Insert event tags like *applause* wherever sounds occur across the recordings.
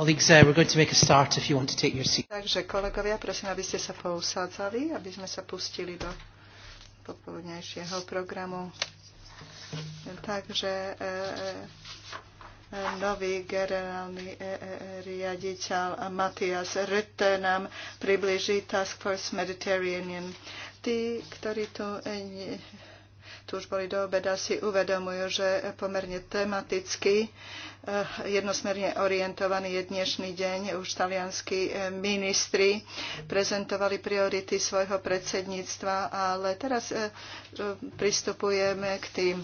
Uh, Takže kolegovia, prosím, aby ste sa pousádzali, aby sme sa pustili do popoludnejšieho programu. Takže e, e, e, nový generálny riaditeľ Matias Rutte nám približí Task Force Mediterranean. Tí, ktorí tu tu už boli do obeda, si uvedomujú, že pomerne tematicky eh, jednosmerne orientovaný je dnešný deň. Už talianskí eh, ministri prezentovali priority svojho predsedníctva, ale teraz eh, pristupujeme k tým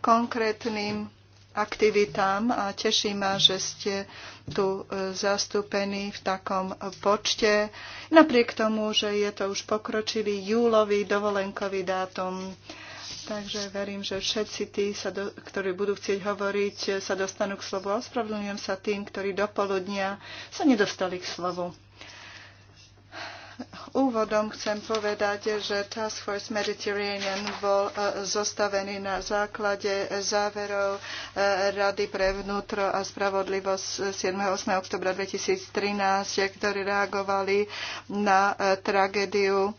konkrétnym aktivitám a teší ma, že ste tu zastúpení v takom počte. Napriek tomu, že je to už pokročilý júlový dovolenkový dátum, Takže verím, že všetci tí, sa do, ktorí budú chcieť hovoriť, sa dostanú k slovu. A ospravedlňujem sa tým, ktorí do poludnia sa nedostali k slovu. Úvodom chcem povedať, že Task Force Mediterranean bol e, zostavený na základe záverov e, Rady pre vnútro a spravodlivosť 7. 8. oktobra 2013, ktorí reagovali na e, tragédiu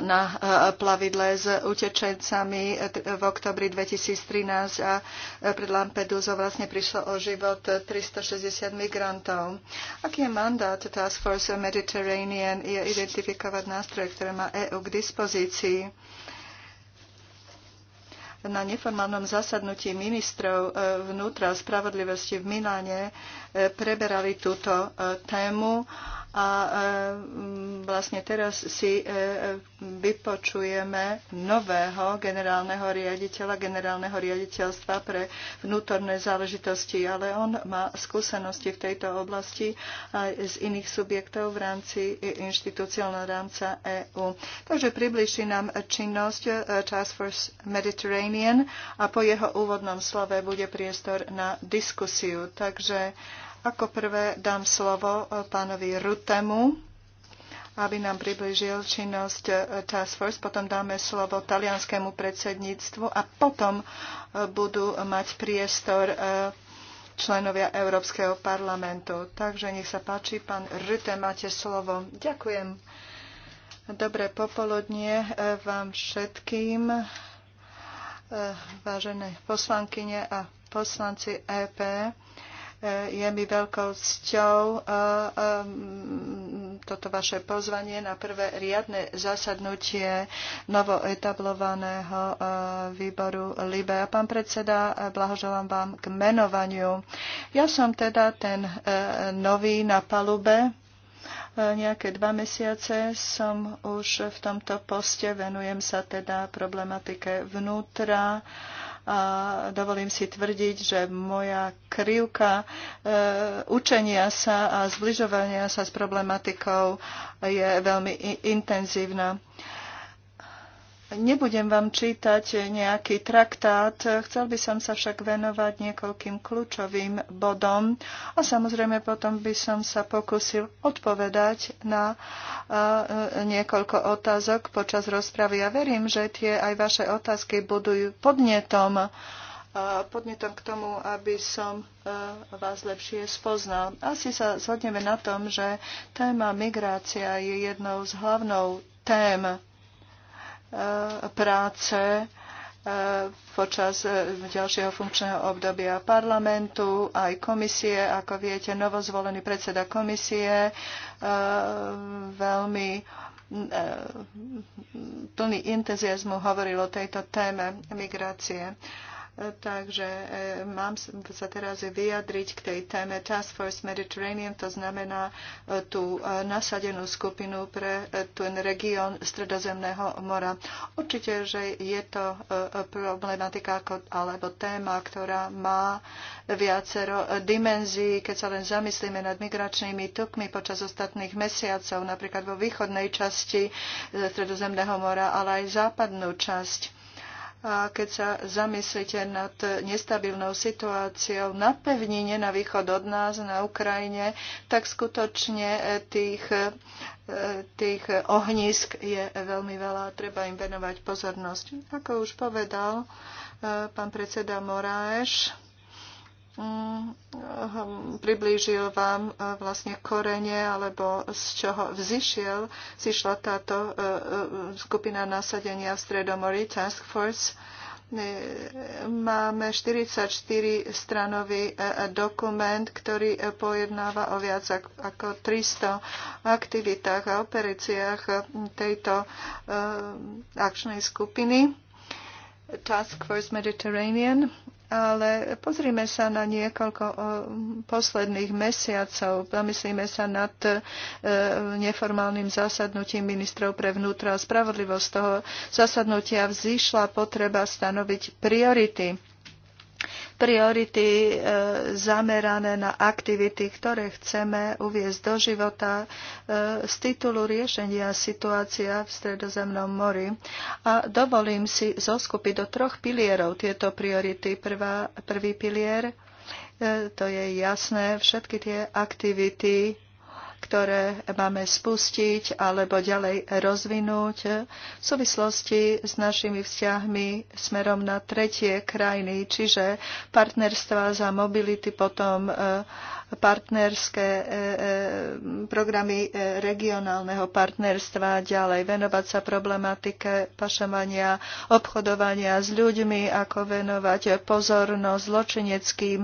na eh, plavidle s utečencami v oktobri 2013 a eh, pred Lampedusou vlastne prišlo o život 360 migrantov. Aký je mandát Task Force Mediterranean je identifikovať nástroje, ktoré má EU k dispozícii? na neformálnom zasadnutí ministrov eh, vnútra a spravodlivosti v Miláne preberali túto tému a e, vlastne teraz si e, e, vypočujeme nového generálneho riaditeľa, generálneho riaditeľstva pre vnútorné záležitosti, ale on má skúsenosti v tejto oblasti aj z iných subjektov v rámci inštitúciálneho rámca EÚ. Takže približí nám činnosť Task Force Mediterranean a po jeho úvodnom slove bude priestor na diskusiu. Takže ako prvé dám slovo e, pánovi Rutemu, aby nám približil činnosť e, Task Force, potom dáme slovo talianskému predsedníctvu a potom e, budú mať priestor členovia Európskeho parlamentu. Takže nech sa páči, pán Rute, máte slovo. Ďakujem. Dobré popoludnie vám všetkým, vážené poslankyne a poslanci EP. Je mi veľkou cťou e, e, toto vaše pozvanie na prvé riadne zasadnutie novoetablovaného e, výboru LIBE. A pán predseda, blahoželám vám k menovaniu. Ja som teda ten nový na palube nejaké dva mesiace som už v tomto poste, venujem sa teda problematike vnútra dovolím si tvrdiť, že moja krivka e, učenia sa a zbližovania sa s problematikou je veľmi intenzívna. Nebudem vám čítať nejaký traktát, chcel by som sa však venovať niekoľkým kľúčovým bodom a samozrejme potom by som sa pokusil odpovedať na e, niekoľko otázok počas rozpravy. Ja verím, že tie aj vaše otázky budú podnetom podnetom k tomu, aby som e, vás lepšie spoznal. Asi sa zhodneme na tom, že téma migrácia je jednou z hlavnou tém práce e, počas e, ďalšieho funkčného obdobia parlamentu, aj komisie. Ako viete, novozvolený predseda komisie e, veľmi plný entuziasmu hovoril o tejto téme migrácie. Takže e, mám sa teraz vyjadriť k tej téme Task Force Mediterranean, to znamená e, tú e, nasadenú skupinu pre ten región Stredozemného mora. Určite, že je to problematika alebo téma, ktorá má viacero dimenzí, keď sa len zamyslíme nad migračnými tukmi počas ostatných mesiacov, napríklad vo východnej časti Stredozemného mora, ale aj západnú časť a keď sa zamyslíte nad nestabilnou situáciou na pevnine na východ od nás, na Ukrajine, tak skutočne e, tých, e, tých ohnízk je veľmi veľa a treba im venovať pozornosť. Ako už povedal e, pán predseda Moráš, Hm, hm, priblížil vám eh, vlastne korene, alebo z čoho vzýšiel, zišla táto eh, eh, skupina nasadenia v Task Force. Máme 44 stranový dokument, ktorý pojednáva o viac ako 300 aktivitách a operáciách tejto akčnej skupiny. Task Force Mediterranean ale pozrime sa na niekoľko posledných mesiacov. Zamyslíme sa nad e, neformálnym zasadnutím ministrov pre vnútro a spravodlivosť toho zasadnutia vzýšla potreba stanoviť priority priority e, zamerané na aktivity, ktoré chceme uviezť do života e, z titulu riešenia situácia v Stredozemnom mori. A dovolím si zoskupiť do troch pilierov tieto priority. Prvá, prvý pilier e, to je jasné, všetky tie aktivity ktoré máme spustiť alebo ďalej rozvinúť v súvislosti s našimi vzťahmi smerom na tretie krajiny, čiže partnerstva za mobility, potom e, partnerské e, e, programy regionálneho partnerstva ďalej, venovať sa problematike pašovania, obchodovania s ľuďmi, ako venovať pozornosť zločineckým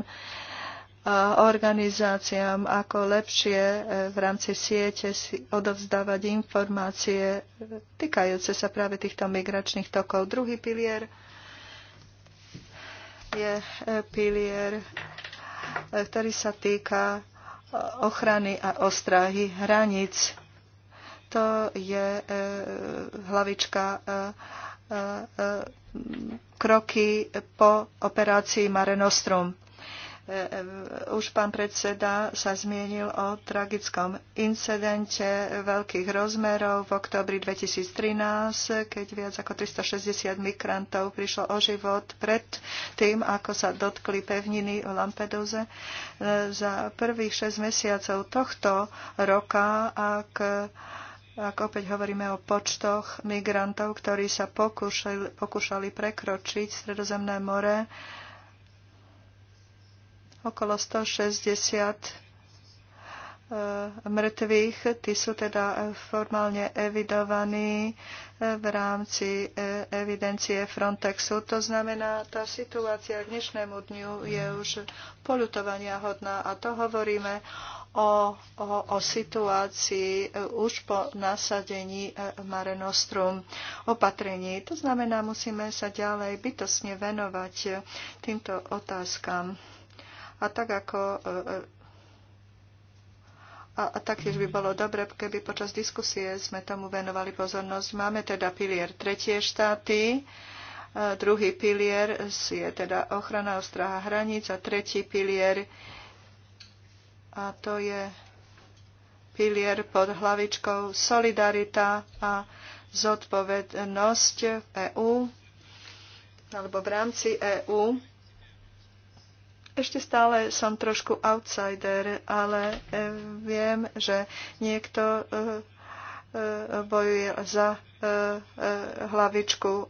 organizáciám, ako lepšie e, v rámci siete si odovzdávať informácie e, týkajúce sa práve týchto migračných tokov. Druhý pilier je e, pilier, ktorý sa týka ochrany a ostrahy hraníc. To je hlavička kroky po operácii Mare Nostrum už pán predseda sa zmienil o tragickom incidente veľkých rozmerov v oktobri 2013, keď viac ako 360 migrantov prišlo o život pred tým, ako sa dotkli pevniny v Lampeduze. Za prvých 6 mesiacov tohto roka, ak ak opäť hovoríme o počtoch migrantov, ktorí sa pokúšali, pokúšali prekročiť Stredozemné more, okolo 160 eh, mŕtvych. Tí sú teda eh, formálne evidovaní eh, v rámci evidencie Frontexu. To znamená, tá situácia k dnešnému dňu je už polutovania hodná a to hovoríme o, o, o situácii už po nasadení Mare Nostrum opatrení. To znamená, musíme sa ďalej bytosne venovať týmto otázkam. A tak ako e, e, a, a taktiež by bolo dobre, keby počas diskusie sme tomu venovali pozornosť. Máme teda pilier tretie štáty, e, druhý pilier je teda ochrana ostraha hraníc a tretí pilier a to je pilier pod hlavičkou Solidarita a zodpovednosť EÚ alebo v rámci EÚ ešte stále som trošku outsider, ale eh, viem, že niekto eh, eh, bojuje za hlavičku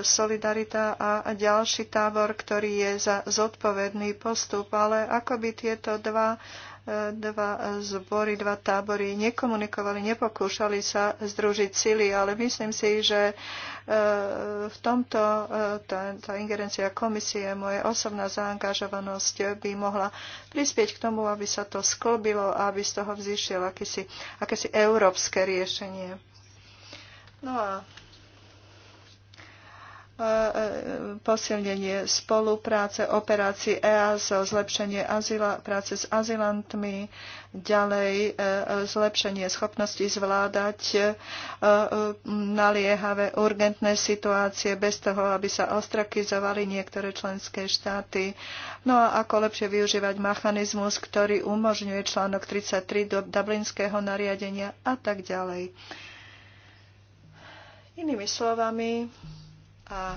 Solidarita a ďalší tábor, ktorý je za zodpovedný postup. Ale ako by tieto dva dva zbory, dva tábory nekomunikovali, nepokúšali sa združiť sily, ale myslím si, že E, v tomto e, tá ingerencia komisie, moje osobná zaangažovanosť by mohla prispieť k tomu, aby sa to sklbilo a aby z toho vzýšiel akési, akési európske riešenie. No a posilnenie spolupráce, operácií EASO, zlepšenie azila, práce s azilantmi, ďalej e, e, zlepšenie schopnosti zvládať e, naliehavé urgentné situácie bez toho, aby sa ostrakizovali niektoré členské štáty. No a ako lepšie využívať mechanizmus, ktorý umožňuje článok 33 do Dublinského nariadenia a tak ďalej. Inými slovami, a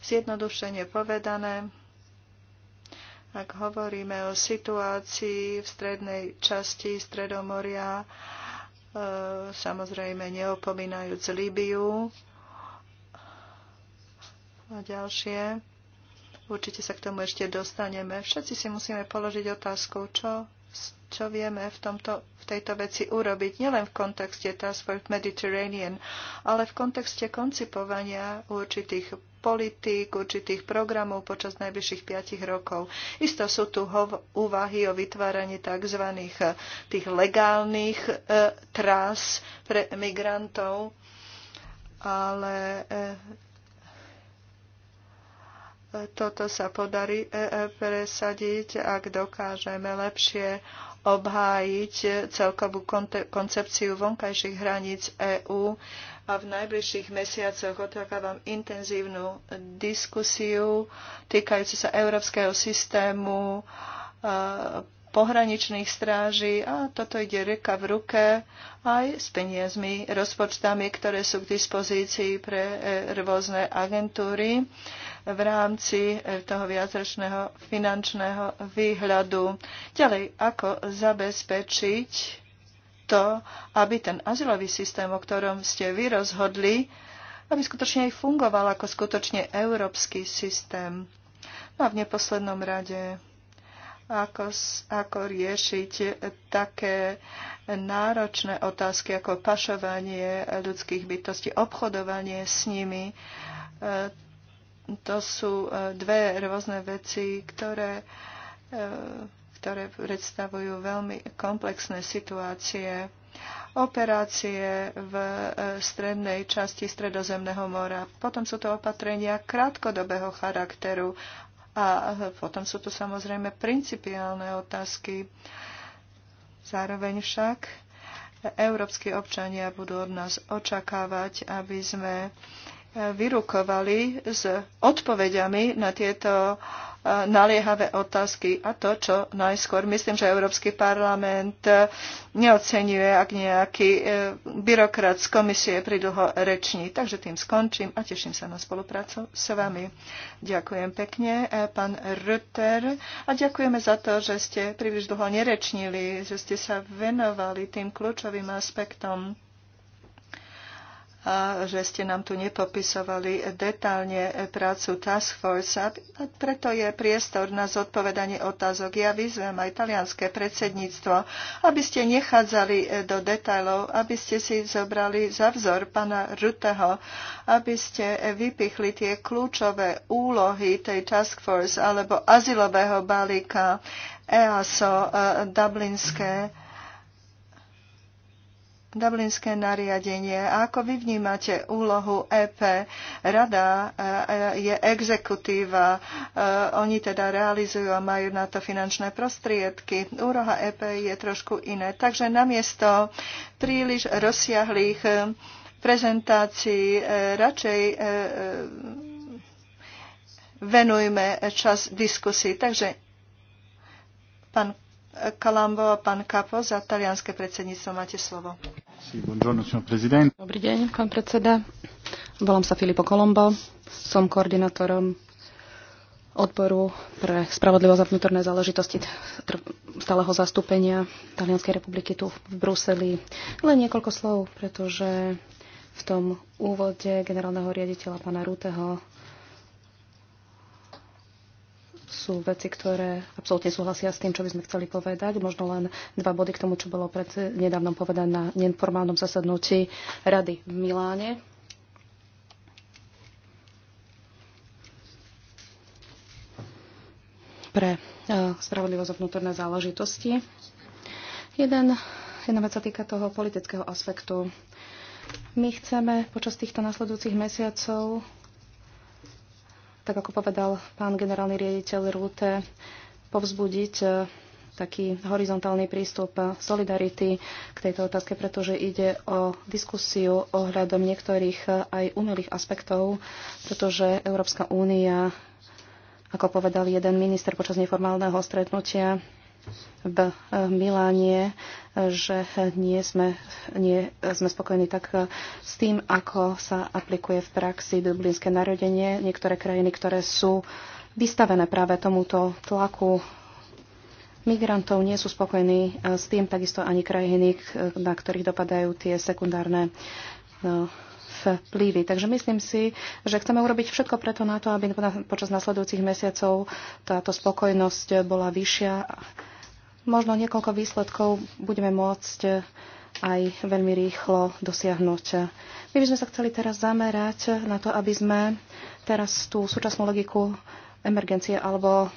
zjednodušene povedané, ak hovoríme o situácii v strednej časti Stredomoria, e, samozrejme neopomínajúc Líbiu a ďalšie. Určite sa k tomu ešte dostaneme. Všetci si musíme položiť otázku, čo čo vieme v, tomto, v tejto veci urobiť, nielen v kontexte Task Force Mediterranean, ale v kontexte koncipovania určitých politík, určitých programov počas najbližších piatich rokov. Isto sú tu hov- úvahy o vytváraní tzv. Eh, tých legálnych e, eh, tras pre migrantov, ale e, toto sa podarí e e presadiť, ak dokážeme lepšie obhájiť celkovú koncepciu vonkajších hraníc EÚ a v najbližších mesiacoch očakávam intenzívnu diskusiu týkajúcu sa európskeho systému pohraničných stráží a toto ide reka v ruke aj s peniazmi, rozpočtami, ktoré sú k dispozícii pre e, rôzne agentúry v rámci e, toho viacročného finančného výhľadu. Ďalej, ako zabezpečiť to, aby ten azylový systém, o ktorom ste vy rozhodli, aby skutočne aj fungoval ako skutočne európsky systém. No a v neposlednom rade ako, ako riešiť také náročné otázky ako pašovanie ľudských bytostí, obchodovanie s nimi. E, to sú e, dve rôzne veci, ktoré, e, ktoré predstavujú veľmi komplexné situácie. Operácie v strednej časti Stredozemného mora. Potom sú to opatrenia krátkodobého charakteru, a potom sú tu samozrejme principiálne otázky. Zároveň však európsky občania budú od nás očakávať, aby sme vyrukovali s odpovediami na tieto naliehavé otázky a to, čo najskôr. Myslím, že Európsky parlament eh, neocenuje, ak nejaký eh, byrokrat z komisie pridlho reční. Takže tým skončím a teším sa na spoluprácu s vami. Ďakujem pekne, eh, pán Rutter, a ďakujeme za to, že ste príliš dlho nerečnili, že ste sa venovali tým kľúčovým aspektom a že ste nám tu nepopisovali detálne prácu Task Force. A preto je priestor na zodpovedanie otázok. Ja vyzvem aj talianské predsedníctvo, aby ste nechádzali do detajlov, aby ste si zobrali za vzor pana Ruteho, aby ste vypichli tie kľúčové úlohy tej Task Force alebo azylového balíka EASO, e, Dublinské Dublinské nariadenie. A ako vy vnímate úlohu EP? Rada e, e, je exekutíva. E, oni teda realizujú a majú na to finančné prostriedky. Úroha EP je trošku iné. Takže namiesto príliš rozsiahlých prezentácií radšej venujme čas diskusii. Takže pán Kalambo a pán Kapo za talianské predsedníctvo máte slovo. Dobrý deň, pán predseda. Volám sa Filipo Kolombo. Som koordinátorom odboru pre spravodlivosť a vnútorné záležitosti stáleho zastúpenia Talianskej republiky tu v Bruseli. Len niekoľko slov, pretože v tom úvode generálneho riaditeľa pána Rúteho sú veci, ktoré absolútne súhlasia s tým, čo by sme chceli povedať. Možno len dva body k tomu, čo bolo pred nedávnom povedané na neformálnom zasadnutí Rady v Miláne. pre e, spravodlivosť a vnútorné záležitosti. Jeden, jedna vec sa týka toho politického aspektu. My chceme počas týchto nasledujúcich mesiacov tak ako povedal pán generálny riaditeľ Rúte, povzbudiť e, taký horizontálny prístup solidarity k tejto otázke, pretože ide o diskusiu ohľadom niektorých e, aj umelých aspektov, pretože Európska únia, ako povedal jeden minister počas neformálneho stretnutia, v eh, Miláne, eh, že nie sme, nie sme spokojní tak eh, s tým, ako sa aplikuje v praxi dublinské narodenie. Niektoré krajiny, ktoré sú vystavené práve tomuto tlaku migrantov, nie sú spokojní s tým, takisto ani krajiny, na ktorých dopadajú tie sekundárne vplyvy. Takže myslím si, že chceme urobiť všetko preto na to, aby počas nasledujúcich mesiacov táto spokojnosť bola vyššia. Možno niekoľko výsledkov budeme môcť aj veľmi rýchlo dosiahnuť. My by sme sa chceli teraz zamerať na to, aby sme teraz tú súčasnú logiku emergencie alebo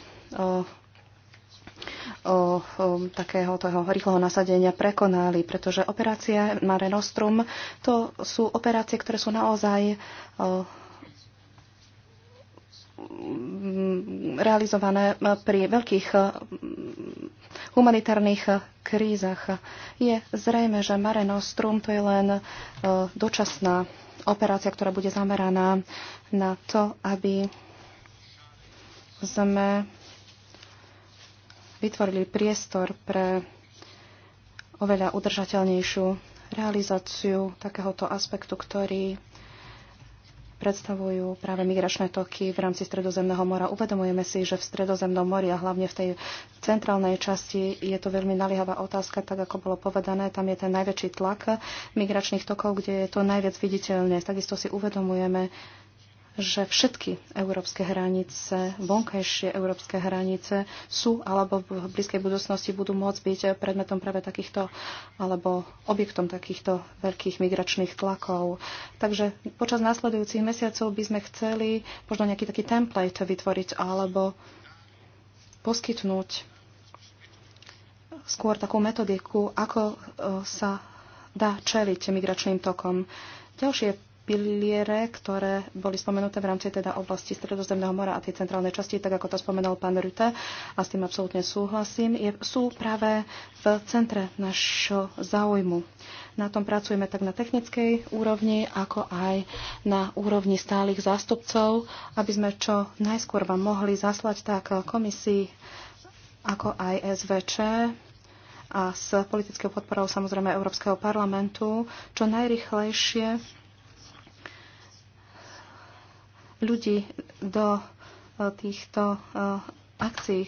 takého toho rýchleho nasadenia prekonali, pretože operácie Mare Nostrum to sú operácie, ktoré sú naozaj realizované pri veľkých humanitárnych krízach. Je zrejme, že Mare Nostrum to je len dočasná operácia, ktorá bude zameraná na to, aby sme vytvorili priestor pre oveľa udržateľnejšiu realizáciu takéhoto aspektu, ktorý predstavujú práve migračné toky v rámci Stredozemného mora. Uvedomujeme si, že v Stredozemnom mori a hlavne v tej centrálnej časti je to veľmi naliehavá otázka, tak ako bolo povedané, tam je ten najväčší tlak migračných tokov, kde je to najviac viditeľné. Takisto si uvedomujeme, že všetky európske hranice, vonkajšie európske hranice sú alebo v blízkej budúcnosti budú môcť byť predmetom práve takýchto alebo objektom takýchto veľkých migračných tlakov. Takže počas následujúcich mesiacov by sme chceli možno nejaký taký template vytvoriť alebo poskytnúť skôr takú metodiku, ako e, sa dá čeliť migračným tokom. Ďalšie piliere, ktoré boli spomenuté v rámci teda oblasti Stredozemného mora a tej centrálnej časti, tak ako to spomenal pán Rute, a s tým absolútne súhlasím, je, sú práve v centre našho záujmu. Na tom pracujeme tak na technickej úrovni, ako aj na úrovni stálych zástupcov, aby sme čo najskôr vám mohli zaslať tak komisii, ako aj SVČ, a s politickou podporou samozrejme Európskeho parlamentu čo najrychlejšie ľudí do eh, týchto eh, akcií,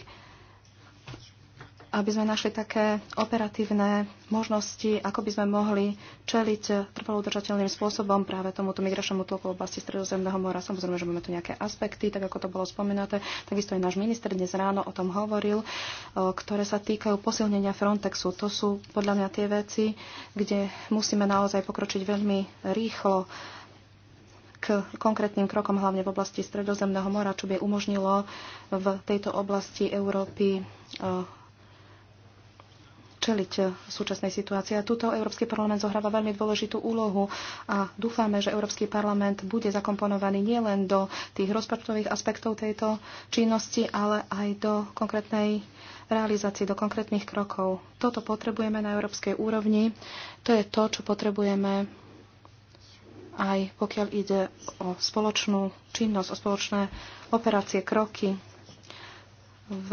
aby sme našli také operatívne možnosti, ako by sme mohli čeliť trvalo udržateľným spôsobom práve tomuto migračnému toku v oblasti Stredozemného mora. Samozrejme, že máme tu nejaké aspekty, tak ako to bolo spomenuté, Takisto aj náš minister dnes ráno o tom hovoril, eh, ktoré sa týkajú posilnenia Frontexu. To sú podľa mňa tie veci, kde musíme naozaj pokročiť veľmi rýchlo k konkrétnym krokom hlavne v oblasti Stredozemného mora, čo by umožnilo v tejto oblasti Európy eh, čeliť eh, súčasnej situácii. A tuto Európsky parlament zohráva veľmi dôležitú úlohu a dúfame, že Európsky parlament bude zakomponovaný nielen do tých rozpočtových aspektov tejto činnosti, ale aj do konkrétnej realizácii, do konkrétnych krokov. Toto potrebujeme na európskej úrovni. To je to, čo potrebujeme aj pokiaľ ide o spoločnú činnosť, o spoločné operácie, kroky v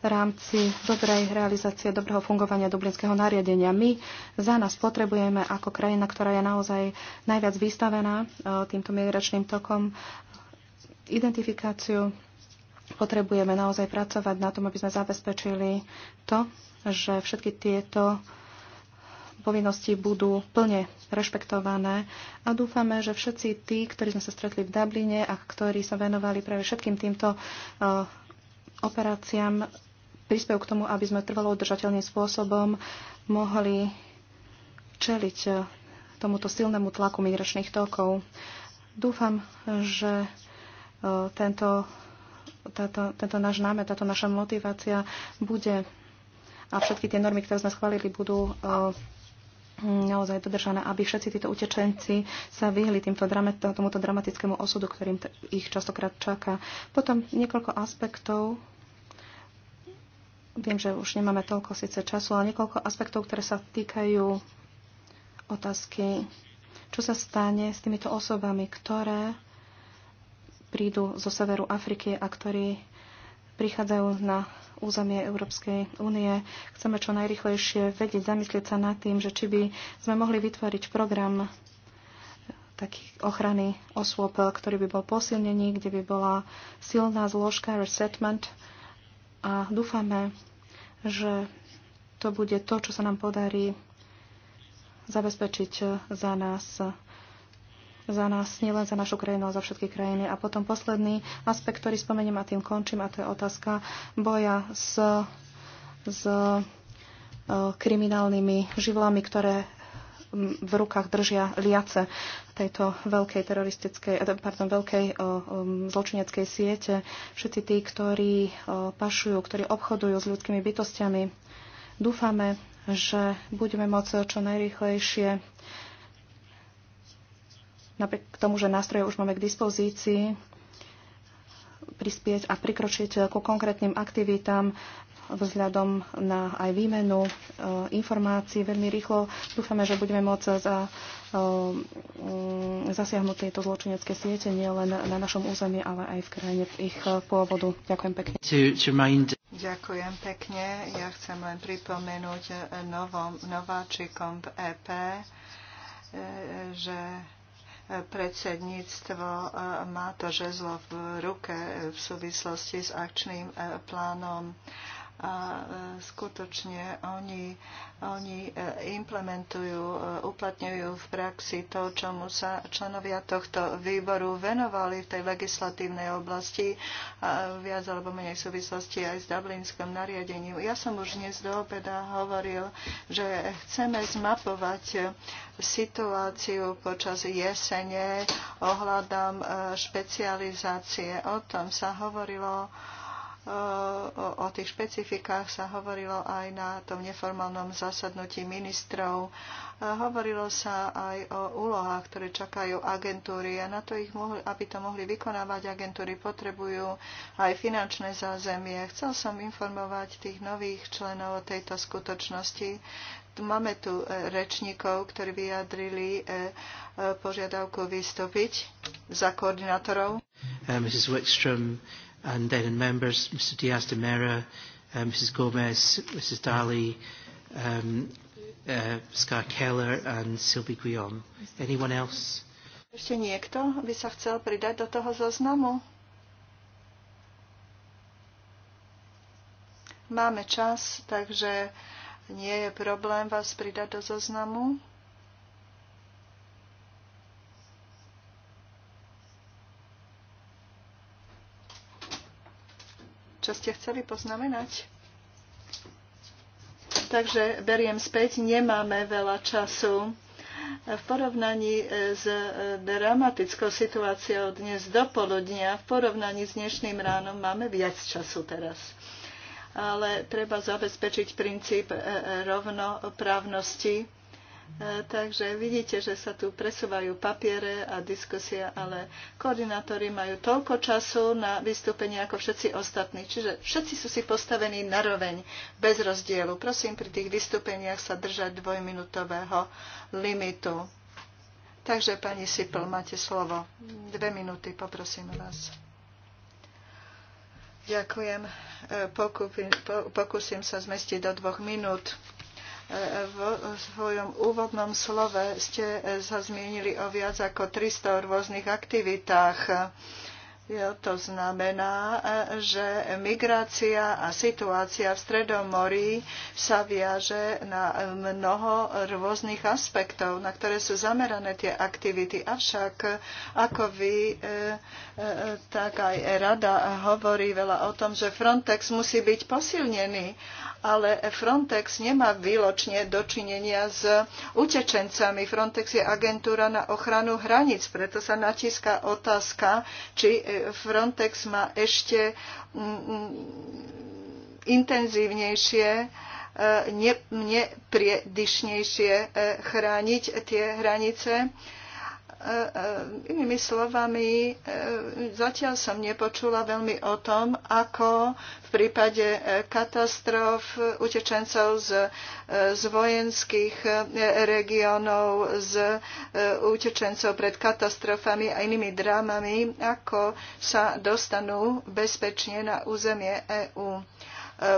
rámci dobrej realizácie, dobrého fungovania dublinského nariadenia. My za nás potrebujeme ako krajina, ktorá je naozaj najviac vystavená e, týmto migračným tokom, identifikáciu. Potrebujeme naozaj pracovať na tom, aby sme zabezpečili to, že všetky tieto povinnosti budú plne rešpektované a dúfame, že všetci tí, ktorí sme sa stretli v Dubline a ktorí sa venovali práve všetkým týmto e, operáciám, prispejú k tomu, aby sme trvalo udržateľným spôsobom mohli čeliť e, tomuto silnému tlaku migračných tokov. Dúfam, že e, tento, táto, tento náš námet, táto naša motivácia bude a všetky tie normy, ktoré sme schválili, budú Mm, naozaj dodržané, aby všetci títo utečenci sa vyhli týmto tomuto dramatickému osudu, ktorým ich častokrát čaká. Potom niekoľko aspektov. Viem, že už nemáme toľko síce času, ale niekoľko aspektov, ktoré sa týkajú otázky, čo sa stane s týmito osobami, ktoré prídu zo severu Afriky a ktorí prichádzajú na územie Európskej únie. Chceme čo najrychlejšie vedieť, zamyslieť sa nad tým, že či by sme mohli vytvoriť program takých ochrany osôb, ktorý by bol posilnený, kde by bola silná zložka resettlement a dúfame, že to bude to, čo sa nám podarí zabezpečiť za nás za nás, nielen za našu krajinu, ale za všetky krajiny. A potom posledný aspekt, ktorý spomeniem a tým končím, a to je otázka boja s, s e, kriminálnymi živlami, ktoré v rukách držia liace tejto veľkej teroristickej, e, pardon, veľkej e, e, zločineckej siete. Všetci tí, ktorí pašujú, ktorí obchodujú s ľudskými bytostiami. Dúfame, že budeme môcť čo najrýchlejšie napriek tomu, že nástroje už máme k dispozícii, prispieť a prikročiť ku konkrétnym aktivitám vzhľadom na aj výmenu e, informácií veľmi rýchlo. Dúfame, že budeme môcť za, e, e, zasiahnuť tieto zločinecké siete nielen na našom území, ale aj v krajine ich pôvodu. Ďakujem pekne. Ďakujem pekne. Ja chcem len pripomenúť novom, nováčikom v EP, e, že predsedníctvo e, má to žezlo v ruke e, v súvislosti s akčným e, plánom a e, skutočne oni, oni e, implementujú, e, uplatňujú v praxi to, čomu sa členovia tohto výboru venovali v tej legislatívnej oblasti viac alebo menej v súvislosti aj s Dublinským nariadením. Ja som už dnes do obeda hovoril, že chceme zmapovať situáciu počas jesene ohľadom špecializácie. O tom sa hovorilo o tých špecifikách sa hovorilo aj na tom neformálnom zasadnutí ministrov. Hovorilo sa aj o úlohách, ktoré čakajú agentúry a na to ich mohli, aby to mohli vykonávať agentúry, potrebujú aj finančné zázemie. Chcel som informovať tých nových členov o tejto skutočnosti. Máme tu e, rečníkov, ktorí vyjadrili e, e, požiadavku vystúpiť za koordinátorov. Uh, Mrs. Wickstrom, and then in members, Mr Diaz de Mera, uh, Mrs Gomez, Mrs Daly, um, uh, Scar Keller and Sylvie Guillaume. Anyone else? Ešte niekto by sa chcel pridať do toho zoznamu? Máme čas, takže nie je problém vás pridať do zoznamu. čo ste chceli poznamenať? Takže beriem späť, nemáme veľa času. V porovnaní s e, dramatickou situáciou dnes do poludnia, v porovnaní s dnešným ránom máme viac času teraz ale treba zabezpečiť princíp e, e, rovnoprávnosti E, takže vidíte, že sa tu presúvajú papiere a diskusia, ale koordinátori majú toľko času na vystúpenie ako všetci ostatní. Čiže všetci sú si postavení naroveň, bez rozdielu. Prosím pri tých vystúpeniach sa držať dvojminútového limitu. Takže, pani Sipl, máte slovo. Dve minúty, poprosím vás. Ďakujem. E, pokúsim sa zmestiť do dvoch minút vo svojom úvodnom slove ste e, sa zmienili o viac ako 300 rôznych aktivitách Jo, to znamená, že migrácia a situácia v Stredomorí sa viaže na mnoho rôznych aspektov, na ktoré sú zamerané tie aktivity. Avšak, ako vy, e, e, tak aj rada hovorí veľa o tom, že Frontex musí byť posilnený ale Frontex nemá výločne dočinenia s utečencami. Frontex je agentúra na ochranu hraníc, preto sa natíska otázka, či Frontex má ešte mm, mm, intenzívnejšie e, nepriedyšnejšie e, chrániť tie hranice E, e, inými slovami, e, zatiaľ som nepočula veľmi o tom, ako v prípade katastrof utečencov z, z vojenských regiónov, z utečencov pred katastrofami a inými drámami, ako sa dostanú bezpečne na územie EÚ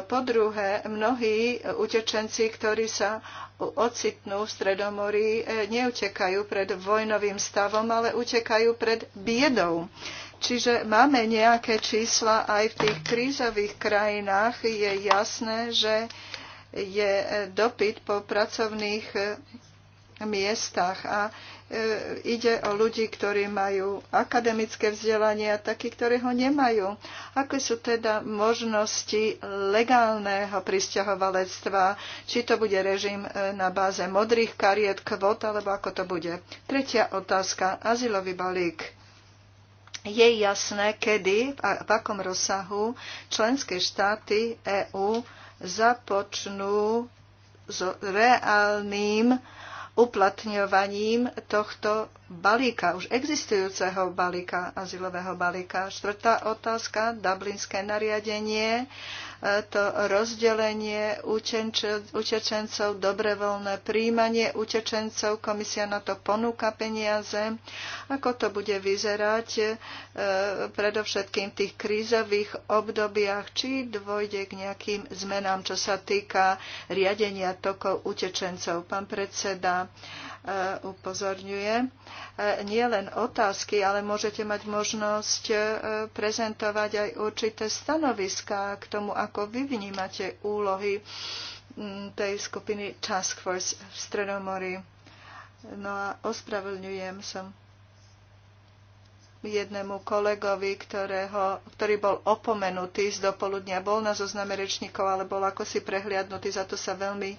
po druhé, mnohí utečenci, ktorí sa ocitnú v Stredomorí, e, neutekajú pred vojnovým stavom, ale utekajú pred biedou. Čiže máme nejaké čísla aj v tých krízových krajinách. Je jasné, že je dopyt po pracovných e, miestach a E, ide o ľudí, ktorí majú akademické vzdelanie a takí, ktorí ho nemajú. Aké sú teda možnosti legálneho pristahovalectva? Či to bude režim e, na báze modrých kariet, kvot, alebo ako to bude? Tretia otázka. Azylový balík. Je jasné, kedy a v akom rozsahu členské štáty EÚ započnú s reálnym uh, uplatňovaním tohto balíka, už existujúceho balíka, azylového balíka. Štvrtá otázka, dublinské nariadenie to rozdelenie utečencov, dobrovoľné príjmanie utečencov, komisia na to ponúka peniaze, ako to bude vyzerať e, predovšetkým v tých krízových obdobiach, či dôjde k nejakým zmenám, čo sa týka riadenia tokov utečencov. Pán predseda, E, upozorňuje. E, nie len otázky, ale môžete mať možnosť e, prezentovať aj určité stanoviská k tomu, ako vy vnímate úlohy tej skupiny Task Force v Stredomorí. No a ospravedlňujem som jednému kolegovi, ktorého, ktorý bol opomenutý z dopoludnia. Bol na zozname rečníkov, ale bol ako si prehliadnutý, za to sa veľmi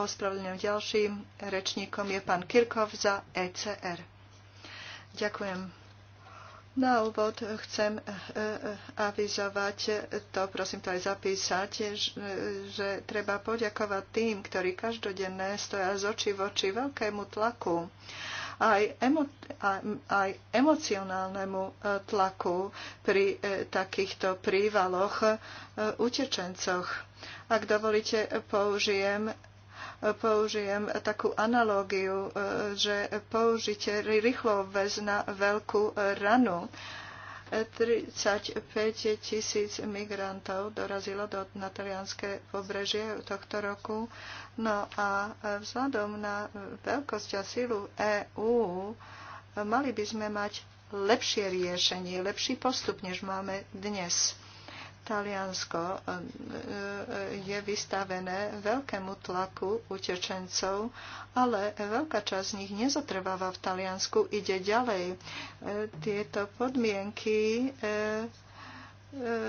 ospravedlňujem ďalším rečníkom je pán Kirkov za ECR. Ďakujem. Na úvod chcem eh, eh, avizovať, to prosím to aj zapísať, eh, že treba poďakovať tým, ktorí každodenné stoja z očí v oči veľkému tlaku aj, emo, aj, aj emocionálnemu e, tlaku pri e, takýchto prívaloch e, utečencoch. Ak dovolíte, použijem použijem takú analógiu, že použite rýchlo väz na veľkú ranu. 35 tisíc migrantov dorazilo do, na talianské pobrežie tohto roku. No a vzhľadom na veľkosť a silu EÚ mali by sme mať lepšie riešenie, lepší postup, než máme dnes. Taliansko e, e, je vystavené veľkému tlaku utečencov, ale veľká časť z nich nezotrváva v Taliansku, ide ďalej. E, tieto podmienky,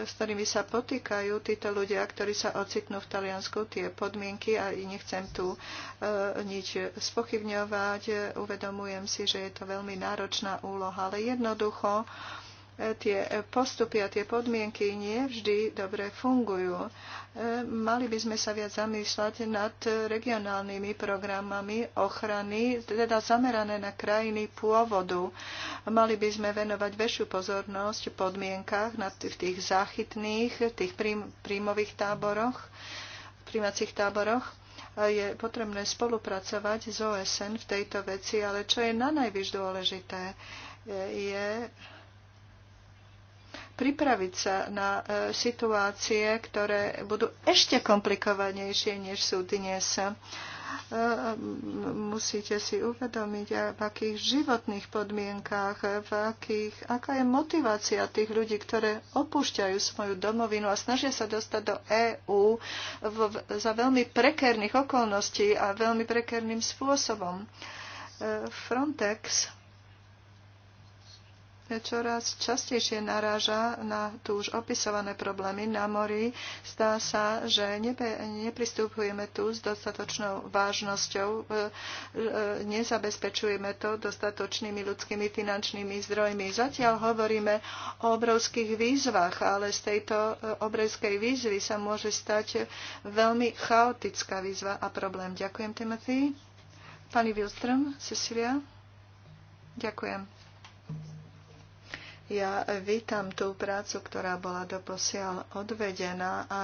s ktorými sa potýkajú títo ľudia, ktorí sa ocitnú v Taliansku, tie podmienky, a nechcem tu nič spochybňovať, uvedomujem si, že je to veľmi náročná úloha, ale jednoducho tie postupy a tie podmienky nie vždy dobre fungujú. E, mali by sme sa viac zamýšľať nad regionálnymi programami ochrany, teda zamerané na krajiny pôvodu. Mali by sme venovať väčšiu pozornosť v podmienkach v tých záchytných, tých príjmových táboroch, príjmacích táboroch je potrebné spolupracovať s OSN v tejto veci, ale čo je na najvyššie dôležité, e, je pripraviť sa na e, situácie, ktoré budú ešte komplikovanejšie, než sú dnes. E, musíte si uvedomiť, v akých životných podmienkách, v akých, aká je motivácia tých ľudí, ktoré opúšťajú svoju domovinu a snažia sa dostať do EÚ za veľmi prekérnych okolností a veľmi prekérnym spôsobom. E, Frontex čoraz častejšie naráža na tu už opisované problémy na mori. Zdá sa, že nepristupujeme tu s dostatočnou vážnosťou, e, e, nezabezpečujeme to dostatočnými ľudskými finančnými zdrojmi. Zatiaľ hovoríme o obrovských výzvach, ale z tejto e, obrovskej výzvy sa môže stať veľmi chaotická výzva a problém. Ďakujem, Timothy. Pani Wilström, Cecilia. Ďakujem. Ja vítam tú prácu, ktorá bola doposiaľ odvedená a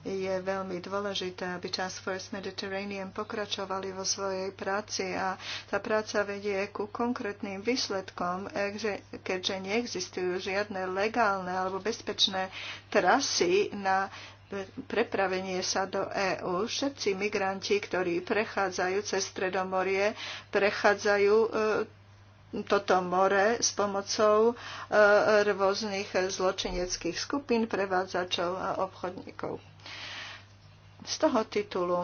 je veľmi dôležité, aby Task Force Mediterranean pokračovali vo svojej práci a tá práca vedie ku konkrétnym výsledkom, keďže neexistujú žiadne legálne alebo bezpečné trasy na prepravenie sa do EÚ. Všetci migranti, ktorí prechádzajú cez Stredomorie, prechádzajú e, toto more s pomocou e, rôznych zločineckých skupín, prevádzačov a obchodníkov. Z toho titulu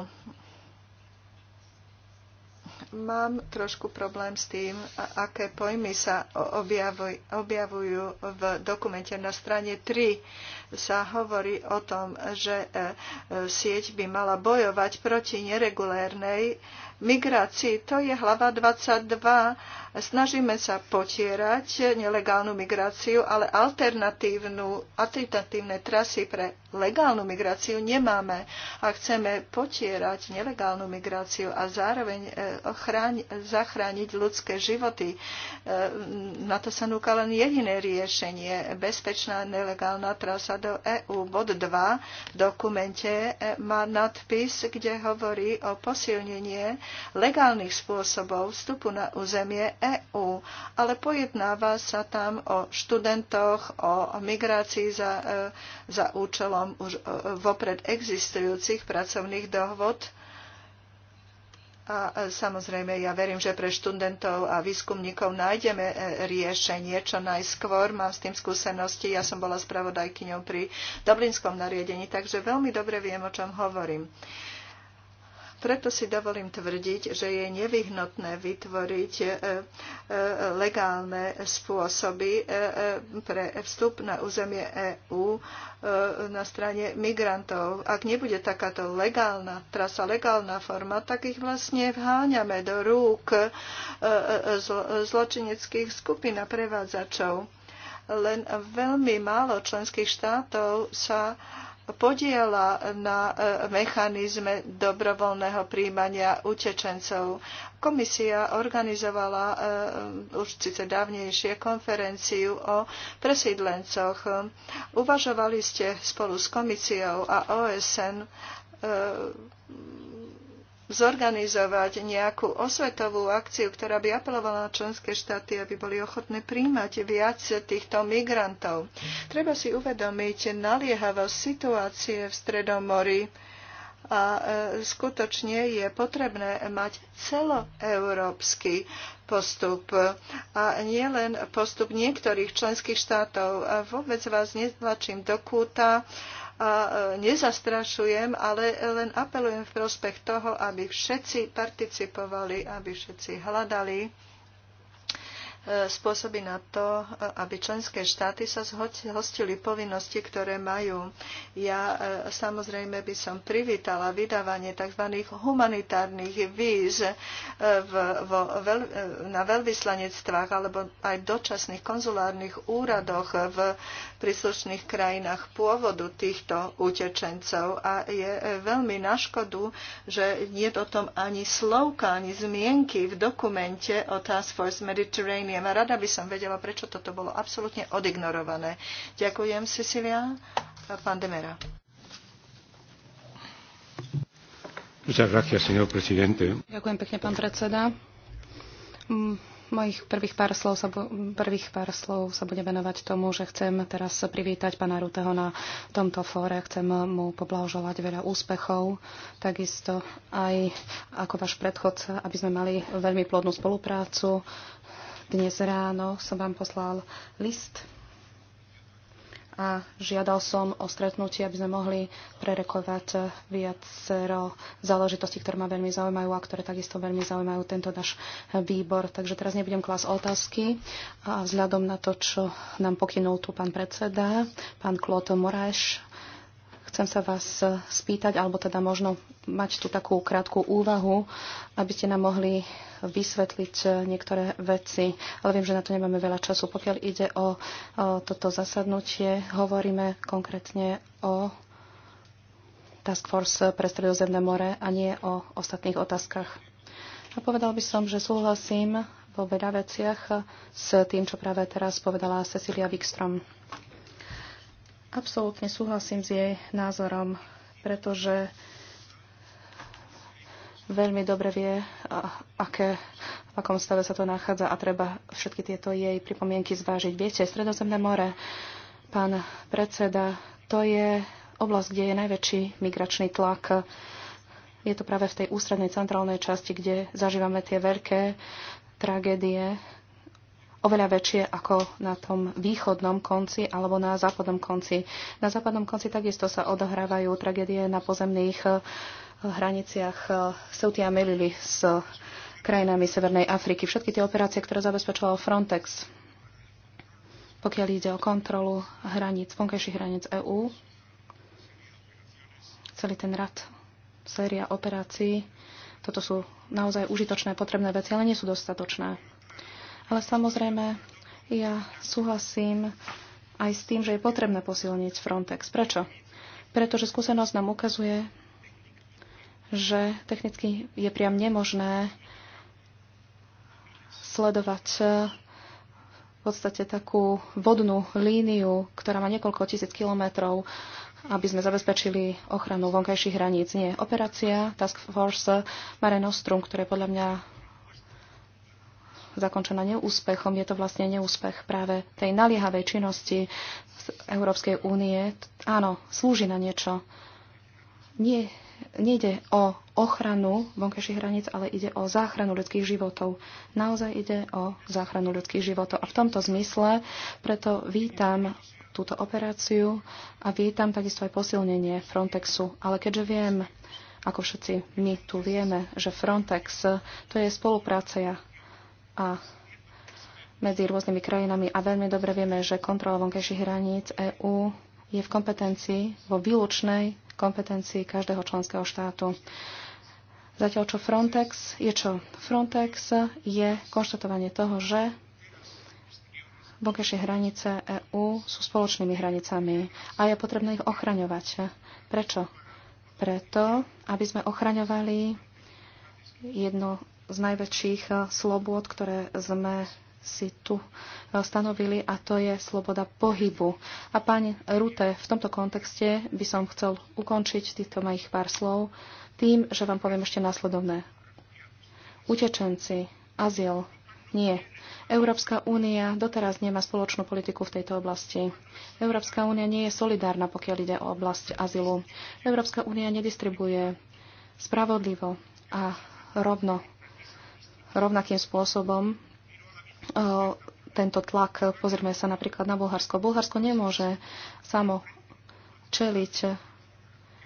mám trošku problém s tým, aké pojmy sa objavujú v dokumente. Na strane 3 sa hovorí o tom, že e, e, sieť by mala bojovať proti neregulérnej migrácii. To je hlava 22. Snažíme sa potierať nelegálnu migráciu, ale alternatívnu, alternatívne trasy pre legálnu migráciu nemáme. A chceme potierať nelegálnu migráciu a zároveň e, ochráň, zachrániť ľudské životy, e, na to sa núka len jediné riešenie. Bezpečná nelegálna trasa do EÚ. Bod 2 v dokumente e, má nadpis, kde hovorí o posilnenie legálnych spôsobov vstupu na územie EÚ, ale pojednáva sa tam o študentoch, o migrácii za, e, za účelom už e, vopred existujúcich pracovných dohod a e, samozrejme, ja verím, že pre študentov a výskumníkov nájdeme riešenie čo najskôr. Mám s tým skúsenosti. Ja som bola spravodajkyňou pri Dublinskom nariadení, takže veľmi dobre viem, o čom hovorím. Uh, preto si dovolím tvrdiť, že je nevyhnutné vytvoriť e, e, legálne spôsoby e, pre vstup na územie EÚ na strane migrantov. Ak nebude takáto legálna trasa, legálna forma, tak ich vlastne vháňame do rúk zločineckých skupín a prevádzačov. Len veľmi málo členských štátov sa podiela na e, mechanizme dobrovoľného príjmania utečencov. Komisia organizovala e, už síce dávnejšie konferenciu o presídlencoch. Uvažovali ste spolu s komisiou a OSN e, zorganizovať nejakú osvetovú akciu, ktorá by apelovala na členské štáty, aby boli ochotné príjmať viac týchto migrantov. Treba si uvedomiť naliehavosť situácie v mori a e, skutočne je potrebné mať celoeurópsky postup a nielen postup niektorých členských štátov. Vôbec vás netlačím do kúta a e, nezastrašujem, ale len apelujem v prospech toho, aby všetci participovali, aby všetci hľadali e, spôsoby na to, e, aby členské štáty sa zhostili povinnosti, ktoré majú. Ja samozrejme by som privítala vydávanie tzv. humanitárnych víz v, vo, veľ, na veľvyslanectvách alebo aj dočasných konzulárnych úradoch v príslušných krajinách pôvodu týchto utečencov a je veľmi na škodu, že nie je o tom ani slovka, ani zmienky v dokumente o Task Force Mediterranean. A rada by som vedela, prečo toto bolo absolútne odignorované. Ďakujem, Cecilia. Pán Demera. Ďakujem pekne, pán predseda mm, mojich prvých pár slov sa, prvých pár slov sa bude venovať tomu, že chcem teraz privítať pana Ruteho na tomto fóre. Chcem mu poblahoželať veľa úspechov, takisto aj ako váš predchodca, aby sme mali veľmi plodnú spoluprácu. Dnes ráno som vám poslal list a žiadal som o stretnutie, aby sme mohli prerekovať viacero záležitostí, ktoré ma veľmi zaujímajú a ktoré takisto veľmi zaujímajú tento náš výbor. Takže teraz nebudem klas otázky a vzhľadom na to, čo nám pokynul tu pán predseda, pán Kloto Moráš, Chcem sa vás e, spýtať, alebo teda možno mať tu takú krátku úvahu, aby ste nám mohli vysvetliť e, niektoré veci, ale viem, že na to nemáme veľa času. Pokiaľ ide o, o e, toto zasadnutie, hovoríme konkrétne o Task Force pre Stredozemné more a nie o ostatných otázkach. A povedal by som, že súhlasím vo veľa veciach s tým, čo práve teraz povedala Cecilia Wikstrom. Absolútne súhlasím s jej názorom, pretože veľmi dobre vie, aké, v akom stave sa to nachádza a treba všetky tieto jej pripomienky zvážiť. Viete, Stredozemné more, pán predseda, to je oblasť, kde je najväčší migračný tlak. Je to práve v tej ústrednej centrálnej časti, kde zažívame tie veľké tragédie oveľa väčšie ako na tom východnom konci alebo na západnom konci. Na západnom konci takisto sa odohrávajú tragédie na pozemných eh, hraniciach Sautia eh, Melili s krajinami Severnej Afriky. Všetky tie operácie, ktoré zabezpečoval Frontex, pokiaľ ide o kontrolu hraníc, vonkajších hraníc EÚ, celý ten rad, séria operácií, toto sú naozaj užitočné, potrebné veci, ale nie sú dostatočné ale samozrejme, ja súhlasím aj s tým, že je potrebné posilniť Frontex. Prečo? Pretože skúsenosť nám ukazuje, že technicky je priam nemožné sledovať eh, v podstate takú vodnú líniu, ktorá má niekoľko tisíc kilometrov, aby sme zabezpečili ochranu vonkajších hraníc. Nie, operácia Task Force Mare Nostrum, ktoré podľa mňa zakončená neúspechom. Je to vlastne neúspech práve tej naliehavej činnosti Európskej únie. Áno, slúži na niečo. Nie, nejde o ochranu vonkajších hraníc, ale ide o záchranu ľudských životov. Naozaj ide o záchranu ľudských životov. A v tomto zmysle preto vítam túto operáciu a vítam takisto aj posilnenie Frontexu. Ale keďže viem, ako všetci my tu vieme, že Frontex to je spolupráca a medzi rôznymi krajinami a veľmi dobre vieme, že kontrola vonkajších hraníc EÚ je v kompetencii, vo výlučnej kompetencii každého členského štátu. Zatiaľ čo Frontex je čo? Frontex je konštatovanie toho, že vonkajšie hranice EÚ sú spoločnými hranicami a je potrebné ich ochraňovať. Prečo? Preto, aby sme ochraňovali jedno z najväčších eh, slobôd, ktoré sme si tu eh, stanovili a to je sloboda pohybu. A pán Rute, v tomto kontexte by som chcel ukončiť týchto mojich pár slov tým, že vám poviem ešte následovné. Utečenci, azyl, nie. Európska únia doteraz nemá spoločnú politiku v tejto oblasti. Európska únia nie je solidárna, pokiaľ ide o oblasť azylu. Európska únia nedistribuje spravodlivo a rovno rovnakým spôsobom e, tento tlak. Pozrime sa napríklad na Bulharsko. Bulharsko nemôže samo čeliť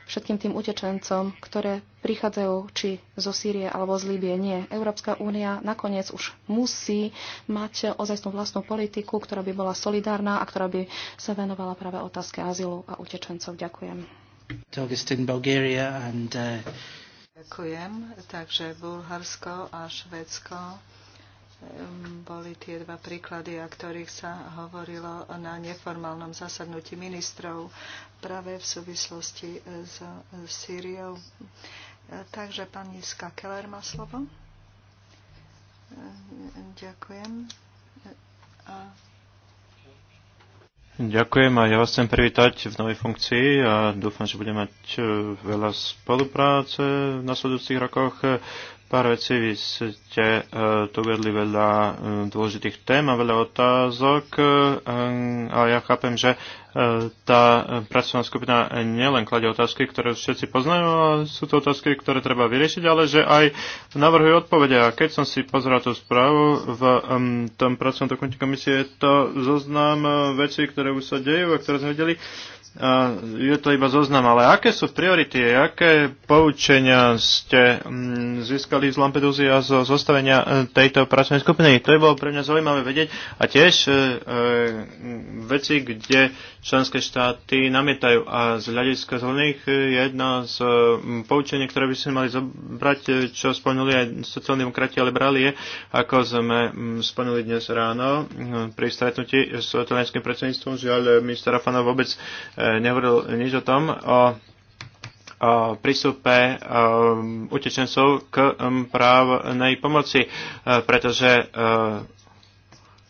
všetkým tým utečencom, ktoré prichádzajú či zo Sýrie alebo z Líbie. Nie. Európska únia nakoniec už musí mať ozajstnú vlastnú politiku, ktorá by bola solidárna a ktorá by sa venovala práve otázke azylu a utečencov. Ďakujem. August in Bulgaria and uh, Ďakujem. Takže Bulharsko a Švedsko ehm, boli tie dva príklady, o ktorých sa hovorilo na neformálnom zasadnutí ministrov práve v súvislosti s Sýriou. Takže pani Ska Keller má slovo. Ehm, ďakujem. A Ďakujem a ja vás chcem privítať v novej funkcii a dúfam, že budeme mať e, veľa spolupráce v nasledujúcich rokoch pár vecí. Vy ste e, tu vedli veľa e, dôležitých tém a veľa otázok e, a ja chápem, že tá pracovná skupina nielen kladie otázky, ktoré všetci poznajú, a sú to otázky, ktoré treba vyriešiť, ale že aj navrhujú odpovede. A keď som si pozeral tú správu v tom pracovnom dokumente komisie, je to zoznam vecí, ktoré už sa dejú a ktoré sme videli je to iba zoznam, ale aké sú priority, aké poučenia ste mm, získali z Lampedusy a zo zostavenia e, tejto pracovnej skupiny? To je bolo pre mňa zaujímavé vedieť. A tiež uh, veci, kde členské štáty namietajú. A z hľadiska zelených je jedna z poučení, ktoré by sme mali zobrať, čo spomenuli aj sociálni demokrati, ale brali je, ako sme spomenuli dnes ráno pri stretnutí s talianským predsedníctvom. Žiaľ, minister Rafana vôbec nehovoril nič o tom, o prístupe utečencov k právnej pomoci, e, pretože e,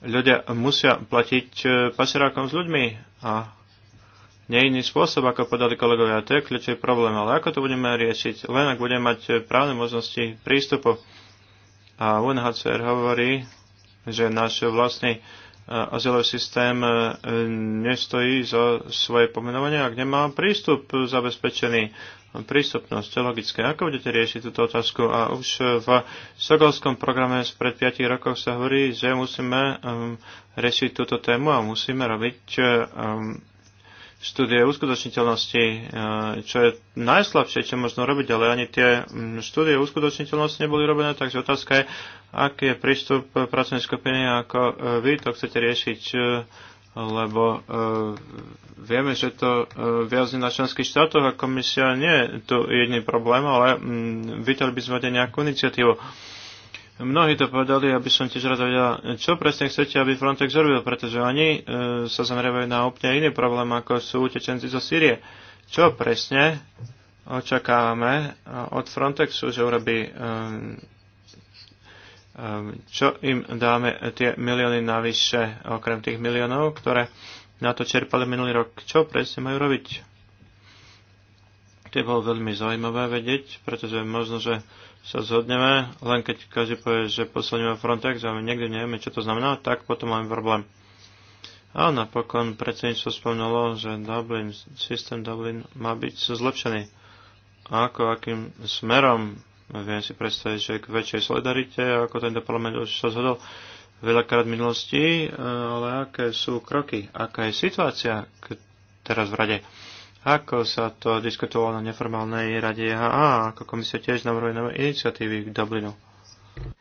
ľudia musia platiť e, pasirákom s ľuďmi a nie iný spôsob, ako podali kolegovia. To je kľúčový problém, ale ako to budeme riešiť? Len ak budeme mať právne možnosti prístupu. A UNHCR hovorí, že náš vlastný azylový systém e, nestojí za svoje pomenovanie, ak nemá prístup zabezpečený prístupnosť logické. Ako budete riešiť túto otázku? A už v Sogolskom programe spred 5 rokov sa hovorí, že musíme um, riešiť túto tému a musíme robiť um, štúdie uskutočniteľnosti, eh, čo je najslabšie, čo možno robiť, ale ani tie mm, štúdie uskutočniteľnosti neboli robené, takže otázka je, aký je prístup pracovnej skupiny, ako eh, vy to chcete riešiť, eh, lebo vieme, že to viac na členských štátoch a komisia nie je tu jedný problém, ale mm, videli by sme nejakú iniciatívu Mnohí to povedali, aby som tiež rada vedela, čo presne chcete, aby Frontex robil, pretože oni e, sa zameriavajú na úplne iný problém, ako sú utečenci zo Sýrie. Čo presne očakávame e, od Frontexu, že urobí, e, e, čo im dáme tie milióny navyše, okrem tých miliónov, ktoré na to čerpali minulý rok. Čo presne majú robiť? To bolo veľmi zaujímavé vedieť, pretože možno, že sa zhodneme, len keď každý povie, že posledníme Frontex a my niekde nevieme, čo to znamená, tak potom máme problém. A napokon predsedníctvo spomnalo, že Dublin, systém Dublin má byť zlepšený. A ako, akým smerom, viem si predstaviť, že k väčšej solidarite, ako tento parlament už sa zhodol veľakrát v minulosti, eh, ale aké sú kroky, aká je situácia teraz v rade ako sa to diskutovalo na neformálnej rade EHA, ako komisia tiež navrhuje nové iniciatívy k Dublinu.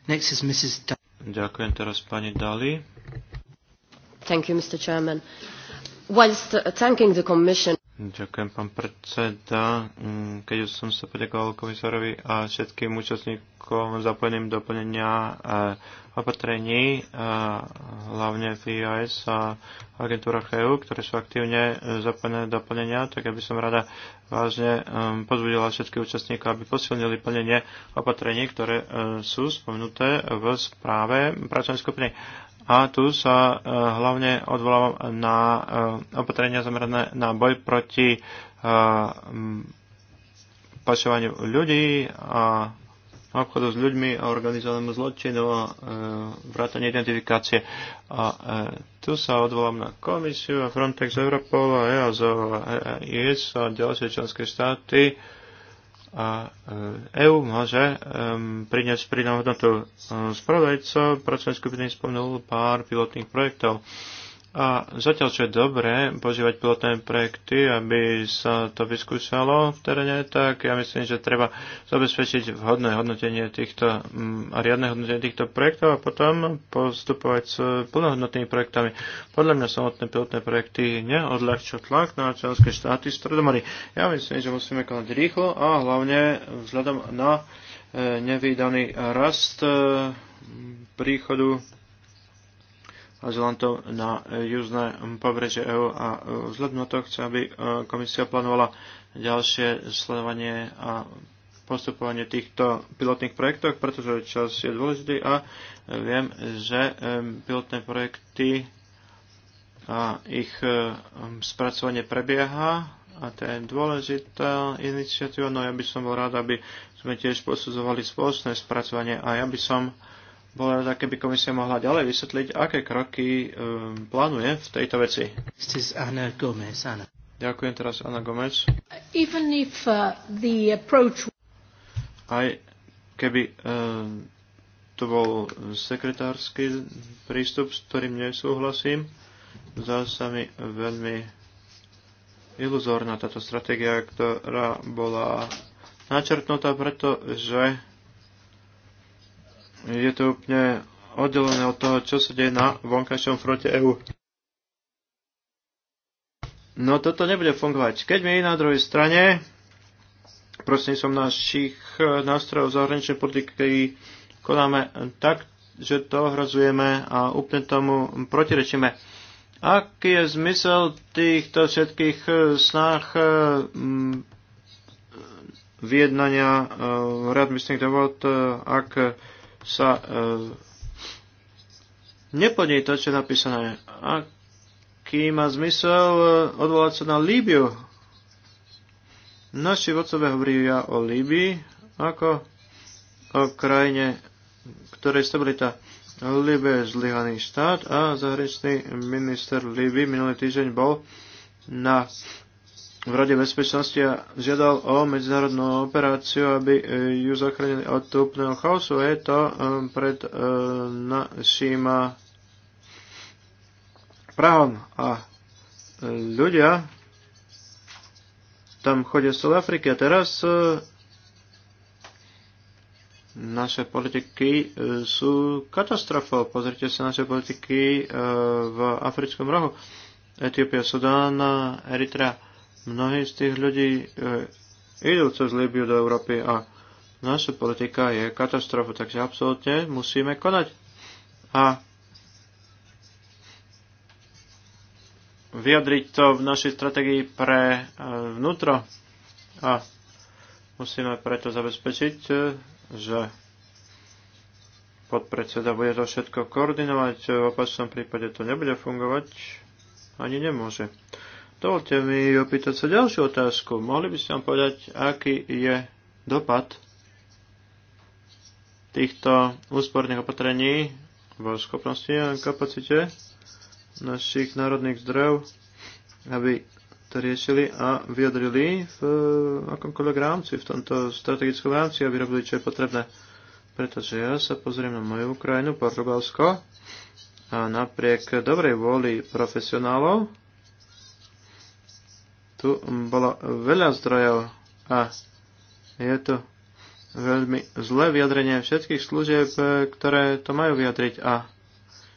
Next is Mrs. Da- Ďakujem teraz pani Dali. Thank you, Mr. Chairman. Whilst thanking the Commission... Ďakujem, pán predseda. Mm, keď už som sa poďakoval komisárovi a všetkým účastníkom zapojeným doplnenia eh, opatrení, eh, hlavne VIS a agentúra EU, ktoré sú aktívne eh, zapojené doplnenia, tak ja by som rada vážne pozbudila všetkých účastníkov, aby posilnili plnenie opatrení, ktoré sú spomenuté v správe pracovnej skupiny. A tu sa e, hlavne odvolávam na e, opatrenia zamerané na boj proti e, pašovaniu ľudí a obchodu s ľuďmi a organizovanému zločinu a vrátanie identifikácie. A tu sa odvolám na komisiu a Frontex, Europol a EASO, a IS a ďalšie členské štáty a EU e môže um, priniesť pridanú hodnotu. E, spravodajca pracovnej skupiny spomenul pár pilotných projektov. A zatiaľ, čo je dobré požívať pilotné projekty, aby sa to vyskúšalo v teréne, tak ja myslím, že treba zabezpečiť vhodné hodnotenie týchto mm, a riadne hodnotenie týchto projektov a potom postupovať s plnohodnotnými projektami. Podľa mňa samotné pilotné projekty neodľahčujú tlak na členské štáty Stredomory. Ja myslím, že musíme konať rýchlo a hlavne vzhľadom na e, nevýdaný rast e, príchodu azylantov na e, južné pobreže EÚ a e, vzhľadom na to chce, aby e, komisia plánovala ďalšie sledovanie a postupovanie týchto pilotných projektov, pretože čas je dôležitý a viem, že pilotné projekty a ich spracovanie prebieha a to je dôležitá iniciatíva, no ja by som bol rád, aby sme tiež posudzovali spoločné spracovanie a ja by som bola rada, keby komisia mohla ďalej vysvetliť, aké kroky um, plánuje v tejto veci. Gomez, Ďakujem teraz, Anna Gomez. Even if, uh, the approach... Aj keby uh, to bol sekretársky prístup, s ktorým nesúhlasím, zdá sa mi veľmi iluzórna táto stratégia, ktorá bola načrtnutá, pretože je to úplne oddelené od toho, čo sa deje na vonkajšom fronte EÚ. No toto nebude fungovať. Keď my na druhej strane prosím som našich e, nástrojov zahraničnej politiky konáme tak, že to hrazujeme a úplne tomu protirečíme. Aký je zmysel týchto všetkých e, snách e, vyjednania readmisných dovod, ak sa e, neplní to, čo je napísané. Aký má zmysel e, odvolať sa na Líbiu? Naši vodcovia hovoria o Líbii ako o krajine, ktorej stabilita Líbe je zlyhaný štát a zahraničný minister Líby minulý týždeň bol na v Rade bezpečnosti a žiadal o medzinárodnú operáciu, aby e, ju zachránili od úplného chaosu. Je to e, pred e, našim Prahom a ľudia tam chodia z celé Afriky a teraz naše politiky sú katastrofou. Pozrite sa naše politiky v africkom rohu. Etiópia, Sudán, Eritrea Mnohí z tých ľudí e, idú cez Líbiu do Európy a naša politika je katastrofa, takže absolútne musíme konať. A vyjadriť to v našej strategii pre e, vnútro. A musíme preto zabezpečiť, e, že podpredseda bude to všetko koordinovať, v opačnom prípade to nebude fungovať, ani nemôže. Dovolte mi opýtať sa ďalšiu otázku. Mohli by ste vám povedať, aký je dopad týchto úsporných opatrení vo schopnosti a kapacite našich národných zdrojov, aby to riešili a vyjadrili v akomkoľvek rámci, v tomto strategickom rámci, aby robili, čo je potrebné. Pretože ja sa pozriem na moju Ukrajinu, Portugalsko a napriek dobrej vôli profesionálov, tu bolo veľa zdrojov a je to veľmi zlé vyjadrenie všetkých služieb, ktoré to majú vyjadriť a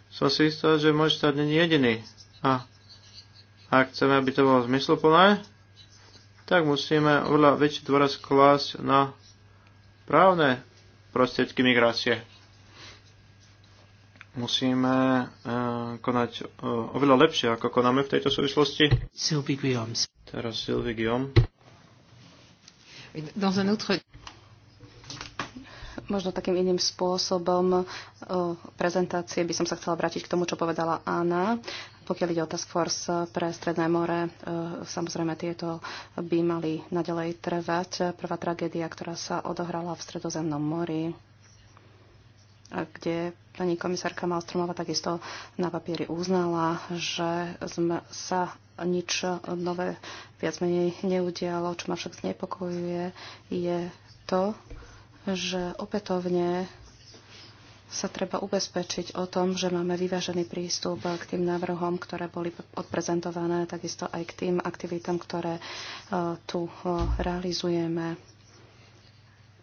som si istý, že to není jediný. A ak chceme, aby to bolo zmysluplné, tak musíme oveľa väčší dôraz klásť na právne prostriedky migrácie. Musíme uh, konať uh, oveľa lepšie, ako konáme v tejto súvislosti. Sylvie Guillaume. Teraz Sylvie Guillaume. Dans un autre možno takým iným spôsobom e, prezentácie by som sa chcela vrátiť k tomu, čo povedala Anna. Pokiaľ ide o Task Force pre Stredné more, e, samozrejme tieto by mali nadalej trvať. Prvá tragédia, ktorá sa odohrala v Stredozemnom mori, kde pani komisárka Malstromová takisto na papieri uznala, že sme sa nič nové viac menej neudialo. Čo ma však znepokojuje, je to, že opätovne sa treba ubezpečiť o tom, že máme vyvážený prístup k tým návrhom, ktoré boli odprezentované, takisto aj k tým aktivitám, ktoré e, tu e, realizujeme,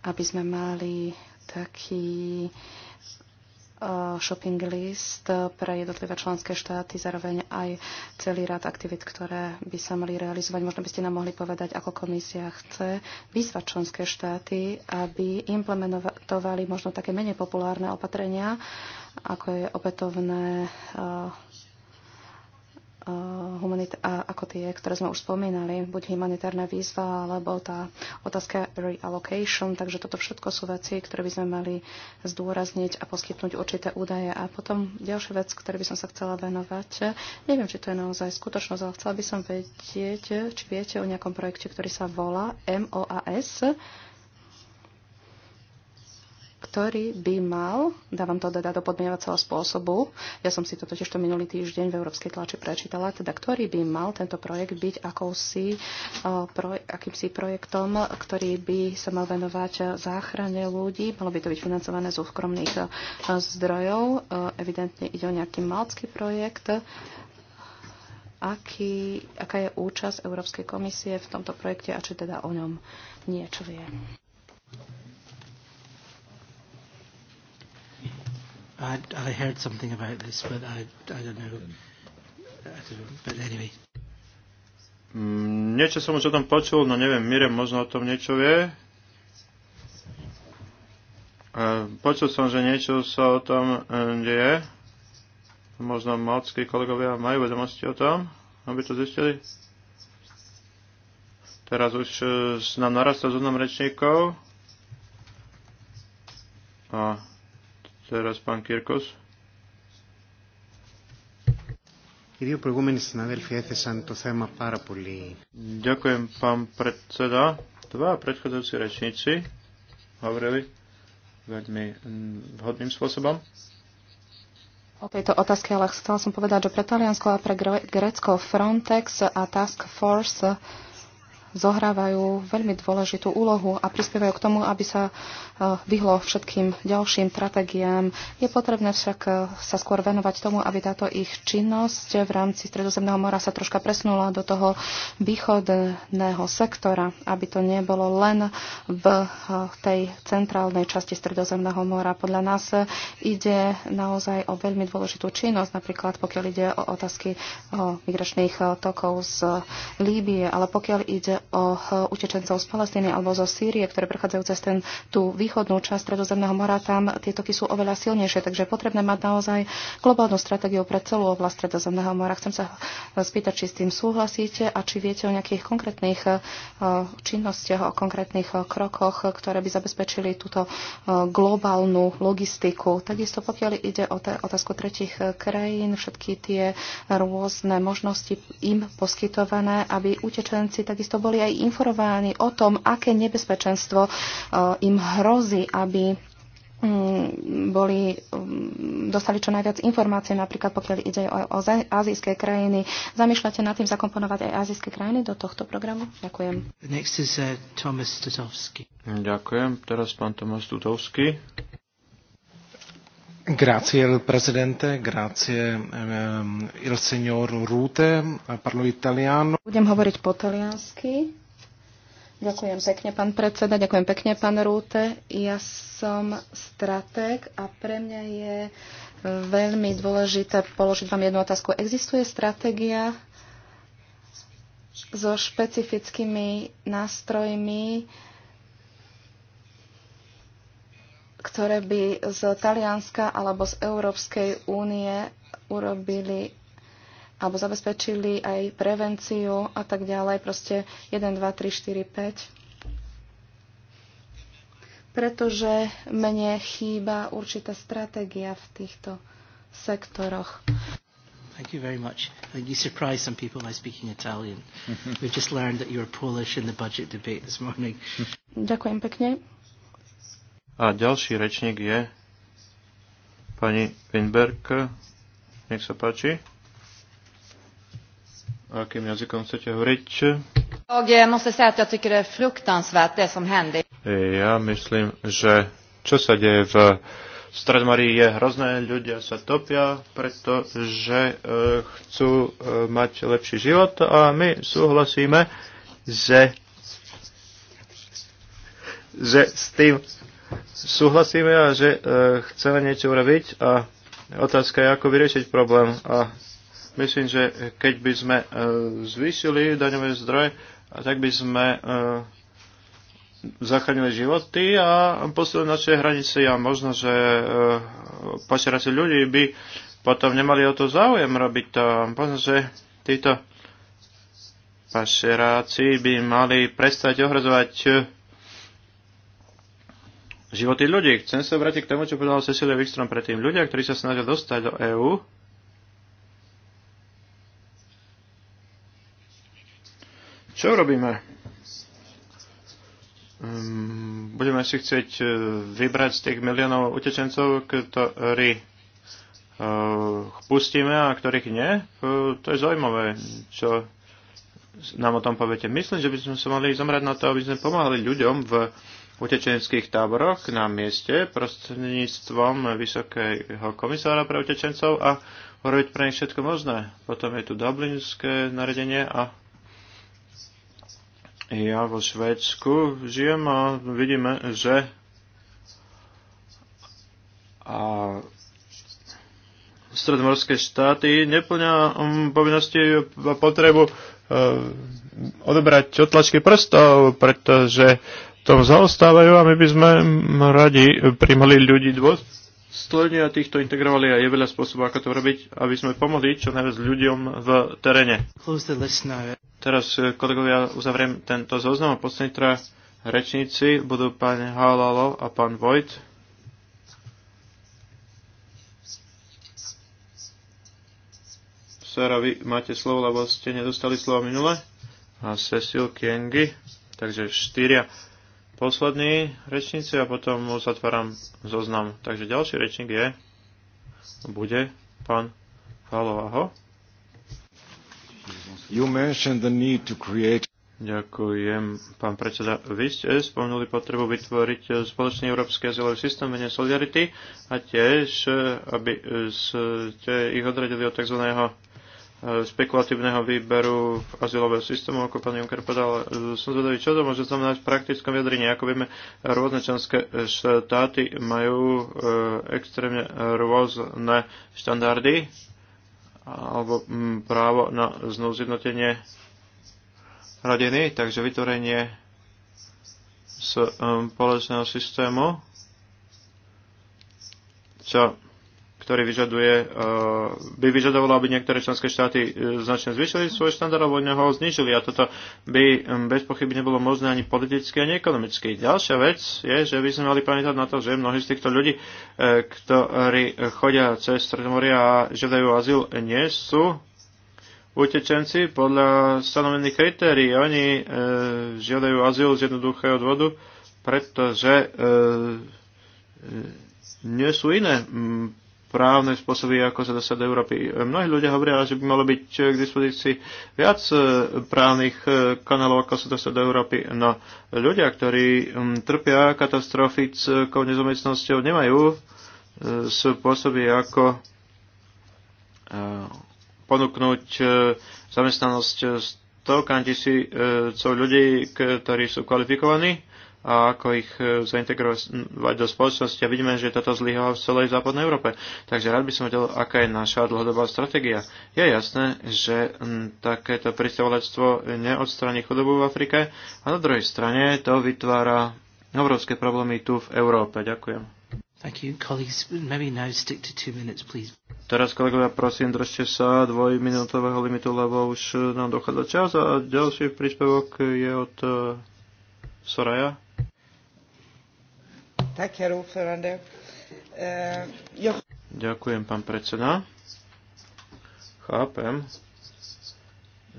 aby sme mali taký E, shopping list pre jednotlivé členské štáty, zároveň aj celý rád aktivít, ktoré by sa mali realizovať. Možno by ste nám mohli povedať, ako komisia chce vyzvať členské štáty, aby implementovali možno také menej populárne opatrenia, ako je opätovné e, Eh, humanita- ako tie, ktoré sme už spomínali, buď humanitárna výzva, alebo tá otázka reallocation, takže toto všetko sú veci, ktoré by sme mali zdôrazniť a poskytnúť určité údaje. A potom ďalšia vec, ktoré by som sa chcela venovať, neviem, či to je naozaj skutočnosť, ale chcela by som vedieť, či viete o nejakom projekte, ktorý sa volá MOAS, ktorý by mal, dávam to teda do podmienovacieho spôsobu, ja som si to totiž to minulý týždeň v Európskej tlači prečítala, teda ktorý by mal tento projekt byť akousi, pro, akýmsi projektom, ktorý by sa mal venovať záchrane ľudí, malo by to byť financované z úkromných zdrojov, evidentne ide o nejaký malcký projekt, Aký, aká je účasť Európskej komisie v tomto projekte a či teda o ňom niečo vie. I, I heard something about this, but I, I don't know. I don't know. But anyway. Mm, niečo som už o tom počul, no neviem, Mirem možno o tom niečo vie. E, počul som, že niečo sa o tom e, deje. Možno malckí kolegovia majú vedomosti o tom, aby to zistili. Teraz už e, nám narastá zoznam rečníkov. A Teraz pán Kirkos. Ďakujem, pán predseda. Dva predchádzajúci rečníci hovorili veľmi vhodným spôsobom. O tejto otázke, ale chcela som povedať, že pre Taliansko a pre Grécko Frontex a Task Force zohrávajú veľmi dôležitú úlohu a prispievajú k tomu, aby sa eh, vyhlo všetkým ďalším stratégiám. Je potrebné však eh, sa skôr venovať tomu, aby táto ich činnosť v rámci Stredozemného mora sa troška presnula do toho východného sektora, aby to nebolo len v eh, tej centrálnej časti Stredozemného mora. Podľa nás ide naozaj o veľmi dôležitú činnosť, napríklad pokiaľ ide o otázky o migračných tokov z Líbie, ale pokiaľ ide o utečencov z Palestíny alebo zo Sýrie, ktoré prechádzajú cez ten, tú východnú časť Stredozemného mora, tam tie toky sú oveľa silnejšie, takže potrebné mať naozaj globálnu stratégiu pre celú oblasť Stredozemného mora. Chcem sa spýtať, či s tým súhlasíte a či viete o nejakých konkrétnych eh, činnostiach, o konkrétnych eh, krokoch, ktoré by zabezpečili túto eh, globálnu logistiku. Takisto pokiaľ ide o otázku tretich krajín, všetky tie rôzne možnosti im poskytované, aby utečenci takisto boli boli aj informovaní o tom, aké nebezpečenstvo e, im hrozí, aby mm, boli, mm, dostali čo najviac informácie, napríklad pokiaľ ide o, o azijské krajiny. Zamýšľate nad tým zakomponovať aj azijské krajiny do tohto programu? Ďakujem. next is, uh, Thomas Ďakujem. Teraz pán Tomáš Tutovský. Grazie al Presidente, grazie um, il signor Rute, parlo italiano. Budem hovoriť po taliansky. Ďakujem pekne, pán predseda, ďakujem pekne, pán Rúte. Ja som stratek a pre mňa je eh, veľmi dôležité položiť vám jednu otázku. Existuje stratégia so špecifickými nástrojmi ktoré by z Talianska alebo z Európskej únie urobili alebo zabezpečili aj prevenciu a tak ďalej. Proste 1, 2, 3, 4, 5. Pretože mne chýba určitá stratégia v týchto sektoroch. Thank you very much. I think you surprised some people by speaking Italian. *laughs* We've just learned that you were Polish in the budget debate this morning. Ďakujem pekne. A ďalší rečník je pani Pinberg. Nech sa páči. Akým jazykom chcete hovoriť? Ja myslím, že čo sa deje v Stredmarí je hrozné, ľudia sa topia, pretože e, chcú e, mať lepší život a my súhlasíme, že, že s tým súhlasíme a že e, chceme niečo urobiť a otázka je, ako vyriešiť problém. A myslím, že keď by sme e, zvýšili daňové zdroje, tak by sme e, zachránili životy a posunuli naše hranice a možno, že e, pašeraci ľudí by potom nemali o to záujem robiť to. Možno, že títo pašeráci by mali prestať ohrozovať e, životy ľudí. Chcem sa vrátiť k tomu, čo povedal Cecilia Wikström predtým. Ľudia, ktorí sa snažia dostať do EÚ, čo robíme? Mm, budeme si chcieť e, vybrať z tých miliónov utečencov, ktorí e, pustíme a ktorých nie? E, to je zaujímavé, čo nám o tom poviete. Myslím, že by sme sa mali zamerať na to, aby sme pomáhali ľuďom v utečenských táboroch na mieste prostredníctvom Vysokého komisára pre utečencov a urobiť pre nich všetko možné. Potom je tu dublinské naredenie a ja vo Švédsku žijem a vidíme, že a stredomorské štáty neplňa um, povinnosti a potrebu uh, odobrať otlačky prstov, pretože tom zaostávajú a my by sme radi primali ľudí dôstojne a týchto integrovali a je veľa spôsobov, ako to robiť, aby sme pomohli čo najviac ľuďom v teréne. Teraz, eh, kolegovia, uzavriem tento zoznam a poslední teda rečníci budú pán Halalo a pán Vojt. Sara, vy máte slovo, lebo ste nedostali slovo minule. A Cecil Kiengi, takže štyria poslední rečníci a potom zatváram zoznam. Takže ďalší rečník je, bude pán Falovaho. You mentioned the need to create Ďakujem, pán predseda. Vy ste spomenuli potrebu vytvoriť spoločný európsky azylový systém mene Solidarity a tiež, aby ste ich odradili od tzv špekulatívneho e, výberu v azylového systému, ako pán Juncker povedal. E, som zvedavý, čo to môže znamenať v praktickom vyjadrení. Ako vieme, rôzne členské štáty majú e, extrémne rôzne štandardy alebo právo na znovu zjednotenie rodiny, takže vytvorenie spoločného systému, čo ktorý vyžaduje, eh, by vyžadovalo, aby niektoré členské štáty eh, značne zvýšili svoj štandard alebo ho znižili a toto by hm, bez pochyby nebolo možné ani politicky, ani ekonomicky. Ďalšia vec je, že by sme mali pamätať na to, že mnohí z týchto ľudí, eh, ktorí chodia cez Stredomoria a žiadajú azyl, nie sú utečenci podľa stanovených kritérií. Oni e, žiadajú azyl z jednoduchého dôvodu, pretože e, e, nie sú iné hm, správne spôsoby, ako sa dostať do Európy. Mnohí ľudia hovoria, že by malo byť k dispozícii viac e, právnych e, kanálov, ako sa dostať do Európy. No ľudia, ktorí trpia katastrofickou nezamestnosťou, nemajú e, spôsoby, ako ponúknuť zamestnanosť stovkám tisícov ľudí, ktorí sú kvalifikovaní a ako ich e, zaintegrovať do spoločnosti a vidíme, že toto zlyháva v celej západnej Európe. Takže rád by som vedel, aká je naša dlhodobá stratégia. Je jasné, že takéto pristovalectvo neodstraní chudobu v Afrike a na druhej strane to vytvára obrovské problémy tu v Európe. Ďakujem. Thank you, colleagues. Maybe now stick to two minutes, please. Teraz, kolegovia, prosím, držte sa dvojminútového limitu, lebo už e, nám dochádza čas a ďalší príspevok je od e, Soraya. Eh, Ďakujem, pán predseda. Chápem,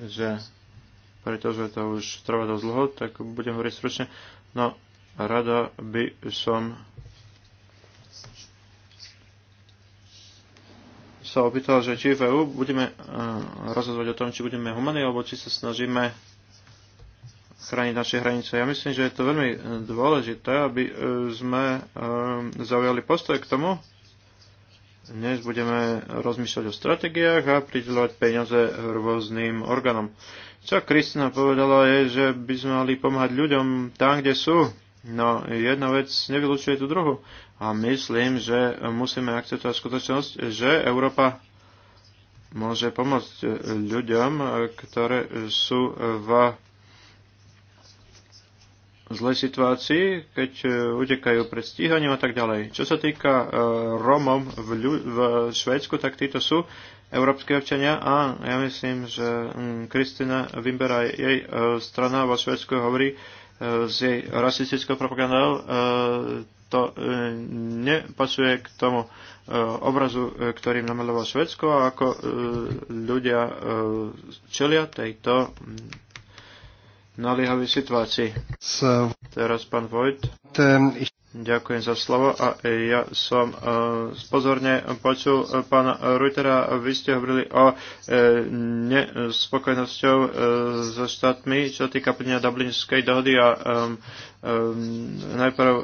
že pretože to už trvá dosť dlho, tak budem hovoriť stručne. No, rada by som sa opýtal, že či v EU budeme eh, rozhodovať o tom, či budeme humaní, alebo či sa snažíme chrániť naše hranice. Ja myslím, že je to veľmi eh, dôležité, aby eh, sme eh, zaujali postoj k tomu. Dnes budeme rozmýšľať o stratégiách a pridelovať peniaze rôznym orgánom. Čo Kristina povedala je, že by sme mali pomáhať ľuďom tam, kde sú. No jedna vec nevylučuje tú druhú. A myslím, že musíme akceptovať skutočnosť, že Európa môže pomôcť ľuďom, ktoré sú v zlej situácii, keď e, utekajú pred stíhaním a tak ďalej. Čo sa týka e, Romom v, ľu- v Švédsku, tak títo sú európske občania a ja myslím, že mm, Kristina Vimbera jej e, strana vo Švédsku hovorí s jej rasistickou propagandou. To nepasuje k tomu obrazu, ktorým namalovalo Švedsko a ako ľudia čelia tejto mm, naliehavej situácii. So, Teraz pán Vojt. Ten... Ďakujem za slovo a ja som uh, pozorne počul uh, pána Reutera, vy ste hovorili o uh, nespokojnosťou uh, so štátmi, čo týka plnenia Dublinskej dohody a um, um, najprv uh,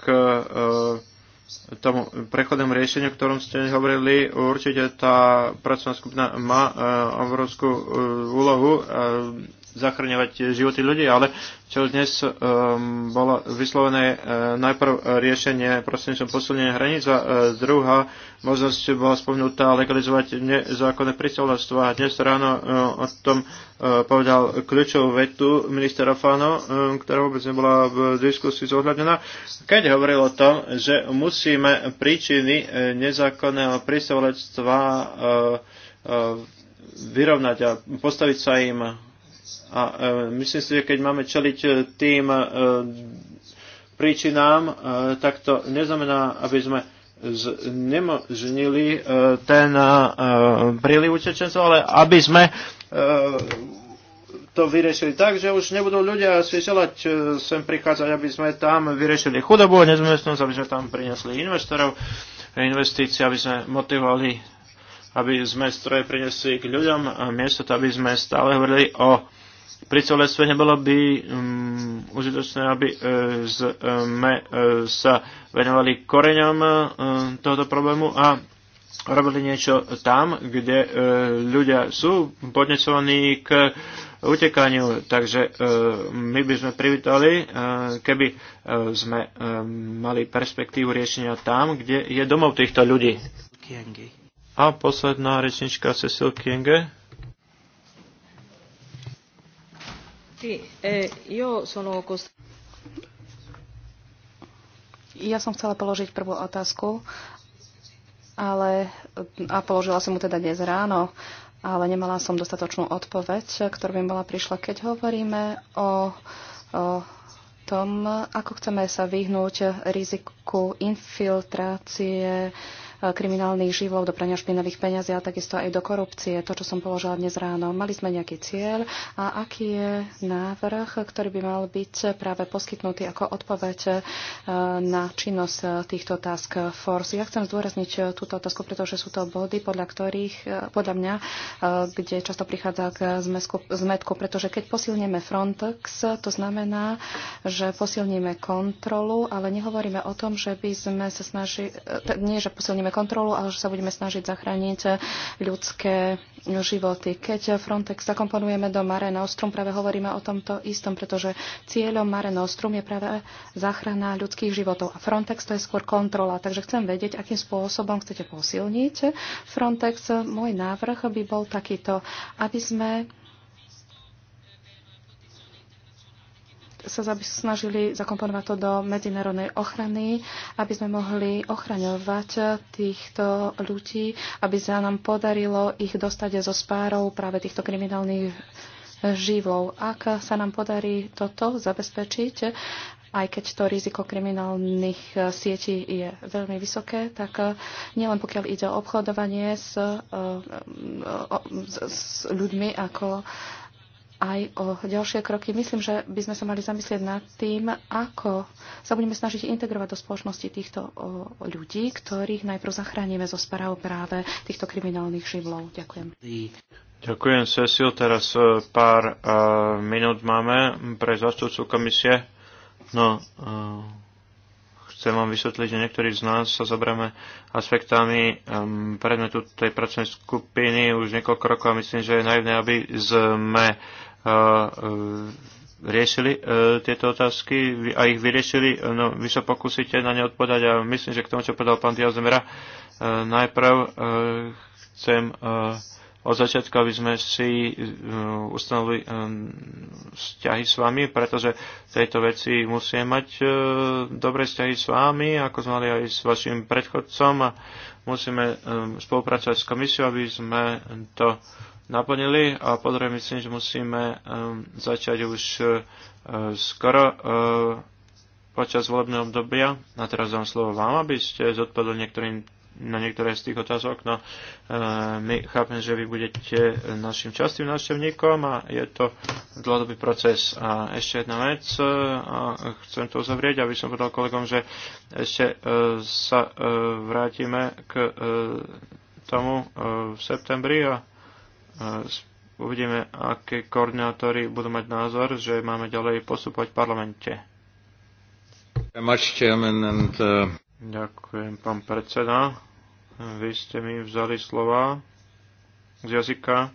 k uh, tomu prechodnom riešeniu, o ktorom ste hovorili, určite tá pracovná skupina má obrovskú úlohu zachraňovať životy ľudí, ale čo dnes um, bolo vyslovené uh, najprv riešenie prostredníctvom posunenia hraníc a uh, druhá možnosť bola spomenutá legalizovať nezákonné pristahovalstvo. A dnes ráno uh, o tom uh, povedal kľúčovú vetu minister Rafano, um, ktorá vôbec nebola v diskusii zohľadená, keď hovoril o tom, že musíme príčiny uh, nezákonného pristahovalectva uh, uh, vyrovnať a postaviť sa im a e, myslím si, že keď máme čeliť e, tým e, príčinám, tak to neznamená, aby sme znemožnili ten príliv utečencov, ale aby sme to vyriešili tak, že už nebudú ľudia si želať sem prichádzať, aby sme tam vyriešili chudobu a nezmestnosť, aby sme tam priniesli investorov, investície, aby sme motivovali, aby sme stroje priniesli k ľuďom, a miesto to, aby sme stále hovorili o pri celé svete bolo by um, užitočné, aby uh, sme uh, sa venovali koreňom uh, tohoto problému a robili niečo tam, kde uh, ľudia sú podnecovaní k utekaniu. Takže uh, my by sme privítali, uh, keby uh, sme uh, mali perspektívu riešenia tam, kde je domov týchto ľudí. A posledná rečnička Cecil Kienge. Eh, ja som chcela položiť prvú otázku, ale, a položila som mu teda dnes ráno, ale nemala som dostatočnú odpoveď, ktorú by bola prišla, keď hovoríme o, o tom, ako chceme sa vyhnúť riziku infiltrácie E, kriminálny živlov, do prania špinavých peňazí a takisto aj do korupcie, to, čo som položila dnes ráno. Mali sme nejaký cieľ a aký je návrh, ktorý by mal byť práve poskytnutý ako odpoveď e, na činnosť e, týchto task force. Ja chcem zdôrazniť túto otázku, pretože sú to body, podľa ktorých, podľa mňa, kde často prichádza k zmesku, zmetku, pretože keď posilníme Frontex, to znamená, že posilníme kontrolu, ale nehovoríme o tom, že by sme sa snažili, nie, že posilníme posilníme kontrolu, ale že sa budeme snažiť zachrániť ľudské životy. Keď Frontex zakomponujeme do Mare Nostrum, práve hovoríme o tomto istom, pretože cieľom Mare Nostrum je práve záchrana ľudských životov a Frontex to je skôr kontrola. Takže chcem vedieť, akým spôsobom chcete posilniť Frontex. Môj návrh by bol takýto, aby sme sa snažili zakomponovať to do medzinárodnej ochrany, aby sme mohli ochraňovať týchto ľudí, aby sa nám podarilo ich dostať zo spárov práve týchto kriminálnych živlov. Ak sa nám podarí toto zabezpečiť, aj keď to riziko kriminálnych sietí je veľmi vysoké, tak nielen pokiaľ ide o obchodovanie s, eh, s, s ľuďmi ako aj o ďalšie kroky. Myslím, že by sme sa mali zamyslieť nad tým, ako sa budeme snažiť integrovať do spoločnosti týchto ľudí, ktorých najprv zachránime zo správ práve týchto kriminálnych živlov. Ďakujem. Ďakujem, Cecil. Teraz e, pár uh, minút máme pre zastupcu komisie. No, uh, chcem vám vysvetliť, že niektorí z nás sa zoberieme aspektami um, predmetu tej pracovnej skupiny už niekoľko rokov a myslím, že je naivné, aby sme uh, E, riešili e, tieto otázky a ich vyriešili. No, vy sa pokúsite na ne odpovedať a myslím, že k tomu, čo povedal pán Diazemera, e, najprv chcem od začiatku, aby sme si ustanovili vzťahy s vami, pretože v tejto veci musíme mať dobré vzťahy s vami, ako sme mali aj s vašim predchodcom a musíme spolupracovať s komisiou, aby sme to naplnili a po myslím, že musíme ehm, začať už e, skoro e, počas volebného obdobia. A teraz dám slovo vám, aby ste zodpovedali niektorým na niektoré z tých otázok, no e, my chápem, že vy budete našim častým návštevníkom a je to dlhodobý proces. A ešte jedna vec, e, a chcem to uzavrieť, aby som povedal kolegom, že ešte e, sa e, vrátime k e, tomu e, v septembri a uvidíme, aké koordinátory budú mať názor, že máme ďalej postupovať v parlamente. Uh, Ďakujem, pán predseda. Vy ste mi vzali slova z jazyka.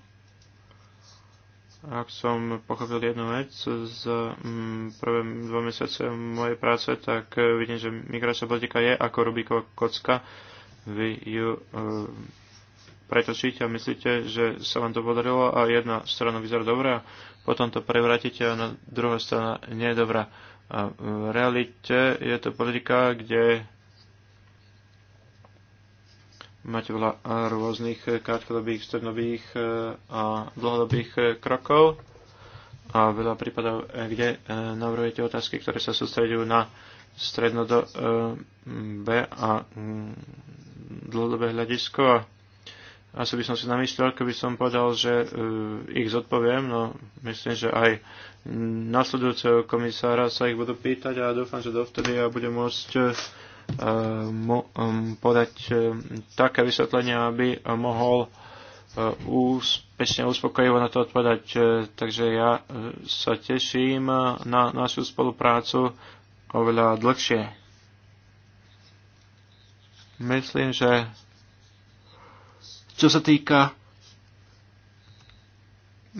Ak som pochopil jednu vec z mm, prvé dva mesiace mojej práce, tak eh, vidím, že migračná politika je ako Rubíková kocka. Vy ju e, Pretočíte a myslíte, že sa vám to podarilo a jedna strana vyzerá dobrá, potom to prevrátite a na druhá strana nie je dobrá. A v realite je to politika, kde máte veľa rôznych krátkodobých, strednodobých e, a dlhodobých e, krokov a veľa prípadov, e, kde navrhujete otázky, ktoré sa sústredujú na strednodobé a dlhodobé hľadisko asi by som si namýšľal, keby som povedal, že uh, ich zodpoviem, no myslím, že aj nasledujúceho komisára sa ich budú pýtať a dúfam, že dovtedy ja budem môcť uh, mo, um, podať uh, také vysvetlenie, aby uh, mohol uh, úspešne uspokojivo na to odpovedať. Uh, takže ja uh, sa teším na našu spoluprácu oveľa dlhšie. Myslím, že čo sa týka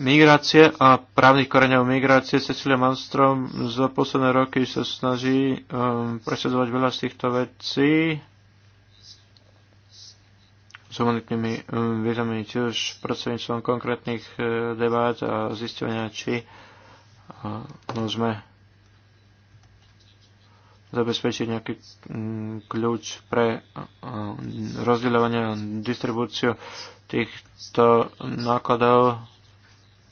migrácie a právnych koreňov migrácie, Cecilia Malmström za posledné roky sa snaží um, presadzovať veľa z týchto vecí s humanitnými um, viedami tiež pracovníctvom konkrétnych uh, debát a zistenia, či uh, eh, môžeme no, zabezpečiť nejaký mm, kľúč pre e, rozdeľovanie a distribúciu týchto nákladov.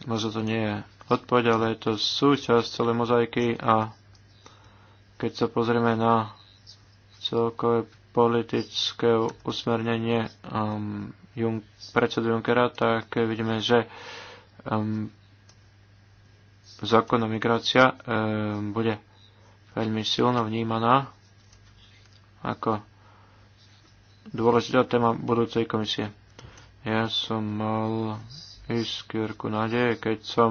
Možno to nie je odpoveď, ale je to súčasť celej mozaiky a keď sa pozrieme na celkové politické usmernenie um, predsedu Junckera, tak vidíme, že um, zákon o migrácia um, e, bude veľmi silno vnímaná ako dôležitá téma budúcej komisie. Ja som mal iskierku nádeje, keď som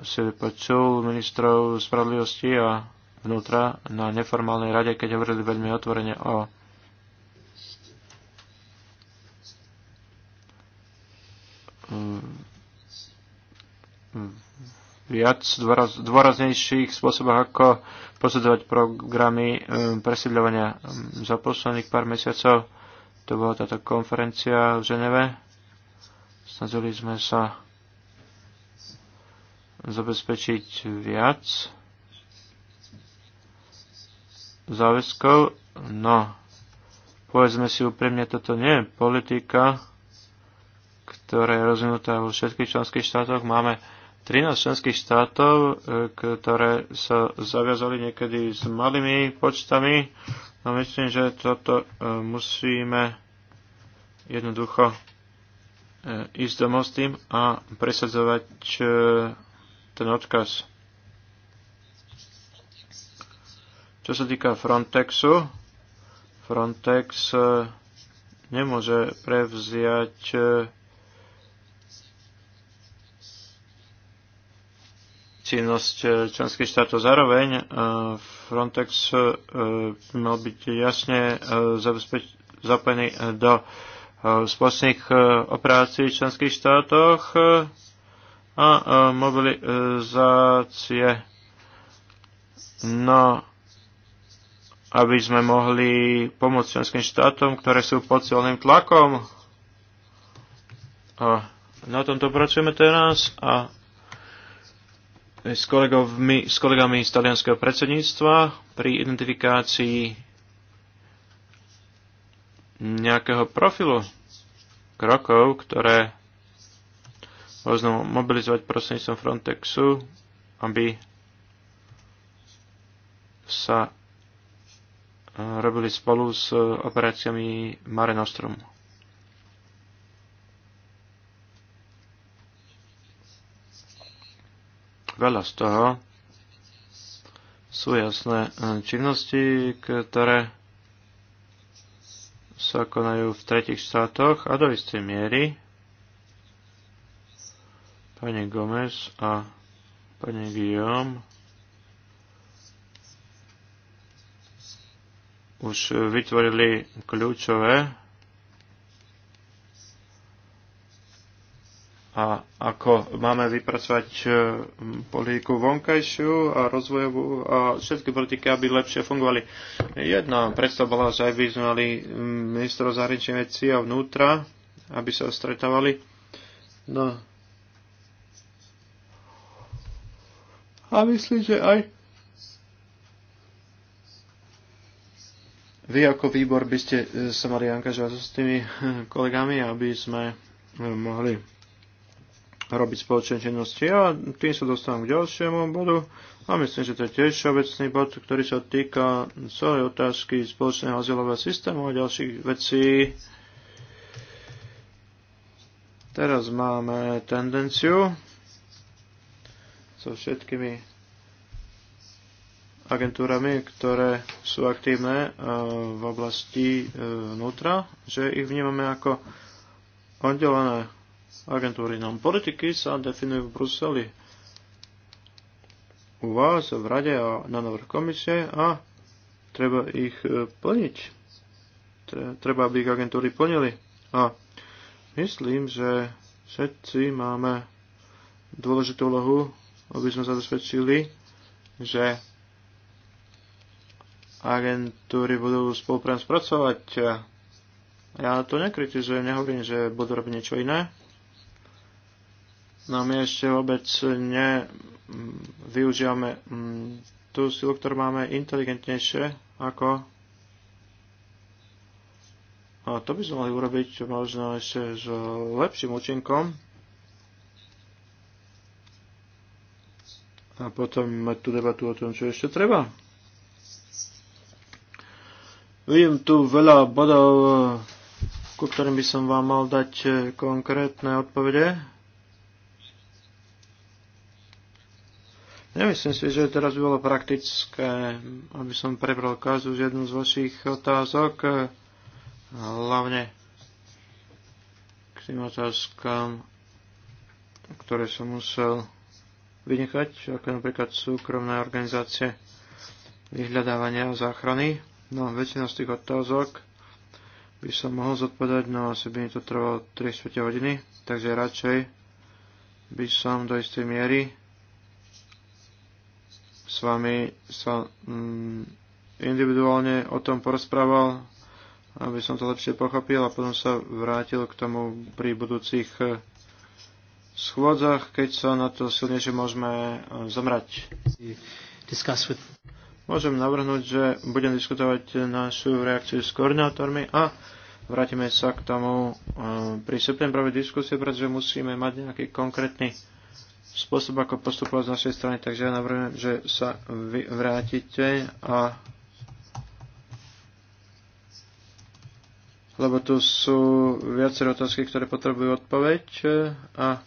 si vypočul ministrov spravodlivosti a vnútra na neformálnej rade, keď hovorili veľmi otvorene o viac dôraznejších spôsoboch, ako posledovať programy um, presídľovania. Um, za posledných pár mesiacov to bola táto konferencia v Ženeve. Snažili sme sa zabezpečiť viac záväzkov, no povedzme si úprimne, toto nie je politika, ktorá je rozvinutá vo všetkých členských štátoch. Máme 13 členských štátov, e, ktoré sa zaviazali niekedy s malými počtami. No myslím, že toto e, musíme jednoducho e, ísť domov s tým a presadzovať ten odkaz. Čo sa týka Frontexu, Frontex nemôže prevziať činnosť e, členských štátov. Zároveň e, Frontex e, mal byť jasne zapojený do spoločných operácií v členských štátoch a mobilizácie. No, aby sme mohli pomôcť členským štátom, ktoré sú pod silným tlakom. A na tomto pracujeme teraz a s, kolegovmi, s kolegami z talianského predsedníctva pri identifikácii nejakého profilu krokov, ktoré možno mobilizovať prostredníctvom Frontexu, aby sa eh, robili spolu s operáciami Mare Nostrum. Veľa z toho sú jasné e, činnosti, ktoré sa konajú v tretich štátoch a do istej miery pani Gomez a pani Guillaume už vytvorili kľúčové a ako máme vypracovať e, politiku vonkajšiu a rozvojovú a všetky politiky, aby lepšie fungovali. Jedna predstava bola, že aj by sme mali mm, ministrov zahraničných vecí a vnútra, aby sa stretávali. No. A myslím, že aj vy ako výbor by ste e, sa mali angažovať s tými e, kolegami, aby sme mohli robiť spoločné činnosti. A tým sa dostávam k ďalšiemu bodu. A myslím, že to je tiež obecný bod, ktorý sa týka celej otázky spoločného azylového systému a ďalších vecí. Teraz máme tendenciu so všetkými agentúrami, ktoré sú aktívne e, v oblasti e, vnútra, že ich vnímame ako oddelené agentúry No, politiky sa definujú v Bruseli u vás v rade a na návrh komisie a treba ich e, plniť. Treba, aby ich agentúry plnili. A myslím, že všetci máme dôležitú lohu, aby sme zabezpečili, že agentúry budú spolupracovať. Ja to nekritizujem, nehovorím, že budú robiť niečo iné no my ešte vôbec nevyužívame mm, tú silu, ktorú máme inteligentnejšie ako a to by sme mohli urobiť možno ešte s lepším účinkom. A potom mať tú debatu o tom, čo ešte treba. Vidím tu veľa bodov, ku ktorým by som vám mal dať eh, konkrétne odpovede. Nemyslím si, že teraz by bolo praktické, aby som prebral každú z jednu z vašich otázok, hlavne k tým otázkam, ktoré som musel vynechať, ako napríklad súkromné organizácie vyhľadávania a záchrany. No, väčšina z tých otázok by som mohol zodpovedať, no asi by mi to trvalo 3 hodiny, takže radšej by som do istej miery s vami sa mm, individuálne o tom porozprával, aby som to lepšie pochopil a potom sa vrátil k tomu pri budúcich eh, schôdzach, keď sa na to silnejšie môžeme eh, zamrať. Môžem navrhnúť, že budem diskutovať našu reakciu s koordinátormi a vrátime sa k tomu eh, pri septembrovej diskusie, pretože musíme mať nejaký konkrétny spôsob, ako postupovať z našej strany. Takže ja navrhujem, že sa vy vrátite a lebo tu sú viaceré otázky, ktoré potrebujú odpoveď a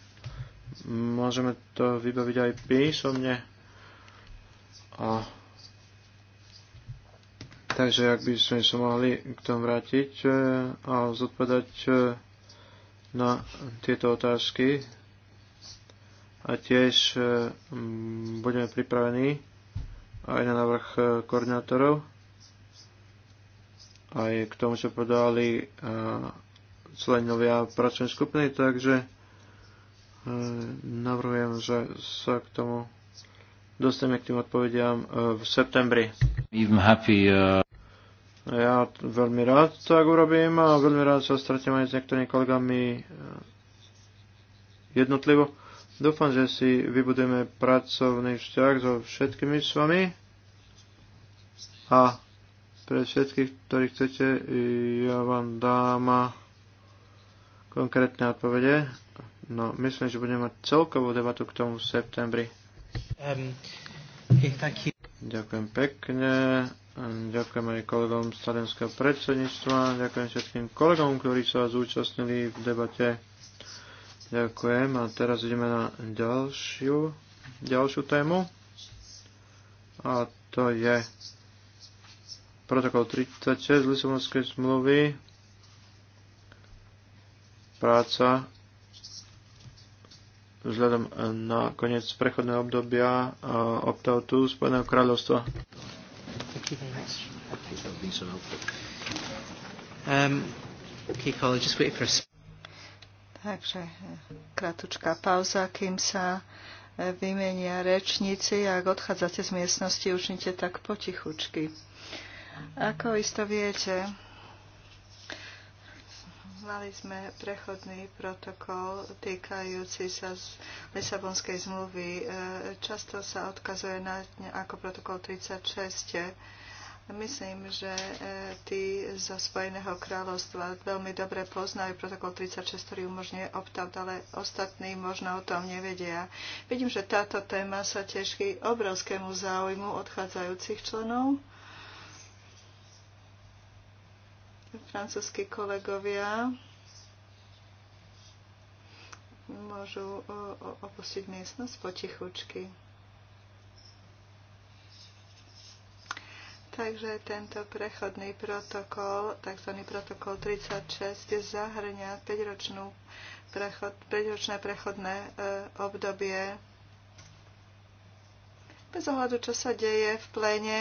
môžeme to vybaviť aj písomne. A takže ak by sme sa mohli k tomu vrátiť a zodpovedať na tieto otázky, a tiež e, budeme pripravení aj na návrh e, koordinátorov, aj k tomu, čo podali e, členovia pracovnej skupiny, takže navrhujem, že sa k tomu dostaneme k tým odpovediam v septembri. Even happy, uh... Ja veľmi rád tak urobím a veľmi rád sa stretnem aj s niektorými kolegami jednotlivo Dúfam, že si vybudeme pracovný vzťah so všetkými s vami a pre všetkých, ktorí chcete, ja vám dám konkrétne odpovede. No, myslím, že budeme mať celkovú debatu k tomu v septembri. Um, okay, Ďakujem pekne. Ďakujem aj kolegom z Stadenského predsedníctva. Ďakujem všetkým kolegom, ktorí sa zúčastnili v debate. Ďakujem a teraz ideme na ďalšiu, ďalšiu tému a to je protokol 36 Lisabonskej zmluvy práca vzhľadom na koniec prechodného obdobia opt-outu Spojeného kráľovstva. Um, okay, Colin, just wait for a Takže eh, krátka pauza, kým sa eh, vymenia rečníci. Ak odchádzate z miestnosti, učnite tak potichučky. Ako isto viete, mali sme prechodný protokol týkajúci sa z Lisabonskej zmluvy. Eh, často sa odkazuje na ako protokol 36 Myslím, že e, tí zo Spojeného kráľovstva veľmi dobre poznajú protokol 36, ktorý umožňuje opt ale ostatní možno o tom nevedia. Vidím, že táto téma sa teší obrovskému záujmu odchádzajúcich členov. Francúzskí kolegovia môžu opustiť miestnosť potichučky. Takže tento prechodný protokol, tzv. protokol 36, zahrňa 5-ročnú prechod, 5-ročné prechodné e, obdobie. Bez ohľadu, čo sa deje v plene,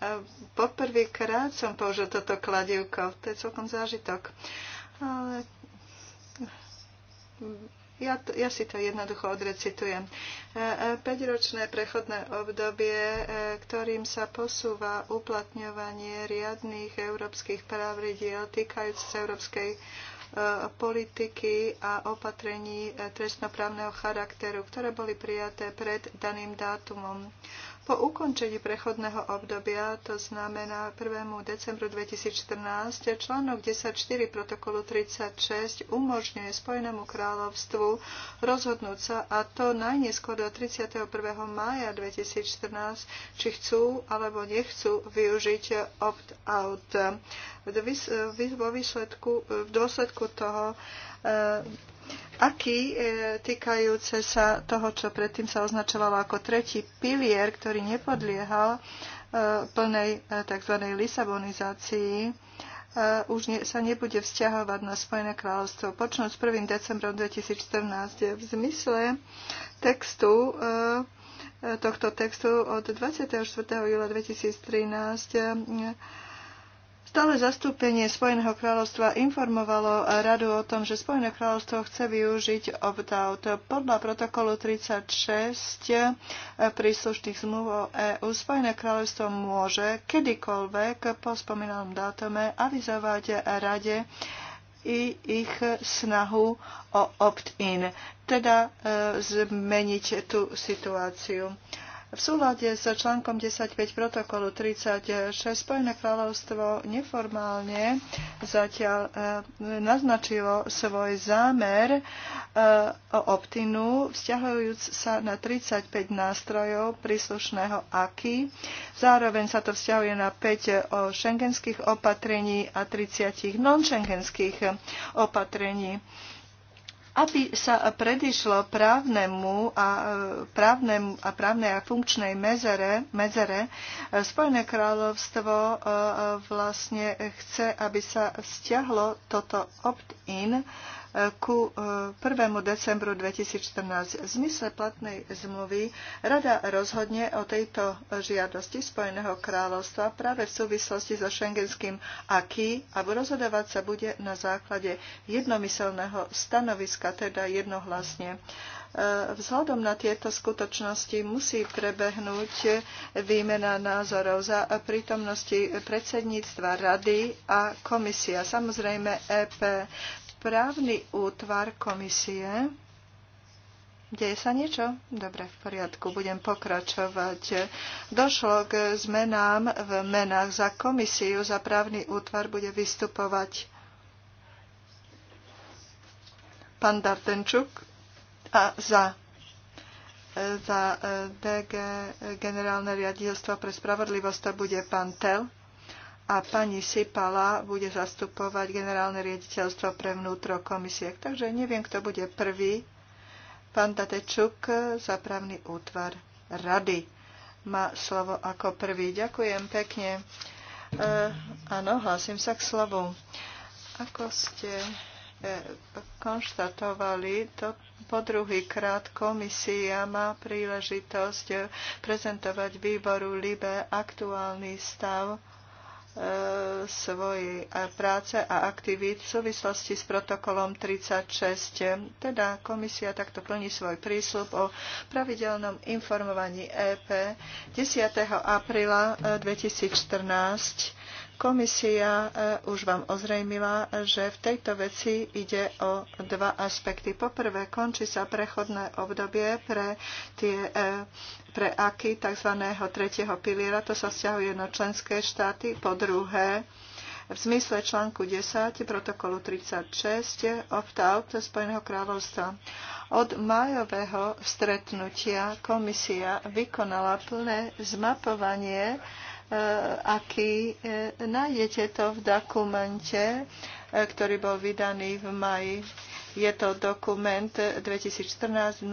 e, poprvýkrát som použil toto kladivko. To je celkom zážitok. Ale ja, ja si to jednoducho odrecitujem. E, e, Peťročné prechodné obdobie, e, ktorým sa posúva uplatňovanie riadných európskych pravidiel týkajúcich týkajúcich európskej politiky a opatrení trestnoprávneho charakteru, ktoré boli prijaté pred daným dátumom. Po ukončení prechodného obdobia, to znamená 1. decembru 2014, článok 10.4 protokolu 36 umožňuje Spojenému kráľovstvu rozhodnúť sa, a to najneskôr do 31. mája 2014, či chcú alebo nechcú využiť opt-out. Vo výsledku, v dôsledku toho aký e, týkajúce sa toho, čo predtým sa označovalo ako tretí pilier, ktorý nepodliehal e, plnej e, tzv. lisabonizácii, už ne, sa nebude vzťahovať na Spojené kráľovstvo. Počnúť s 1. decembrom 2014 v zmysle textu tohto textu od 24. júla 2013 Stále zastúpenie Spojeného kráľovstva informovalo radu o tom, že Spojené kráľovstvo chce využiť opt-out. Podľa protokolu 36 príslušných zmluv o EU Spojené kráľovstvo môže kedykoľvek po spomínanom dátume avizovať rade i ich snahu o opt-in, teda e, zmeniť tú situáciu. V súlade s článkom 10.5 protokolu 36 Spojené kráľovstvo neformálne zatiaľ e, naznačilo svoj zámer e, o optinu, vzťahujúc sa na 35 nástrojov príslušného AKI. Zároveň sa to vzťahuje na 5 e, šengenských opatrení a 30 non-šengenských opatrení aby sa predišlo právnemu a, e, právnemu a právnej a funkčnej mezere, mezere e, Spojené kráľovstvo e, vlastne chce, aby sa stiahlo toto opt-in ku 1. E, decembru 2014. V zmysle platnej zmluvy Rada rozhodne o tejto žiadosti Spojeného kráľovstva práve v súvislosti so šengenským aký a rozhodovať sa bude na základe jednomyselného stanoviska, teda jednohlasne. E, vzhľadom na tieto skutočnosti musí prebehnúť výmena názorov za prítomnosti predsedníctva Rady a komisia, samozrejme EP právny útvar komisie. Deje sa niečo? Dobre, v poriadku, budem pokračovať. Došlo k zmenám v menách. Za komisiu, za právny útvar bude vystupovať pán Dartenčuk a za za eh, DG eh, generálne riadilstvo pre spravodlivosť to bude pán Tel a pani Sipala bude zastupovať generálne riaditeľstvo pre vnútro komisie. Takže neviem, kto bude prvý. Pán Tatečuk, zapravný útvar rady, má slovo ako prvý. Ďakujem pekne. E, áno, hlásim sa k slovu. Ako ste e, konštatovali, to po druhý krát komisia má príležitosť prezentovať výboru LIBE aktuálny stav svojej práce a aktivít v súvislosti s protokolom 36. Teda komisia takto plní svoj prísľub o pravidelnom informovaní EP 10. apríla 2014 eh, Komisia e, už vám ozrejmila, že v tejto veci ide o dva aspekty. Poprvé, končí sa prechodné obdobie pre tie e, pre aky tzv. tretieho piliera, to sa vzťahuje na členské štáty. Po druhé, v zmysle článku 10 protokolu 36 opt-out Spojeného kráľovstva. Od májového stretnutia komisia vykonala plné zmapovanie Eh, aký eh, nájdete to v dokumente, eh, ktorý bol vydaný v maji. Je to dokument 2014-0166.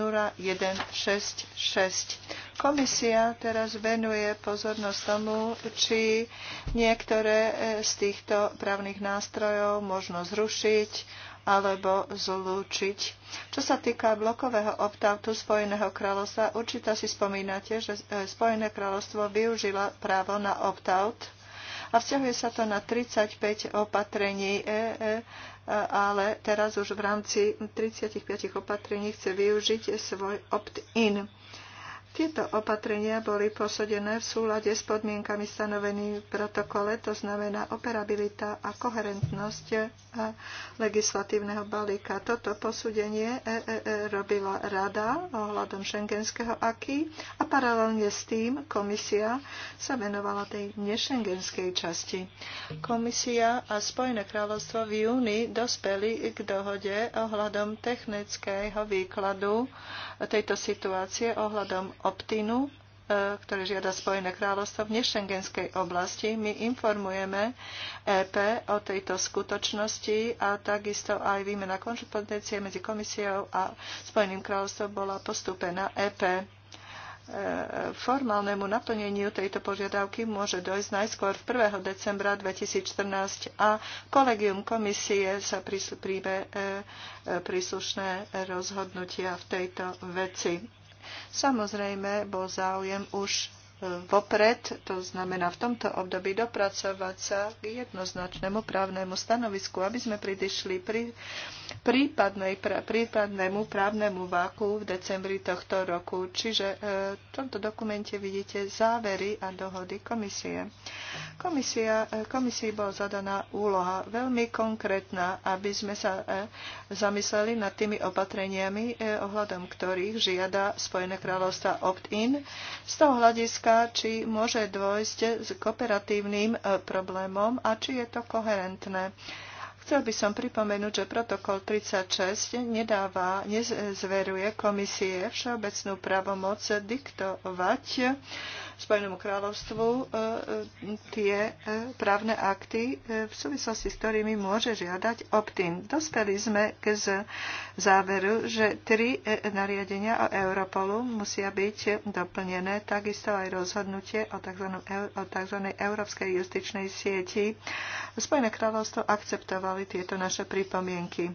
Komisia teraz venuje pozornosť tomu, či niektoré z týchto právnych nástrojov možno zrušiť alebo zlúčiť. Čo sa týka blokového optautu Spojeného kráľovstva, určite si spomínate, že e, Spojené kráľovstvo využila právo na opt a vzťahuje sa to na 35 opatrení, e, e, ale teraz už v rámci 35 opatrení chce využiť svoj opt-in. Tieto opatrenia boli posodené v súlade s podmienkami stanovenými v protokole, to znamená operabilita a koherentnosť a legislatívneho balíka. Toto posúdenie EEE e e robila Rada ohľadom šengenského aky a paralelne s tým komisia sa venovala tej nešengenskej časti. Komisia a Spojené kráľovstvo v júni dospeli k dohode ohľadom technického výkladu tejto situácie ohľadom optinu, e, ktoré žiada Spojené kráľovstvo v nešengenskej oblasti. My informujeme EP o tejto skutočnosti a takisto aj výmena konšpondencie medzi komisiou a Spojeným kráľovstvom bola postúpená EP formálnemu naplneniu tejto požiadavky môže dojsť najskôr 1. decembra 2014 a kolegium komisie sa príjme e, e, príslušné rozhodnutia v tejto veci. Samozrejme, bol záujem už vopred, to znamená v tomto období dopracovať sa k jednoznačnému právnemu stanovisku, aby sme pridešli pri prípadnej, pra, prípadnému právnemu váku v decembri tohto roku. Čiže e, v tomto dokumente vidíte závery a dohody komisie. Komisia, e, komisii bola zadaná úloha veľmi konkrétna, aby sme sa e, zamysleli nad tými opatreniami, ohľadom ktorých žiada Spojené kráľovstva opt-in. Z toho hľadiska otázka, či môže dôjsť s kooperatívnym e, problémom a či je to koherentné. Chcel by som pripomenúť, že protokol 36 nedáva, nezveruje komisie všeobecnú pravomoc diktovať Spojenému kráľovstvu e, e, tie e, právne akty, v súvislosti s ktorými môže žiadať opt-in. sme k záveru, že tri nariadenia o Europolu musia byť doplnené, takisto aj rozhodnutie o tzv. O tzv. Európskej justičnej sieti. Spojené kráľovstvo akceptovali tieto naše pripomienky.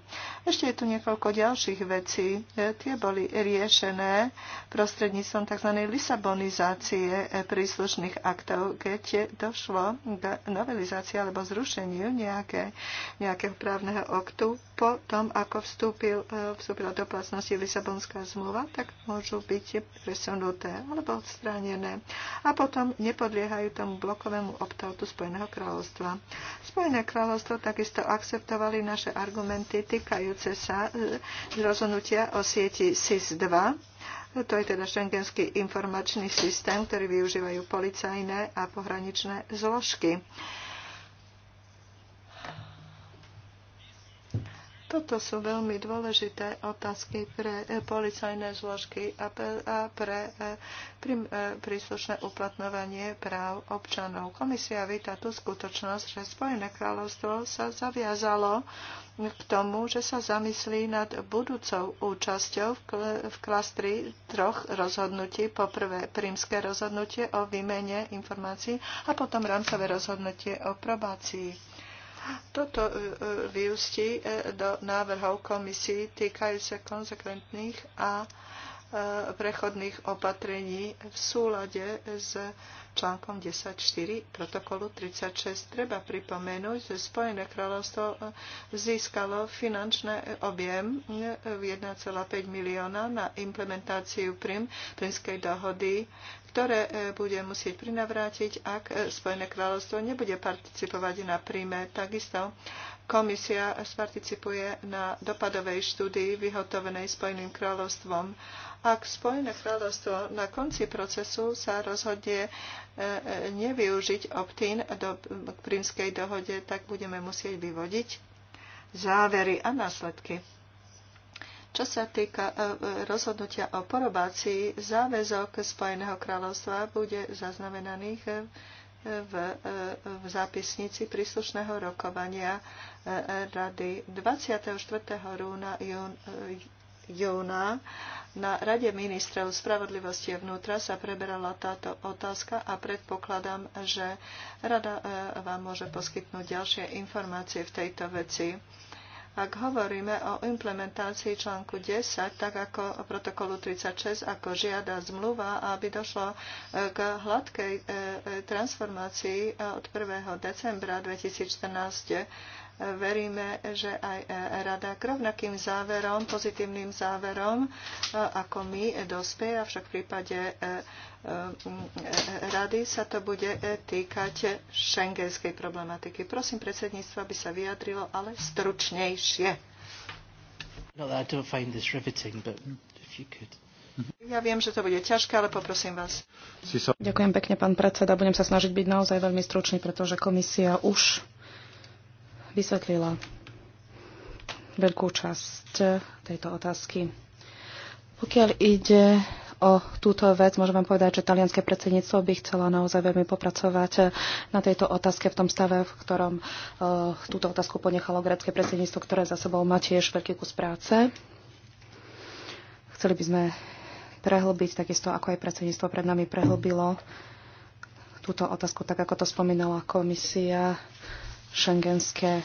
Ešte je tu niekoľko ďalších vecí. Tie boli riešené prostredníctvom tzv. lisabonizácie príslušných aktov, keď došlo k novelizácii alebo zrušeniu nejaké, nejakého právneho oktu po tom, ako vstúpil, e, vstúpila do platnosti Lisabonská zmluva, tak môžu byť presunuté alebo odstránené a potom nepodliehajú tomu blokovému optautu Spojeného kráľovstva. Spojené kráľovstvo takisto akceptovali naše argumenty týkajúce sa e, rozhodnutia o sieti SIS-2 to je teda šengenský informačný systém, ktorý využívajú policajné a pohraničné zložky. Toto sú veľmi dôležité otázky pre e, policajné zložky a pre e, e, príslušné uplatňovanie práv občanov. Komisia víta tú skutočnosť, že Spojené kráľovstvo sa zaviazalo k tomu, že sa zamyslí nad budúcou účasťou v klastri troch rozhodnutí. Poprvé prímske rozhodnutie o výmene informácií a potom rámcové rozhodnutie o probácii toto e, e, vyústi e, do návrhov komisí týkajú sa konsekventných a prechodných opatrení v súlade s článkom 10.4 protokolu 36. Treba pripomenúť, že Spojené kráľovstvo získalo finančný objem 1,5 milióna na implementáciu prim, primskej dohody ktoré e, bude musieť prinavrátiť, ak e, Spojené kráľovstvo nebude participovať na príjme. Takisto komisia participuje na dopadovej štúdii vyhotovenej Spojeným kráľovstvom. Ak Spojené kráľovstvo na konci procesu sa rozhodne e, nevyužiť optín do, k prímskej dohode, tak budeme musieť vyvodiť závery a následky. Čo sa týka e, e, rozhodnutia o porobácii, záväzok Spojeného kráľovstva bude zaznamenaných e, v, v zápisnici príslušného rokovania rady 24. Rúna, jún, júna na Rade ministrov spravodlivosti vnútra sa preberala táto otázka a predpokladám, že Rada vám môže poskytnúť ďalšie informácie v tejto veci. Ak hovoríme o implementácii článku 10, tak ako o protokolu 36, ako žiada zmluva, aby došlo e, k hladkej e, transformácii e, od 1. decembra 2014 veríme, že aj rada k rovnakým záverom, pozitívnym záverom, e, ako my dospeje, avšak v prípade e, e, rady sa to bude týkať šengenskej problematiky. Prosím predsedníctvo, aby sa vyjadrilo, ale stručnejšie. Ja viem, že to bude ťažké, ale poprosím vás. Ďakujem pekne, pán predseda. Budem sa snažiť byť naozaj veľmi stručný, pretože komisia už vysvetlila veľkú časť tejto otázky. Pokiaľ ide o túto vec. Môžem vám povedať, že talianské predsedníctvo by chcelo naozaj veľmi popracovať na tejto otázke v tom stave, v ktorom uh, túto otázku ponechalo grecké predsedníctvo, ktoré za sebou má tiež veľký kus práce. Chceli by sme prehlbiť, takisto ako aj predsedníctvo pred nami prehlbilo túto otázku, tak ako to spomínala komisia šengenské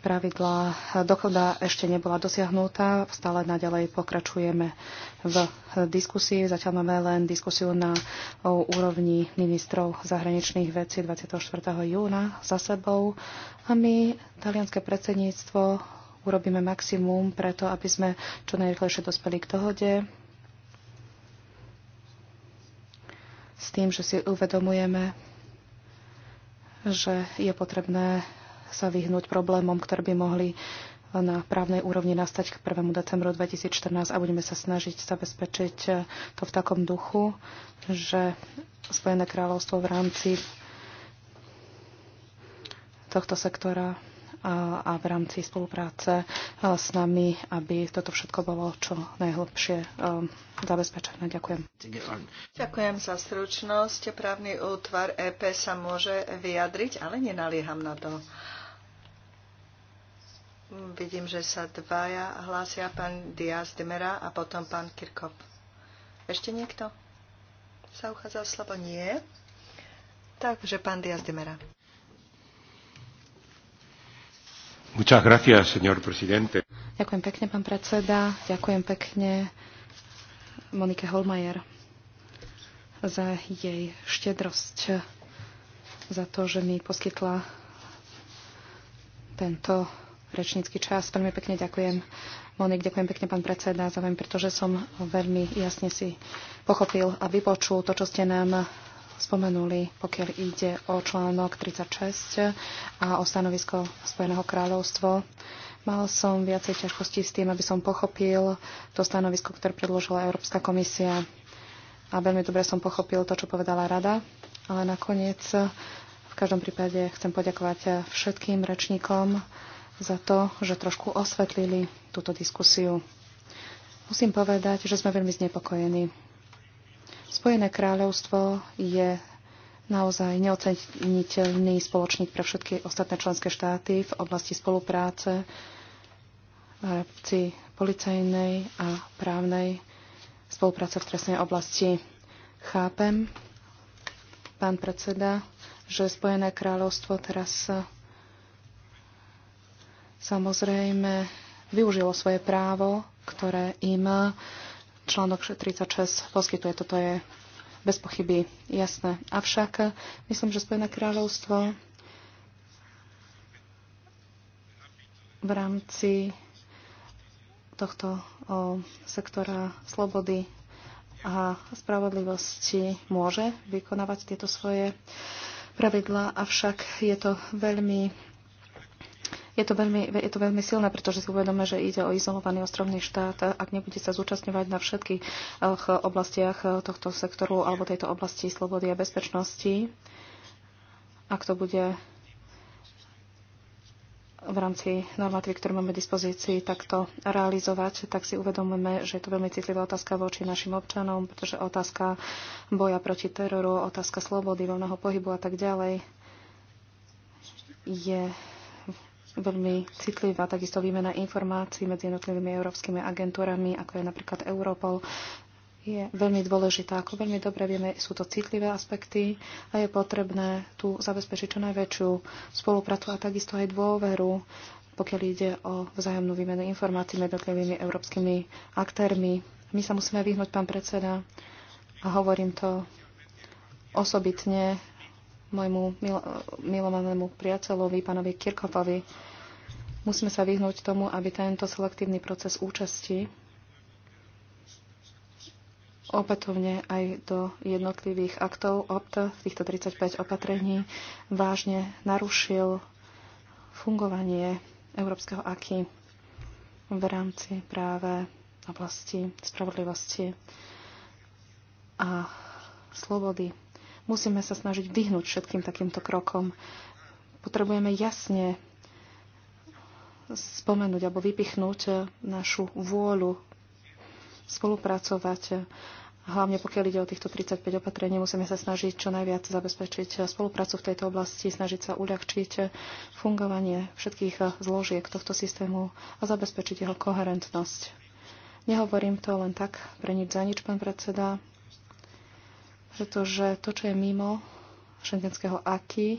pravidlá. Dochoda ešte nebola dosiahnutá, stále naďalej pokračujeme v diskusii. Zatiaľ máme len diskusiu na úrovni ministrov zahraničných vecí 24. júna za sebou. A my, talianské predsedníctvo, urobíme maximum preto, aby sme čo najrychlejšie dospeli k dohode s tým, že si uvedomujeme, že je potrebné sa vyhnúť problémom, ktoré by mohli na právnej úrovni nastať k 1. decembru 2014 a budeme sa snažiť zabezpečiť to v takom duchu, že Spojené kráľovstvo v rámci tohto sektora a v rámci spolupráce e, s nami, aby toto všetko bolo čo najhlbšie e, zabezpečené. Ďakujem. Ďakujem za stručnosť. Právny útvar EP sa môže vyjadriť, ale nenalieham na to. Vidím, že sa dvaja hlásia, pán Diaz Demera a potom pán Kirkop. Ešte niekto? Sa uchádza slovo? Nie. Takže pán Diaz Demera. Gracias, Ďakujem pekne, pán predseda. Ďakujem pekne Monike Holmajer za jej štedrosť, za to, že mi poskytla tento rečnícky čas. Veľmi pekne ďakujem. Monik, ďakujem pekne, pán predseda, za vami, pretože som veľmi jasne si pochopil a vypočul to, čo ste nám spomenuli, pokiaľ ide o článok 36 a o stanovisko Spojeného kráľovstvo. Mal som viacej ťažkostí s tým, aby som pochopil to stanovisko, ktoré predložila Európska komisia. A veľmi dobre som pochopil to, čo povedala Rada. Ale nakoniec v každom prípade chcem poďakovať všetkým rečníkom za to, že trošku osvetlili túto diskusiu. Musím povedať, že sme veľmi znepokojení Spojené kráľovstvo je naozaj neoceniteľný spoločník pre všetky ostatné členské štáty v oblasti spolupráce v rámci policajnej a právnej spolupráce v trestnej oblasti. Chápem, pán predseda, že Spojené kráľovstvo teraz samozrejme využilo svoje právo, ktoré im Článok 36 poskytuje, toto je bez pochyby jasné. Avšak myslím, že Spojené kráľovstvo v rámci tohto o, sektora slobody a spravodlivosti môže vykonávať tieto svoje pravidlá, avšak je to veľmi je to, veľmi, je to veľmi silné, pretože si uvedome, že ide o izolovaný ostrovný štát. Ak nebude sa zúčastňovať na všetkých eh, oblastiach eh, tohto sektoru alebo tejto oblasti slobody a bezpečnosti, ak to bude v rámci normatívy, ktoré máme v dispozícii, takto realizovať, tak si uvedomujeme, že je to veľmi citlivá otázka voči našim občanom, pretože otázka boja proti teroru, otázka slobody, voľného pohybu a tak ďalej je veľmi citlivá takisto výmena informácií medzi jednotlivými európskymi agentúrami, ako je napríklad Europol, je veľmi dôležitá. Ako veľmi dobre vieme, sú to citlivé aspekty a je potrebné tu zabezpečiť čo najväčšiu spoluprácu a takisto aj dôveru, pokiaľ ide o vzájomnú výmenu informácií medzi jednotlivými európskymi aktérmi. My sa musíme vyhnúť, pán predseda, a hovorím to osobitne môjmu mil, milovanému priateľovi, pánovi Kirkopovi. Musíme sa vyhnúť tomu, aby tento selektívny proces účasti opätovne aj do jednotlivých aktov OPT, týchto 35 opatrení, vážne narušil fungovanie európskeho AKI v rámci práve oblasti spravodlivosti a slobody Musíme sa snažiť vyhnúť všetkým takýmto krokom. Potrebujeme jasne spomenúť alebo vypichnúť našu vôľu spolupracovať. Hlavne pokiaľ ide o týchto 35 opatrení, musíme sa snažiť čo najviac zabezpečiť spoluprácu v tejto oblasti, snažiť sa uľahčiť fungovanie všetkých zložiek tohto systému a zabezpečiť jeho koherentnosť. Nehovorím to len tak pre nič za nič, pán predseda pretože to, čo je mimo šengenského aky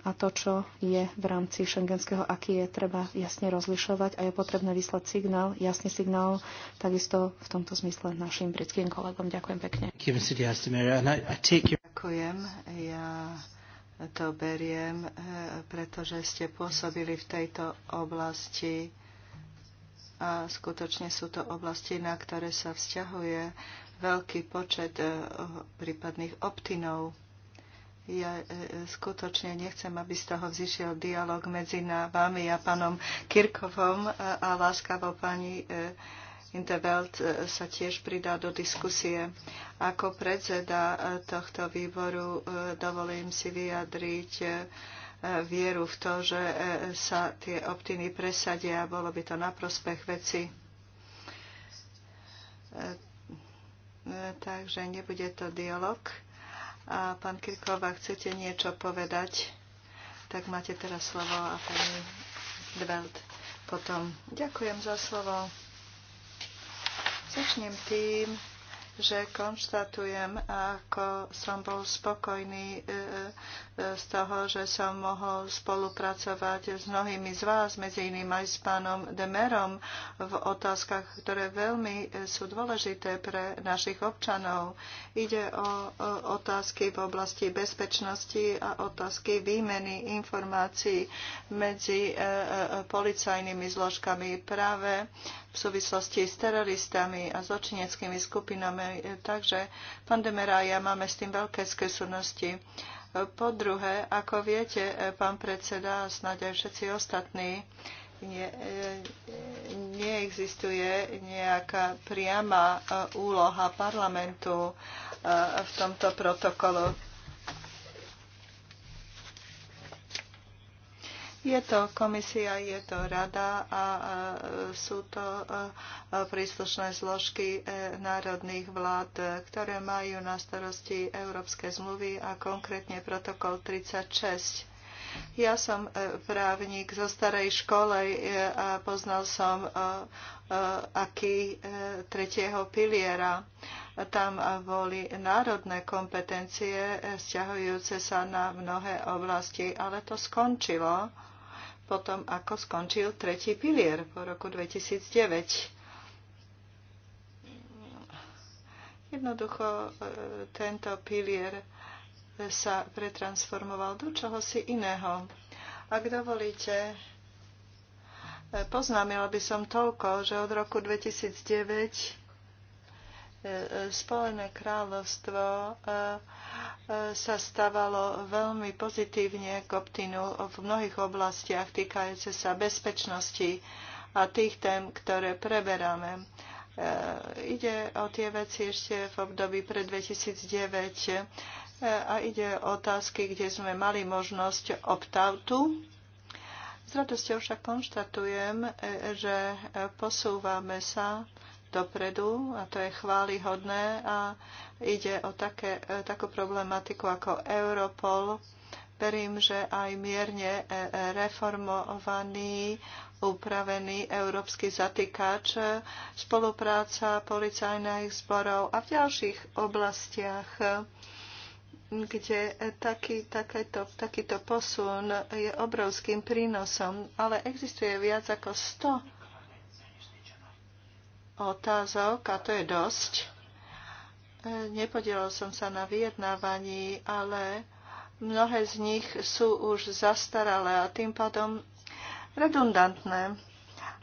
a to, čo je v rámci šengenského aky, je treba jasne rozlišovať a je potrebné vyslať signál, jasný signál, takisto v tomto zmysle našim britským kolegom. Ďakujem pekne. Ďakujem. Ja to beriem, eh, pretože ste pôsobili v tejto oblasti a skutočne sú to oblasti, na ktoré sa vzťahuje veľký počet eh, prípadných optinov. Ja eh, skutočne nechcem, aby z toho vzýšiel dialog medzi vami a pánom Kirkovom eh, a láskavo pani Intervelt sa tiež pridá do diskusie. Ako predseda tohto výboru dovolím si vyjadriť vieru v to, že sa tie optiny presadia. Bolo by to na prospech veci takže nebude to dialog. A pán Kirková, chcete niečo povedať, tak máte teraz slovo a pani Dveld potom. Ďakujem za slovo. Začnem tým, že konštatujem, ako som bol spokojný e, e, z toho, že som mohol spolupracovať s mnohými z vás, medzi iným aj s pánom Demerom, v otázkach, ktoré veľmi e, sú dôležité pre našich občanov. Ide o otázky v oblasti bezpečnosti a otázky výmeny informácií medzi policajnými zložkami. Práve v súvislosti s teroristami a zločineckými skupinami. E, takže, pán Demera, ja máme s tým veľké skresunosti. E, po druhé, ako viete, e, pán predseda a snáď aj všetci ostatní, nie, neexistuje nejaká priama úloha parlamentu v tomto protokolu Je to komisia, je to rada a sú to príslušné zložky e, národných vlád, ktoré majú na starosti európske zmluvy a konkrétne protokol 36. Ja som e, právnik zo starej školy e, a poznal som aký tretieho piliera tam boli národné kompetencie vzťahujúce sa na mnohé oblasti, ale to skončilo potom ako skončil tretí pilier po roku 2009. Jednoducho e, tento pilier sa pretransformoval do čohosi iného. Ak dovolíte, e, poznámila by som toľko, že od roku 2009 Spojené kráľovstvo e, e, sa stávalo veľmi pozitívne k Optinu v mnohých oblastiach týkajúce sa bezpečnosti a tých tém, ktoré preberáme. E, ide o tie veci ešte v období pred 2009 a ide o otázky, kde sme mali možnosť opt s radosťou však konštatujem, že posúvame sa dopredu a to je chválihodné a ide o také, e, takú problematiku ako Europol. Verím, že aj mierne e, e, reformovaný, upravený európsky zatýkač, spolupráca policajných zborov a v ďalších oblastiach kde taký, takéto, takýto posun je obrovským prínosom, ale existuje viac ako 100 otázok a to je dosť. E, Nepodielal som sa na vyjednávaní, ale mnohé z nich sú už zastaralé a tým pádom redundantné.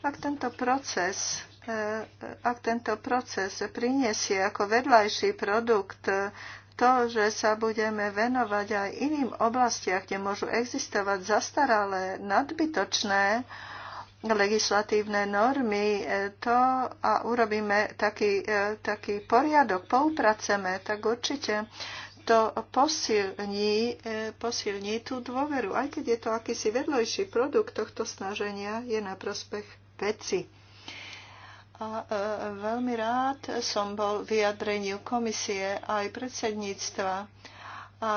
Ak tento proces e, ak tento proces priniesie ako vedľajší produkt to, že sa budeme venovať aj iným oblastiach, kde môžu existovať zastaralé, nadbytočné legislatívne normy e, to a urobíme taký, e, taký poriadok, poupraceme, tak určite to posilní, e, posilní tú dôveru. Aj keď je to akýsi vedlejší produkt tohto snaženia, je na prospech veci. A veľmi rád som bol vyjadreniu komisie aj predsedníctva. A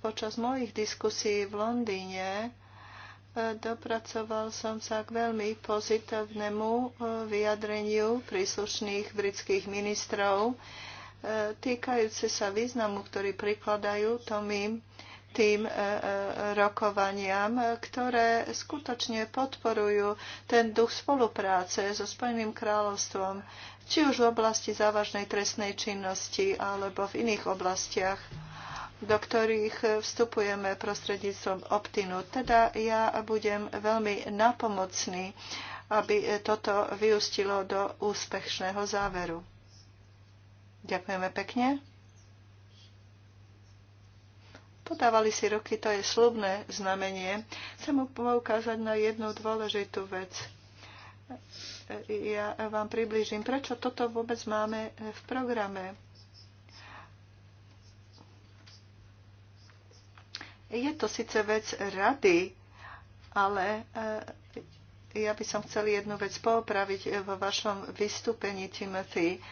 počas mojich diskusí v Londýne Dopracoval som sa k veľmi pozitívnemu e, vyjadreniu príslušných britských ministrov e, týkajúce sa významu, ktorý prikladajú tomým tým e, rokovaniam, ktoré skutočne podporujú ten duch spolupráce so Spojeným kráľovstvom, či už v oblasti závažnej trestnej činnosti alebo v iných oblastiach do ktorých vstupujeme prostredníctvom Optinu. Teda ja budem veľmi napomocný, aby toto vyústilo do úspešného záveru. Ďakujeme pekne. Podávali si roky, to je slubné znamenie. Chcem mu poukázať na jednu dôležitú vec. Ja vám približím, prečo toto vôbec máme v programe Je to síce vec rady, ale eh, ja by som chcel jednu vec poopraviť eh, vo vašom vystúpení, Timothy. Eh,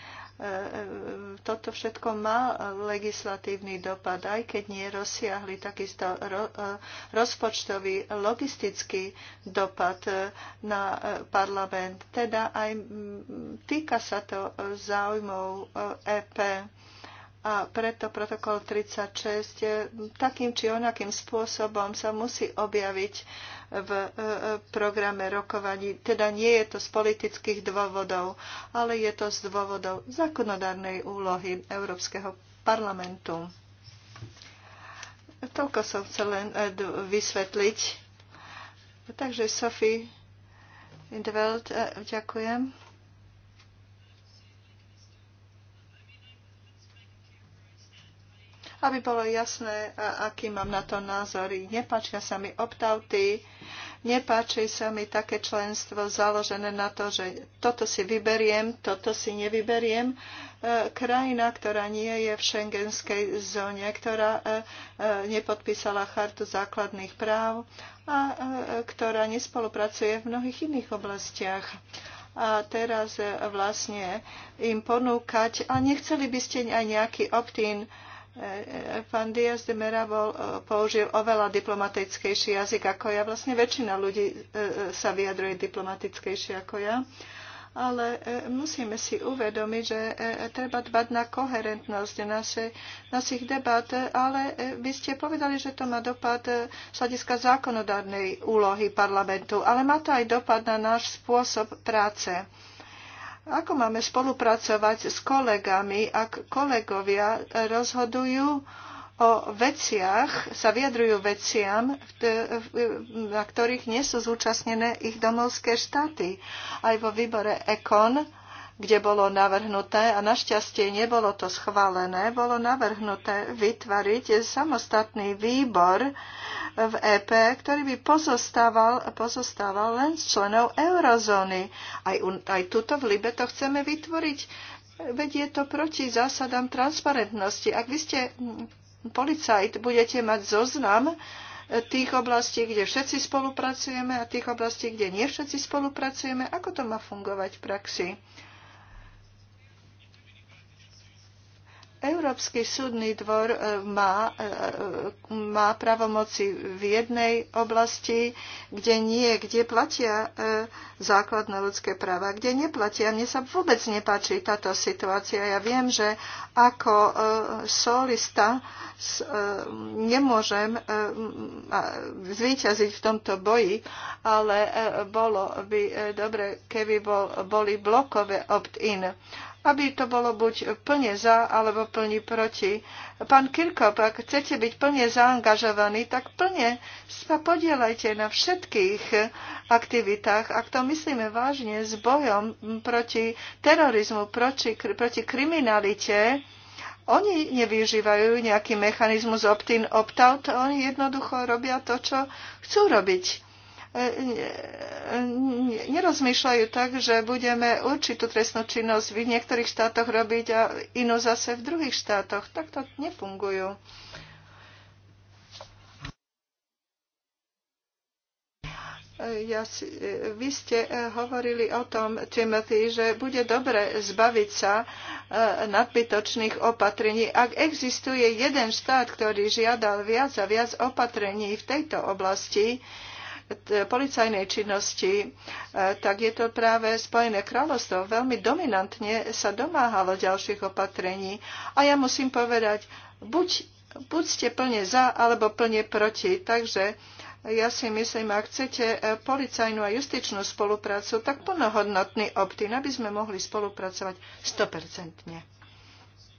toto všetko má legislatívny dopad, aj keď nie rozsiahli takisto rozpočtový, logistický dopad na parlament. Teda aj mm, týka sa to záujmov EP. E a preto protokol 36 eh, takým či onakým spôsobom sa musí objaviť v eh, eh, programe rokovaní. Teda nie je to z politických dôvodov, ale je to z dôvodov zákonodárnej úlohy Európskeho parlamentu. Toľko som chcel len vysvetliť. Takže Sophie Indeveld, ďakujem. aby bolo jasné, aký mám na to názory. Nepáčia sa mi optauty, nepáči sa mi také členstvo založené na to, že toto si vyberiem, toto si nevyberiem. E, krajina, ktorá nie je v šengenskej zóne, ktorá e, e, nepodpísala chartu základných práv a ktorá nespolupracuje v mnohých iných oblastiach a teraz vlastne im ponúkať, a nechceli by ste aj nejaký opt-in, pán Diaz de Mera bol, e, použil oveľa diplomatickejší jazyk ako ja. Vlastne väčšina ľudí e, e, sa vyjadruje diplomatickejšie ako ja. Ale musíme si uvedomiť, že treba dbať na koherentnosť našej, našich debat, ale vy ste povedali, že to má dopad z hľadiska zákonodárnej úlohy parlamentu, ale má to aj dopad na náš spôsob práce. Ako máme spolupracovať s kolegami, ak kolegovia rozhodujú o veciach, sa vyjadrujú veciam, na ktorých nie sú zúčastnené ich domovské štáty. Aj vo výbore EKON kde bolo navrhnuté, a našťastie nebolo to schválené, bolo navrhnuté vytvoriť samostatný výbor v EP, ktorý by pozostával, pozostával len z členov eurozóny. Aj, aj tuto v Libe to chceme vytvoriť. Veď je to proti zásadám transparentnosti. Ak vy ste policajt, budete mať zoznam, tých oblastí, kde všetci spolupracujeme a tých oblastí, kde nie všetci spolupracujeme, ako to má fungovať v praxi. Európsky súdny dvor e, má, e, e, má pravomoci v jednej oblasti, kde nie, kde platia základné ľudské práva, kde neplatia. Mne sa vôbec nepáči táto situácia. Ja viem, že ako solista nemôžem zvýťaziť v tomto boji, ale bolo by dobre, keby bol, boli blokové opt-in aby to bolo buď plne za, alebo plne proti. Pán Kirkop, ak chcete byť plne zaangažovaní, tak plne sa podielajte na všetkých aktivitách. Ak to myslíme vážne s bojom proti terorizmu, proti, proti kriminalite, oni nevyužívajú nejaký mechanizmus opt-in, opt-out, oni jednoducho robia to, čo chcú robiť E, nerozmýšľajú tak, že budeme určitú trestnú činnosť v niektorých štátoch robiť a inú zase v druhých štátoch. Tak to nefungujú. Ja vy ste e, hovorili o tom, Timothy, že bude dobre zbaviť sa e, nadbytočných opatrení. Ak existuje jeden štát, ktorý žiadal viac a viac opatrení v tejto oblasti, policajnej činnosti, e, tak je to práve Spojené kráľovstvo. Veľmi dominantne sa domáhalo ďalších opatrení a ja musím povedať, buď, buď ste plne za, alebo plne proti. Takže ja si myslím, ak chcete e, policajnú a justičnú spoluprácu, tak plnohodnotný optín, aby sme mohli spolupracovať 100%.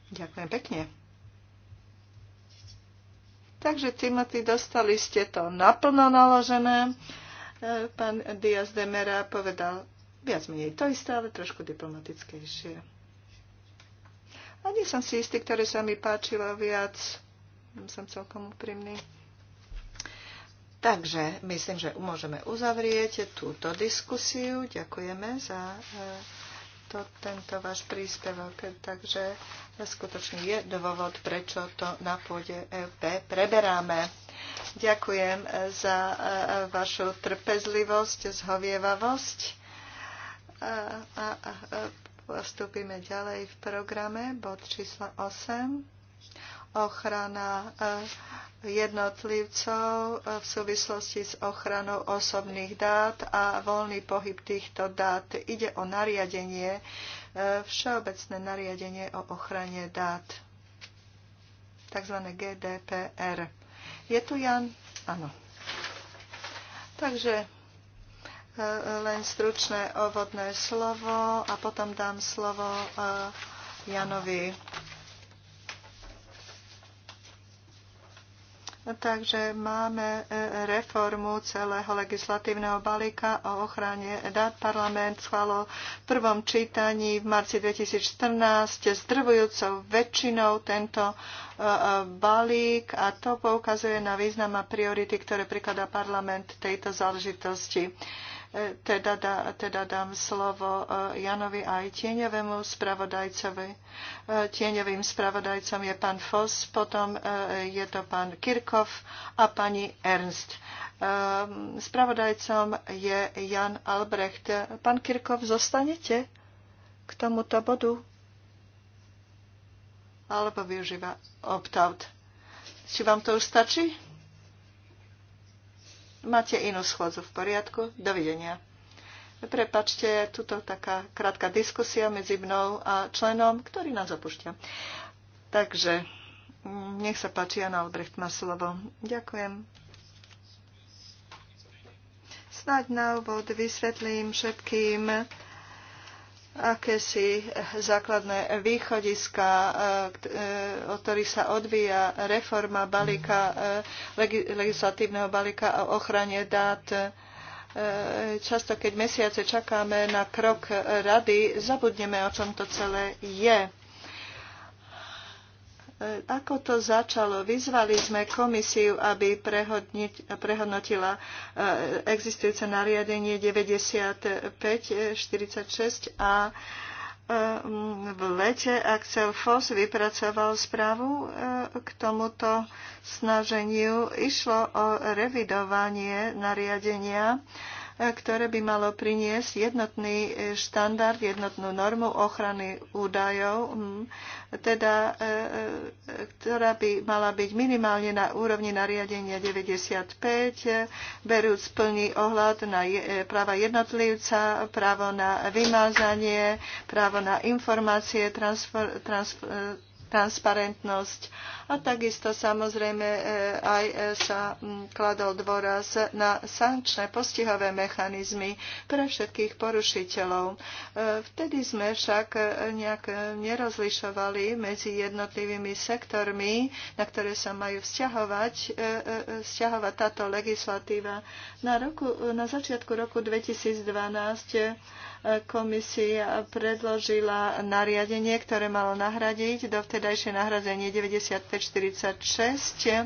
Ďakujem pekne. Takže, Timothy, dostali ste to naplno naložené. E, pán Diaz de Mera povedal viac menej to isté, ale trošku diplomatickejšie. A nie som si istý, ktoré sa mi páčilo viac. Som celkom úprimný. Takže myslím, že môžeme uzavrieť túto diskusiu. Ďakujeme za e, to, tento váš príspevok. Takže skutočne je dôvod, prečo to na pôde EP preberáme. Ďakujem za e, vašu trpezlivosť, zhovievavosť. A, a, a postupíme ďalej v programe, bod číslo 8. Ochrana e, jednotlivcov eh, v súvislosti s ochranou osobných dát a voľný pohyb týchto dát. Ide o nariadenie, eh, všeobecné nariadenie o ochrane dát, tzv. GDPR. Je tu Jan? Áno. Takže eh, len stručné ovodné slovo a potom dám slovo Janovi. Takže máme e, reformu celého legislatívneho balíka o ochrane dát. Parlament schválil v prvom čítaní v marci 2014 s drvujúcou väčšinou tento e, e, balík a to poukazuje na význam a priority, ktoré prikladá parlament tejto záležitosti teda, da, teda dám slovo eh, Janovi aj tieňovému spravodajcovi. Eh, tieňovým spravodajcom je pán Foss, potom eh, je to pán Kirkov a pani Ernst. Spravodajcom je Jan Albrecht. Pán Kirkov, zostanete k tomuto bodu? Alebo využíva opt-out? Či vám to už stačí? Máte inú schôdzu v poriadku? Dovidenia. Prepačte, tuto taká krátka diskusia medzi mnou a členom, ktorý nás opúšťa. Takže, nech sa páči, Jan Albrecht má slovo. Ďakujem. Snaď na úvod vysvetlím všetkým, akési základné východiska, e, e, od ktorých sa odvíja reforma balíka, e, legislatívneho balíka o ochrane dát. Často, keď mesiace čakáme na krok rady, zabudneme, o čom to celé je. Ako to začalo? Vyzvali sme komisiu, aby prehodnotila e, existujúce nariadenie 9546 a e, v lete Axel Foss vypracoval správu e, k tomuto snaženiu. Išlo o revidovanie nariadenia ktoré by malo priniesť jednotný e, štandard, jednotnú normu ochrany údajov, teda, e, e, ktorá by mala byť minimálne na úrovni nariadenia 95, berúc plný ohľad na práva jednotlivca, právo na vymázanie, právo na informácie, transfer, transfer, transparentnosť. A takisto samozrejme e, aj e, sa kladol dôraz na sankčné postihové mechanizmy pre všetkých porušiteľov. E, vtedy sme však nejak nerozlišovali medzi jednotlivými sektormi, na ktoré sa majú vzťahovať, vzťahovať táto legislatíva. Na, roku, na začiatku roku 2012 komisia predložila nariadenie, ktoré malo nahradiť dovtedajšie nahradenie 9546.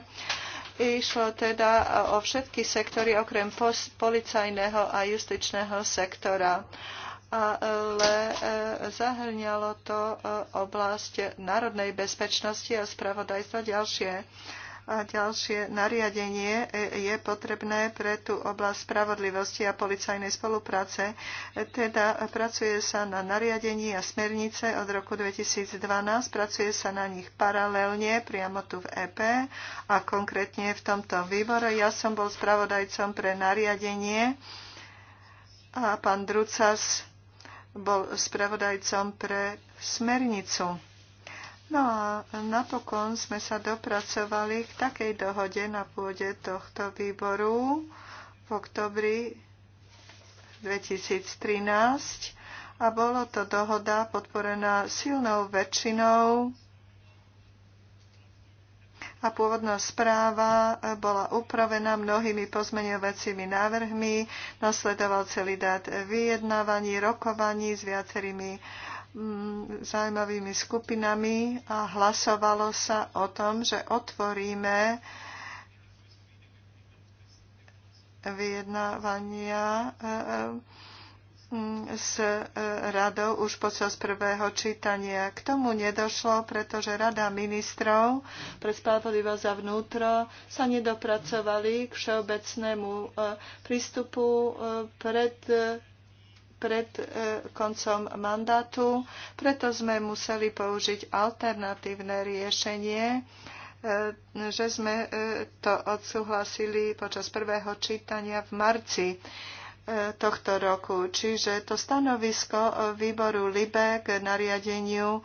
Išlo teda o všetky sektory okrem policajného a justičného sektora ale e, zahrňalo to e, oblasť národnej bezpečnosti a spravodajstva ďalšie a ďalšie nariadenie e, je potrebné pre tú oblasť spravodlivosti a policajnej spolupráce. Teda pracuje sa na nariadení a smernice od roku 2012, pracuje sa na nich paralelne priamo tu v EP a konkrétne v tomto výbore. Ja som bol spravodajcom pre nariadenie a pán Drucas bol spravodajcom pre smernicu No a napokon sme sa dopracovali k takej dohode na pôde tohto výboru v oktobri 2013 a bolo to dohoda podporená silnou väčšinou a pôvodná správa bola upravená mnohými pozmeňovacími návrhmi. Nasledoval celý dát vyjednávaní, rokovaní s viacerými uh, Mm, zaujímavými skupinami a hlasovalo sa o tom, že otvoríme vyjednávania e, e, mm, s e, radou už počas prvého čítania. K tomu nedošlo, pretože rada ministrov pre spravodlivo za vnútro sa nedopracovali k všeobecnému prístupu pred pred e, koncom mandátu, preto sme museli použiť alternatívne riešenie, e, že sme e, to odsúhlasili počas prvého čítania v marci tohto roku. Čiže to stanovisko výboru LIBE k nariadeniu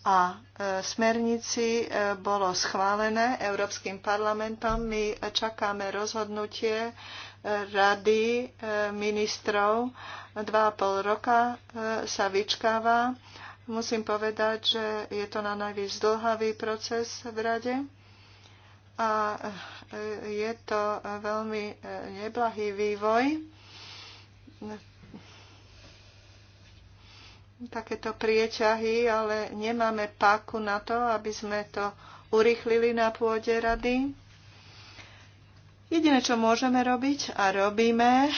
a smernici bolo schválené Európskym parlamentom. My čakáme rozhodnutie rady e, ministrov. Dva a pol roka e, sa vyčkáva. Musím povedať, že je to na najvyš dlhavý proces v rade a e, je to veľmi neblahý vývoj. Takéto prieťahy, ale nemáme páku na to, aby sme to urychlili na pôde rady Jediné, čo môžeme robiť a robíme, e,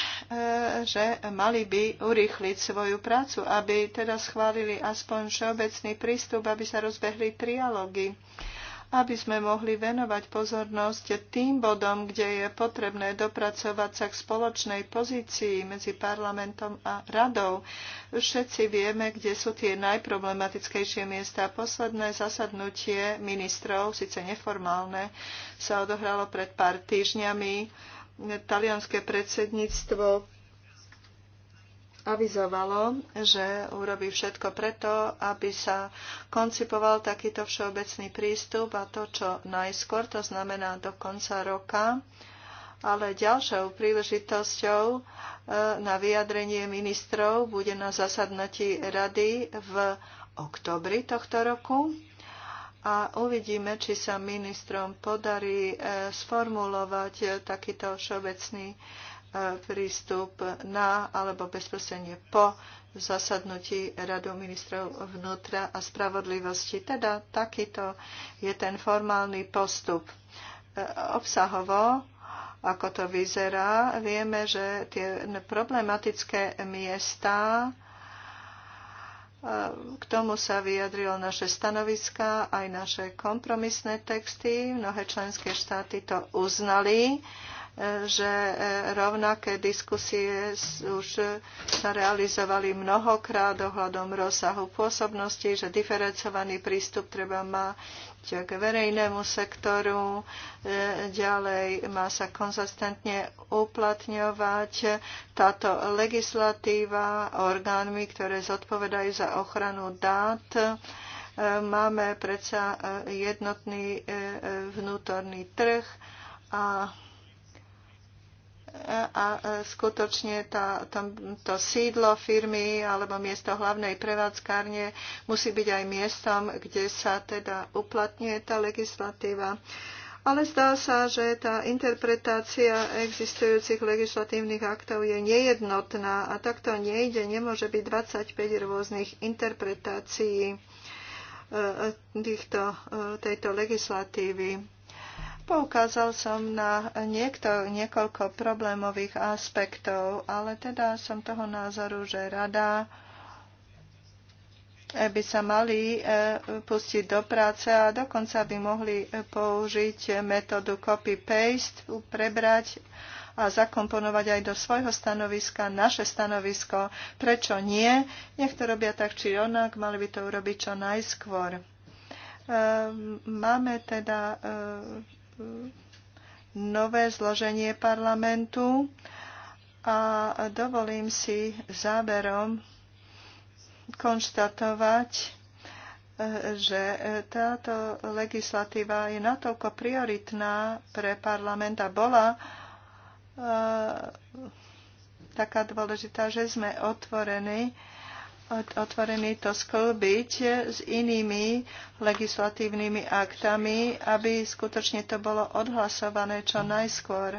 že mali by urýchliť svoju prácu, aby teda schválili aspoň všeobecný prístup, aby sa rozbehli trialógy aby sme mohli venovať pozornosť tým bodom, kde je potrebné dopracovať sa k spoločnej pozícii medzi parlamentom a radou. Všetci vieme, kde sú tie najproblematickejšie miesta. Posledné zasadnutie ministrov, síce neformálne, sa odohralo pred pár týždňami. Talianské predsedníctvo avizovalo, že urobí všetko preto, aby sa koncipoval takýto všeobecný prístup a to, čo najskôr, to znamená do konca roka. Ale ďalšou príležitosťou e, na vyjadrenie ministrov bude na zasadnutí rady v oktobri tohto roku a uvidíme, či sa ministrom podarí e, sformulovať e, takýto všeobecný prístup E, prístup na alebo bezprostredne po zasadnutí Radu ministrov vnútra a spravodlivosti. Teda takýto je ten formálny postup. E, obsahovo, ako to vyzerá, vieme, že tie problematické miesta e, k tomu sa vyjadrilo naše stanoviska, aj naše kompromisné texty. Mnohé členské štáty to uznali že e, rovnaké diskusie už e, sa realizovali mnohokrát ohľadom rozsahu pôsobnosti, že diferencovaný prístup treba mať k verejnému sektoru, e, ďalej má sa konzistentne uplatňovať táto legislatíva orgánmi, ktoré zodpovedajú za ochranu dát máme predsa jednotný vnútorný trh a a skutočne tá, tam, to sídlo firmy alebo miesto hlavnej prevádzkárne musí byť aj miestom, kde sa teda uplatňuje tá legislatíva. Ale zdá sa, že tá interpretácia existujúcich legislatívnych aktov je nejednotná a takto nejde, nemôže byť 25 rôznych interpretácií e, týchto, e, tejto legislatívy Poukázal som na niekto, niekoľko problémových aspektov, ale teda som toho názoru, že rada eh, by sa mali eh, pustiť do práce a dokonca by mohli eh, použiť metódu copy-paste, prebrať a zakomponovať aj do svojho stanoviska naše stanovisko. Prečo nie? Nech to robia tak či onak, mali by to urobiť čo najskôr. Ehm, máme teda nové zloženie parlamentu a dovolím si záverom konštatovať, že táto legislatíva je natoľko prioritná pre parlament a bola e, taká dôležitá, že sme otvorení otvorený to sklbiť s inými legislatívnymi aktami, aby skutočne to bolo odhlasované čo najskôr.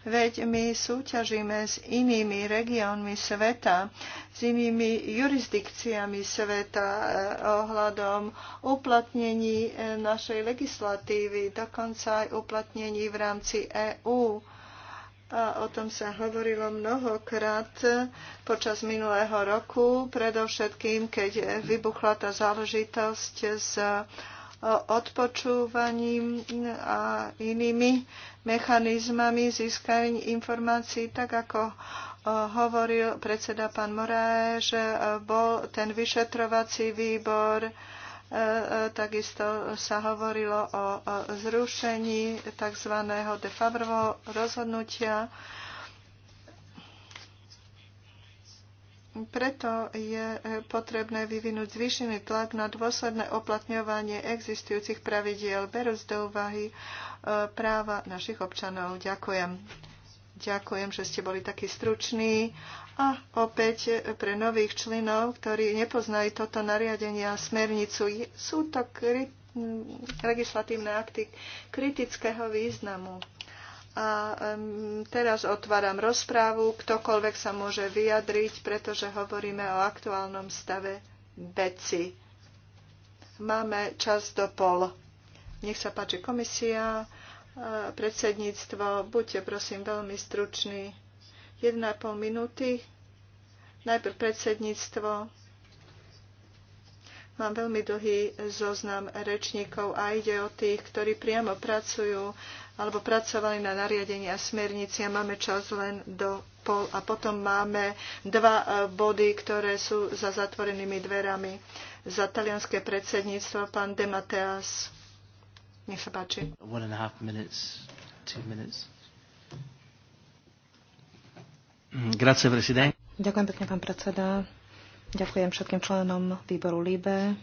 Veď my súťažíme s inými regiónmi sveta, s inými jurisdikciami sveta eh, ohľadom uplatnení eh, našej legislatívy, dokonca aj uplatnení v rámci EÚ a o tom sa hovorilo mnohokrát počas minulého roku, predovšetkým, keď vybuchla tá záležitosť s e, odpočúvaním a inými mechanizmami získania informácií, tak ako e, hovoril predseda pán že bol ten vyšetrovací výbor, Takisto sa hovorilo o zrušení tzv. defabrovo rozhodnutia. Preto je potrebné vyvinúť zvýšený tlak na dôsledné uplatňovanie existujúcich pravidiel, berúc do úvahy e, práva našich občanov. Ďakujem. Ďakujem, že ste boli takí struční a opäť e, pre nových členov, ktorí nepoznajú toto nariadenie a smernicu, sú to kri- legislatívne akty kritického významu. A um, teraz otváram rozprávu. Ktokoľvek sa môže vyjadriť, pretože hovoríme o aktuálnom stave veci. Máme čas do pol. Nech sa páči komisia, e, predsedníctvo. Buďte prosím veľmi struční. 1,5 minúty. Najprv predsedníctvo. Mám veľmi dlhý zoznam rečníkov a ide o tých, ktorí priamo pracujú alebo pracovali na nariadení a smernici a máme čas len do pol a potom máme dva e, body, ktoré sú za zatvorenými dverami. Za talianské predsedníctvo pán Demateas. Nech sa páči. One and a half minutes, two minutes. Mm, grazie, Ďakujem pekne, pán predseda. Ďakujem všetkým členom výboru LIBE.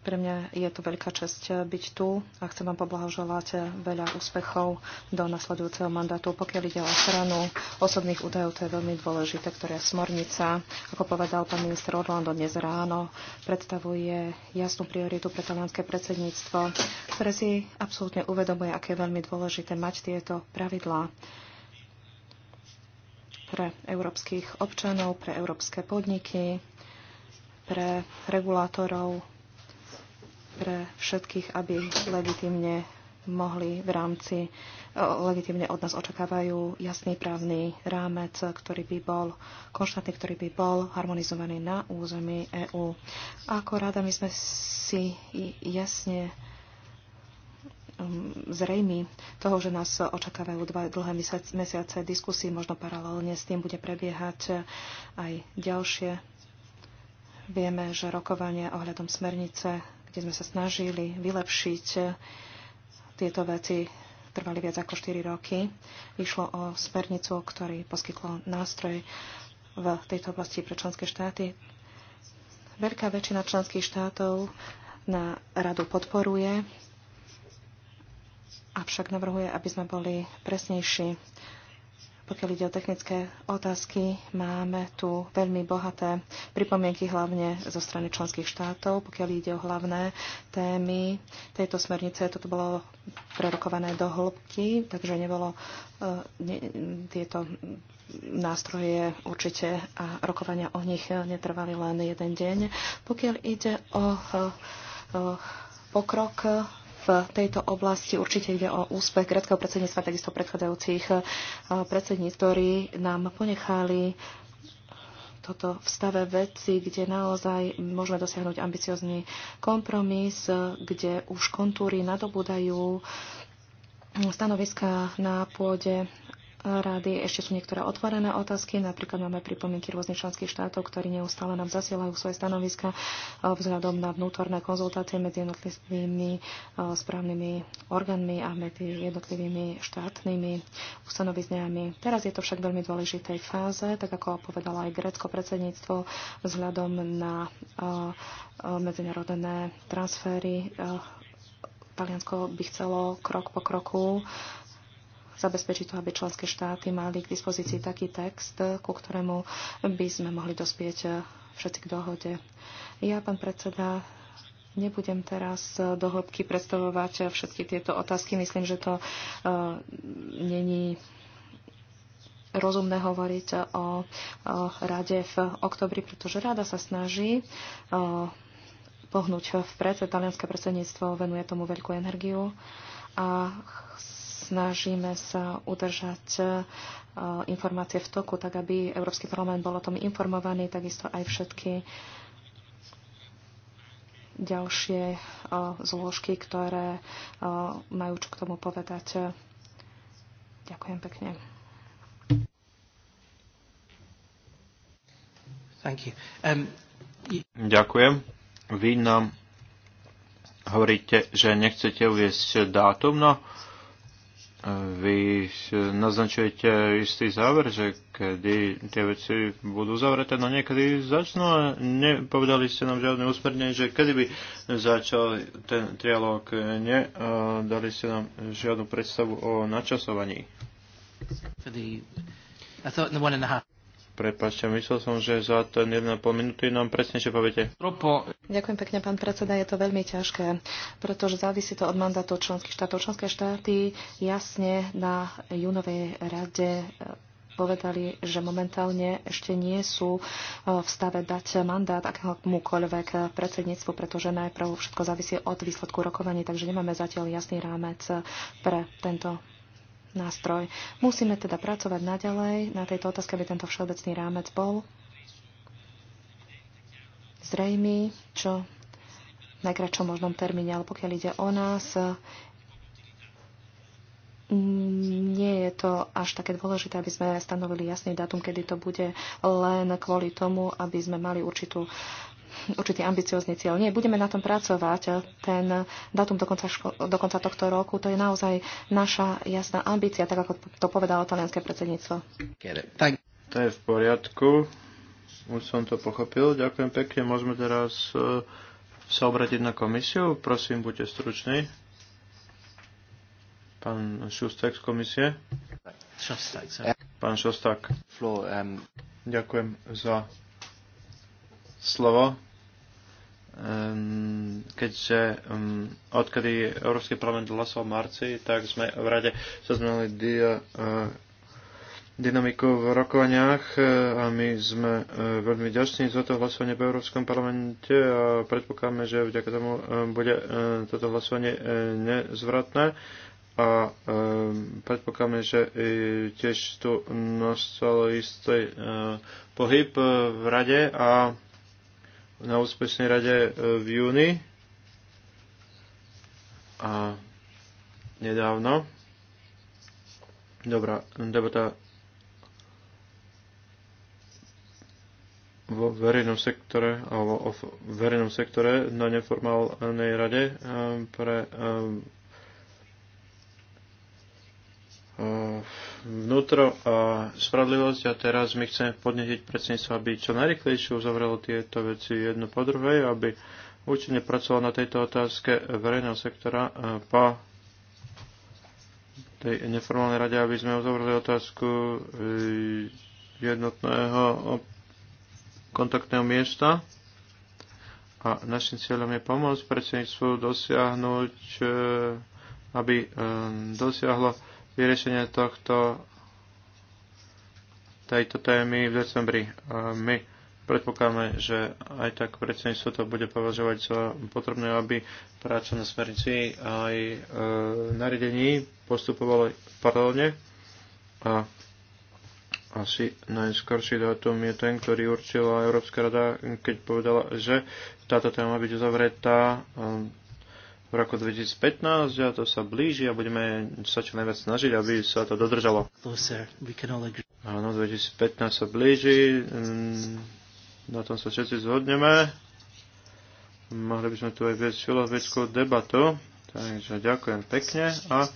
Pre mňa je to veľká čest byť tu a chcem vám poblahoželať veľa úspechov do nasledujúceho mandátu. Pokiaľ ide o ochranu osobných údajov, to je veľmi dôležité, je Smornica, ako povedal pán minister Orlando dnes ráno, predstavuje jasnú prioritu pre talianské predsedníctvo, ktoré si absolútne uvedomuje, aké je veľmi dôležité mať tieto pravidlá pre európskych občanov, pre európske podniky, pre regulátorov, pre všetkých, aby legitimne mohli v rámci, e, legitimne od nás očakávajú jasný právny rámec, ktorý by bol konštantný, ktorý by bol harmonizovaný na území EÚ. Ako rada my sme si jasne zrejmy toho, že nás očakávajú dva dlhé mesiace diskusí, možno paralelne s tým bude prebiehať aj ďalšie. Vieme, že rokovanie ohľadom smernice, kde sme sa snažili vylepšiť tieto veci, trvali viac ako 4 roky. Išlo o smernicu, ktorý poskytlo nástroj v tejto oblasti pre členské štáty. Veľká väčšina členských štátov na radu podporuje avšak navrhuje, aby sme boli presnejší. Pokiaľ ide o technické otázky, máme tu veľmi bohaté pripomienky hlavne zo strany členských štátov. Pokiaľ ide o hlavné témy tejto smernice, toto bolo prerokované do hĺbky, takže nebolo ne, tieto nástroje určite a rokovania o nich netrvali len jeden deň. Pokiaľ ide o e, e, pokrok v tejto oblasti. Určite ide o úspech greckého predsedníctva, takisto predchádzajúcich eh, predsedníc, ktorí nám ponechali toto v stave veci, kde naozaj môžeme dosiahnuť ambiciozný kompromis, eh, kde už kontúry nadobúdajú mm, stanoviska na pôde rady. Ešte sú niektoré otvorené otázky, napríklad máme pripomienky rôznych členských štátov, ktorí neustále nám zasielajú svoje stanoviska eh, vzhľadom na vnútorné konzultácie medzi jednotlivými eh, správnymi orgánmi a medzi jednotlivými štátnymi ustanovizňami. Teraz je to však veľmi dôležitej fáze, tak ako povedala aj grécko predsedníctvo, vzhľadom na eh, medzinárodné transfery Taliansko by chcelo krok po kroku zabezpečiť to, aby členské štáty mali k dispozícii taký text, ku ktorému by sme mohli dospieť eh, všetci k dohode. Ja, pán predseda, Nebudem teraz eh, do hĺbky predstavovať eh, všetky tieto otázky. Myslím, že to uh, není rozumné hovoriť o, o rade v oktobri, pretože rada sa snaží o, pohnúť vpred. Talianské predsedníctvo venuje tomu veľkú energiu a snažíme sa udržať e, informácie v toku, tak aby Európsky parlament bol o tom informovaný, takisto aj všetky ďalšie e, zložky, ktoré e, majú čo k tomu povedať. Ďakujem pekne. Thank you. Um, y- Ďakujem. Vy nám hovoríte, že nechcete uviesť dátum, no vy naznačujete istý záver, že kedy tie veci budú zavreté, no niekedy začnú a nepovedali ste nám žiadne úsmernenie, že kedy by začal ten trialóg, ne, dali ste nám žiadnu predstavu o načasovaní. Prepačte, myslel som, že za ten 1,5 minúty nám no presnejšie poviete. Ďakujem pekne, pán predseda. Je to veľmi ťažké, pretože závisí to od mandátu členských štátov. Členské štáty jasne na júnovej rade eh, povedali, že momentálne ešte nie sú eh, v stave dať mandát akémukoľvek predsedníctvu, pretože najprv všetko závisí od výsledku rokovaní, takže nemáme zatiaľ jasný rámec eh, pre tento nástroj. Musíme teda pracovať naďalej na tejto otázke, aby tento všeobecný rámec bol zrejmý, čo v najkračom možnom termíne, ale pokiaľ ide o nás, nie je to až také dôležité, aby sme stanovili jasný dátum, kedy to bude len kvôli tomu, aby sme mali určitú určitý ambiciózny cieľ. Nie, budeme na tom pracovať. Ten dátum do konca, ško- do konca tohto roku, to je naozaj naša jasná ambícia, tak ako to povedalo talianské predsedníctvo. To je v poriadku. Už som to pochopil. Ďakujem pekne. Môžeme teraz e, sa obratiť na komisiu. Prosím, buďte struční. Pán Šustek z komisie. Pán Šostak. Um, Ďakujem za slovo. Ehm, keďže ehm, odkedy Európsky parlament hlasoval v marci, tak sme v rade sa zmenili dia, eh, dynamiku v rokovaniach eh, a my sme eh, veľmi ďační za to hlasovanie v Európskom parlamente a predpokladáme, že vďaka tomu bude toto hlasovanie nezvratné a ehm, predpokladáme, že tiež tu nastal istý pohyb v rade a na úspešnej rade e, v júni a nedávno. Dobrá, debata vo verejnom sektore alebo o verejnom sektore na neformálnej rade e, pre e, vnútro a spravodlivosť a teraz my chceme podnetiť predsedníctvo, aby čo najrychlejšie uzavrelo tieto veci jednu po druhej, aby účinne pracoval na tejto otázke verejného sektora eh, po tej neformálnej rade, aby sme uzavreli otázku eh, jednotného kontaktného miesta. A našim cieľom je pomôcť predsedníctvu dosiahnuť, eh, aby dosiahlo vyriešenie tohto tejto témy v decembri. My predpokladáme, že aj tak predsedníctvo to bude považovať za potrebné, aby práca na smernici aj e, nariadení postupovalo paralelne. A asi najskorší dátum je ten, ktorý určila Európska rada, keď povedala, že táto téma bude zavretá e, roku 2015 a to sa blíži a budeme sa čo najviac snažiť, aby sa to dodržalo. No, Áno, 2015 sa blíži, mm, na tom sa všetci zhodneme. Mohli by sme tu aj viesť filozofickú debatu, takže ďakujem pekne a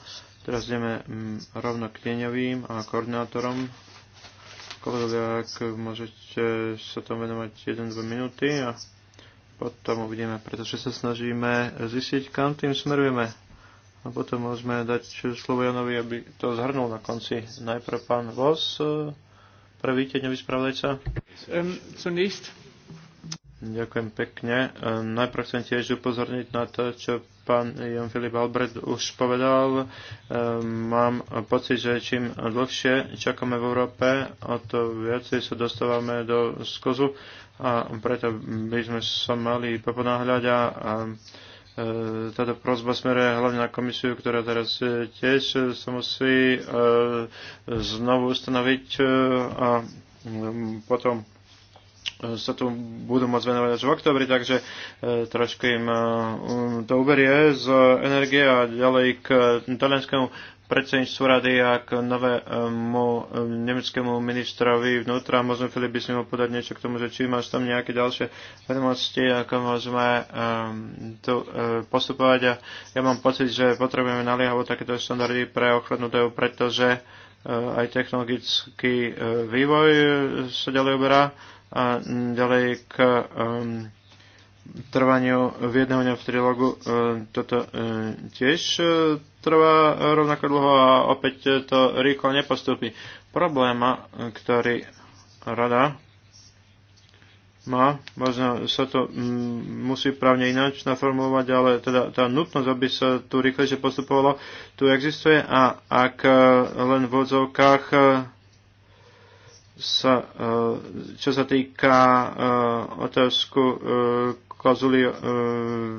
teraz ideme mm, rovno k tieňovým a koordinátorom. Kolegovia, ak môžete sa tam venovať 1-2 minúty a potom uvidíme, pretože sa snažíme zistiť, kam tým smerujeme. A potom môžeme dať slovo Janovi, aby to zhrnul na konci. Najprv pán Vos, prvý tieňový spravodajca. Um, zunächst Ďakujem pekne. Ehm, najprv chcem tiež upozorniť na to, čo pán Jan Filip Albrecht už povedal. Ehm, mám pocit, že čím dlhšie čakáme v Európe, o to viacej sa dostávame do skozu a preto by sme sa mali poponáhľať a, e, táto prozba smeruje hlavne na komisiu, ktorá teraz e, tiež sa musí e, znovu ustanoviť a potom E, sa tu budú môcť venovať až v oktobri, takže e, trošku im e, um, to uberie z energie a ďalej k talianskému predsedníctvu rady a k novému nemeckému ministrovi vnútra. Možno Filip by si mohol podať niečo k tomu, že či máš tam nejaké ďalšie vedomosti, ako môžeme tu postupovať. A ja mám pocit, že potrebujeme naliehavo takéto štandardy pre ochranu dajú, pretože aj technologický vývoj sa ďalej uberá a ďalej k um, trvaniu dňa v trilógu ehm, toto ehm, tiež e, trvá rovnako dlho a opäť to rýchlo nepostupí. Probléma, ktorý rada má, možno sa to musí právne ináč naformulovať, ale teda tá nutnosť, aby sa tu rýchlejšie postupovalo, tu existuje a ak e, len v odzovkách e, sa, e, čo sa týka e, otázku e, klauzuli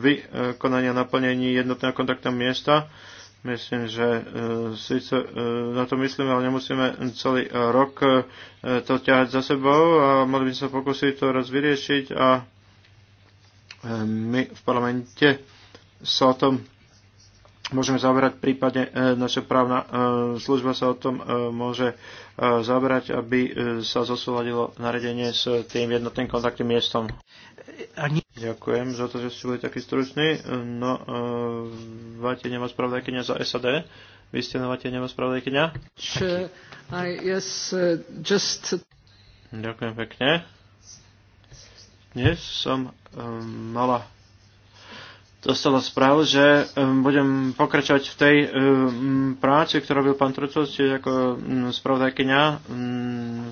vykonania naplnení jednotného kontaktného miesta, Myslím, že síce na to myslíme, ale nemusíme celý rok to ťahať za sebou a mali by sa pokúsiť to raz vyriešiť a my v parlamente sa o tom môžeme zaoberať, prípadne e, naša právna e, služba sa o tom e, môže zaoberať, aby sa zosúladilo naredenie s tým jednotným kontaktným miestom. Ďakujem za to, že ste boli takí struční. No, Vate nemá spravodajkynia za SAD. Vy ste na Vate nemá spravodajkynia? Yes, uh, just... Ďakujem pekne. Dnes som mala dostala správu, že um, budem pokračovať v tej um, práci, ktorú robil pán Trucov, čiže ako um, spravodajkyňa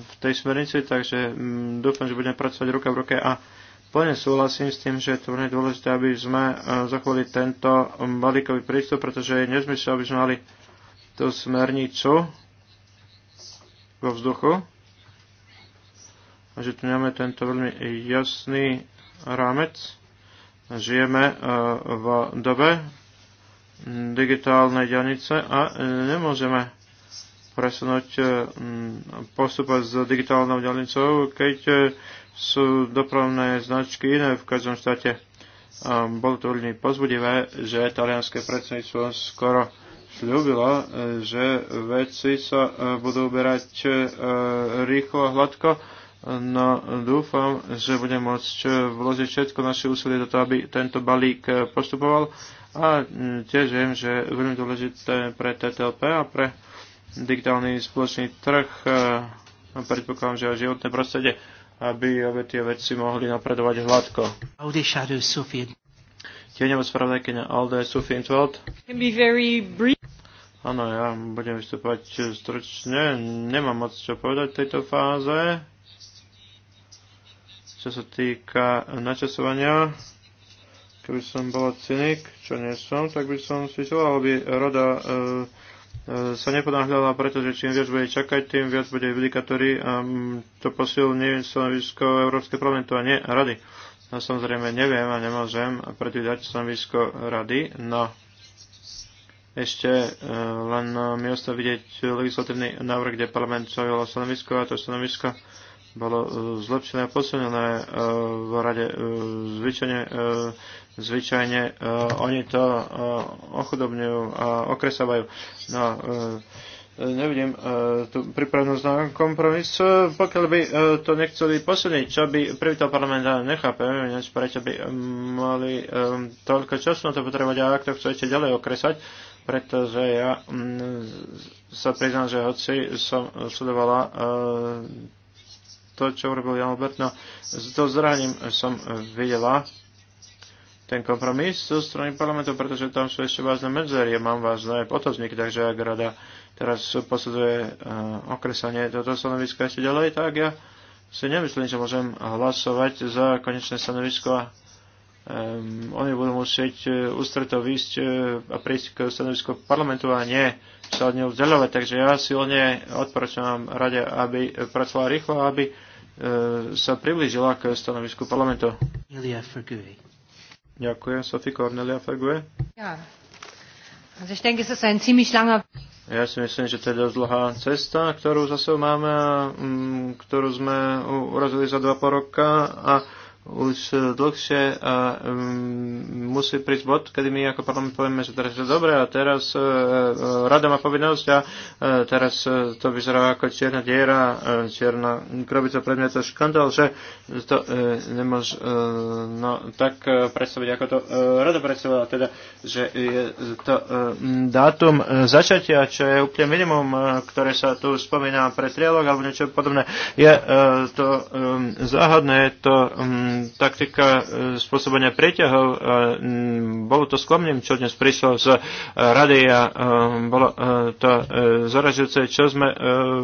v tej smernici, takže dúfam, že budem pracovať ruka v ruke a plne súhlasím s tým, že je to veľmi dôležité, aby sme uh, zachovali tento balíkový prístup, pretože je nezmysel, aby sme mali tú smernicu vo vzduchu a že tu nemáme tento veľmi jasný rámec žijeme e, v dobe digitálnej dianice a e, nemôžeme presunúť e, postupa s digitálnou ďalnicou, keď sú dopravné značky iné v každom štáte. Bolo to veľmi pozbudivé, že talianské predsedníctvo skoro slúbilo, že veci sa budú uberať rýchlo a hladko No dúfam, že budem môcť eh, vložiť všetko naše úsilie do toho, aby tento balík eh, postupoval a mm, tiež viem, že veľmi dôležité pre TTLP a pre digitálny spoločný trh eh, a predpokladám, že aj životné prostredie, aby obe tie veci mohli napredovať hladko. Audi Shadow Sofie. Alde Sofie Áno, ja budem vystupovať stručne. Nemám moc čo povedať v tejto fáze. Čo sa týka načasovania, keby som bol cynik, čo nie som, tak by som si želal, aby roda e, e sa nepodáhľala, pretože čím viac bude čakať, tým viac bude judikatúry a mm, to posilní stanovisko Európskej parlamentu a nie rady. No samozrejme neviem a nemôžem predvídať stanovisko rady, no ešte e, len mi ostáva vidieť legislatívny návrh, kde parlament zaujal stanovisko a to stanovisko bolo e, zlepšené a posunené e, v rade. E, zvyčajne, zvyčajne oni to ochudobňujú a okresávajú. No, nevidím tú pripravenosť na kompromis, pokiaľ by to nechceli posuniť, čo by privítal parlament, ale nechápem, prečo by mali toľko času na to potrebovať a ak to chcete ďalej okresať, pretože ja mm, sa priznám, že hoci som sledovala to, čo urobil Jan Albert. No, s to zraním som e, videla ten kompromis zo strany parlamentu, pretože tam sú ešte vážne medzerie, mám vážne potozníky, takže ak rada teraz posleduje e, okresanie toto stanoviska ešte ďalej, tak ja si nemyslím, že môžem hlasovať za konečné stanovisko a um, oni budú musieť e, ústreto výsť a prísť k stanovisku parlamentu a nie sa od neho vzdelovať. Takže ja silne odporúčam rade, aby pracovala rýchlo, aby E, sa priblížila k stanovisku parlamentu. Ďakujem, Sophie Cornelia Fergue. Ja. ja si myslím, že to je dosť dlhá cesta, ktorú zase máme, mm, ktorú sme urazili za dva po roka a už dlhšie a um, musí prísť bod, kedy my ako parlament povieme, že teraz je dobré a teraz uh, rada má povinnosť a uh, teraz uh, to vyzerá ako čierna diera, uh, čierna krobica to škandál, že to uh, nemôže uh, no, tak uh, predstaviť, ako to uh, rada predstavila, teda, že je to uh, dátum začatia, čo je úplne minimum, uh, ktoré sa tu spomína pre trialog alebo niečo podobné. Je uh, to um, záhadné, je to um, taktika e, spôsobenia preťahov. E, bolo to sklamnem, čo dnes prišlo z e, rady a bolo to zaražujúce, čo sme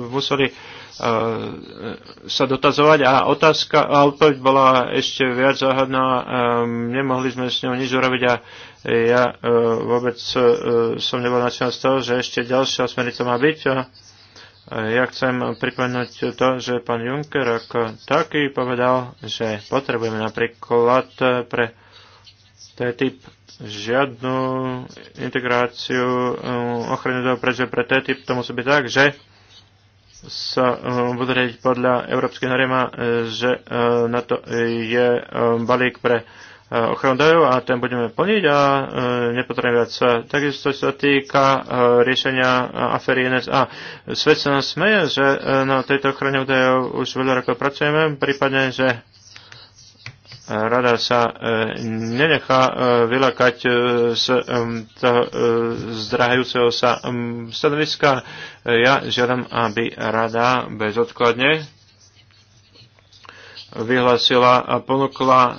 museli sa dotazovať a otázka a odpoveď bola ešte viac záhadná. Nemohli sme s ňou nič urobiť a ja vôbec som nebol nadšený z toho, že ešte ďalšia smerica má byť. A ja chcem pripomenúť to, že pán Juncker ako taký povedal, že potrebujeme napríklad pre ten typ žiadnu integráciu um, ochrany dlhov, pretože pre typ, to musí byť tak, že sa um, budú riadiť podľa európskych noriem že um, na to je balík pre E, ochranu dajú a ten budeme plniť a e, nepotrebujeme viac. Takisto sa týka e, riešenia afery NSA. Svet sa nás smeje, že na tejto ochrane údajov už veľa rokov pracujeme, prípadne, že rada sa nenechá vylakať z e, zdrahajúceho sa stanoviska. Ja žiadam, aby rada bezodkladne vyhlásila a ponúkla e,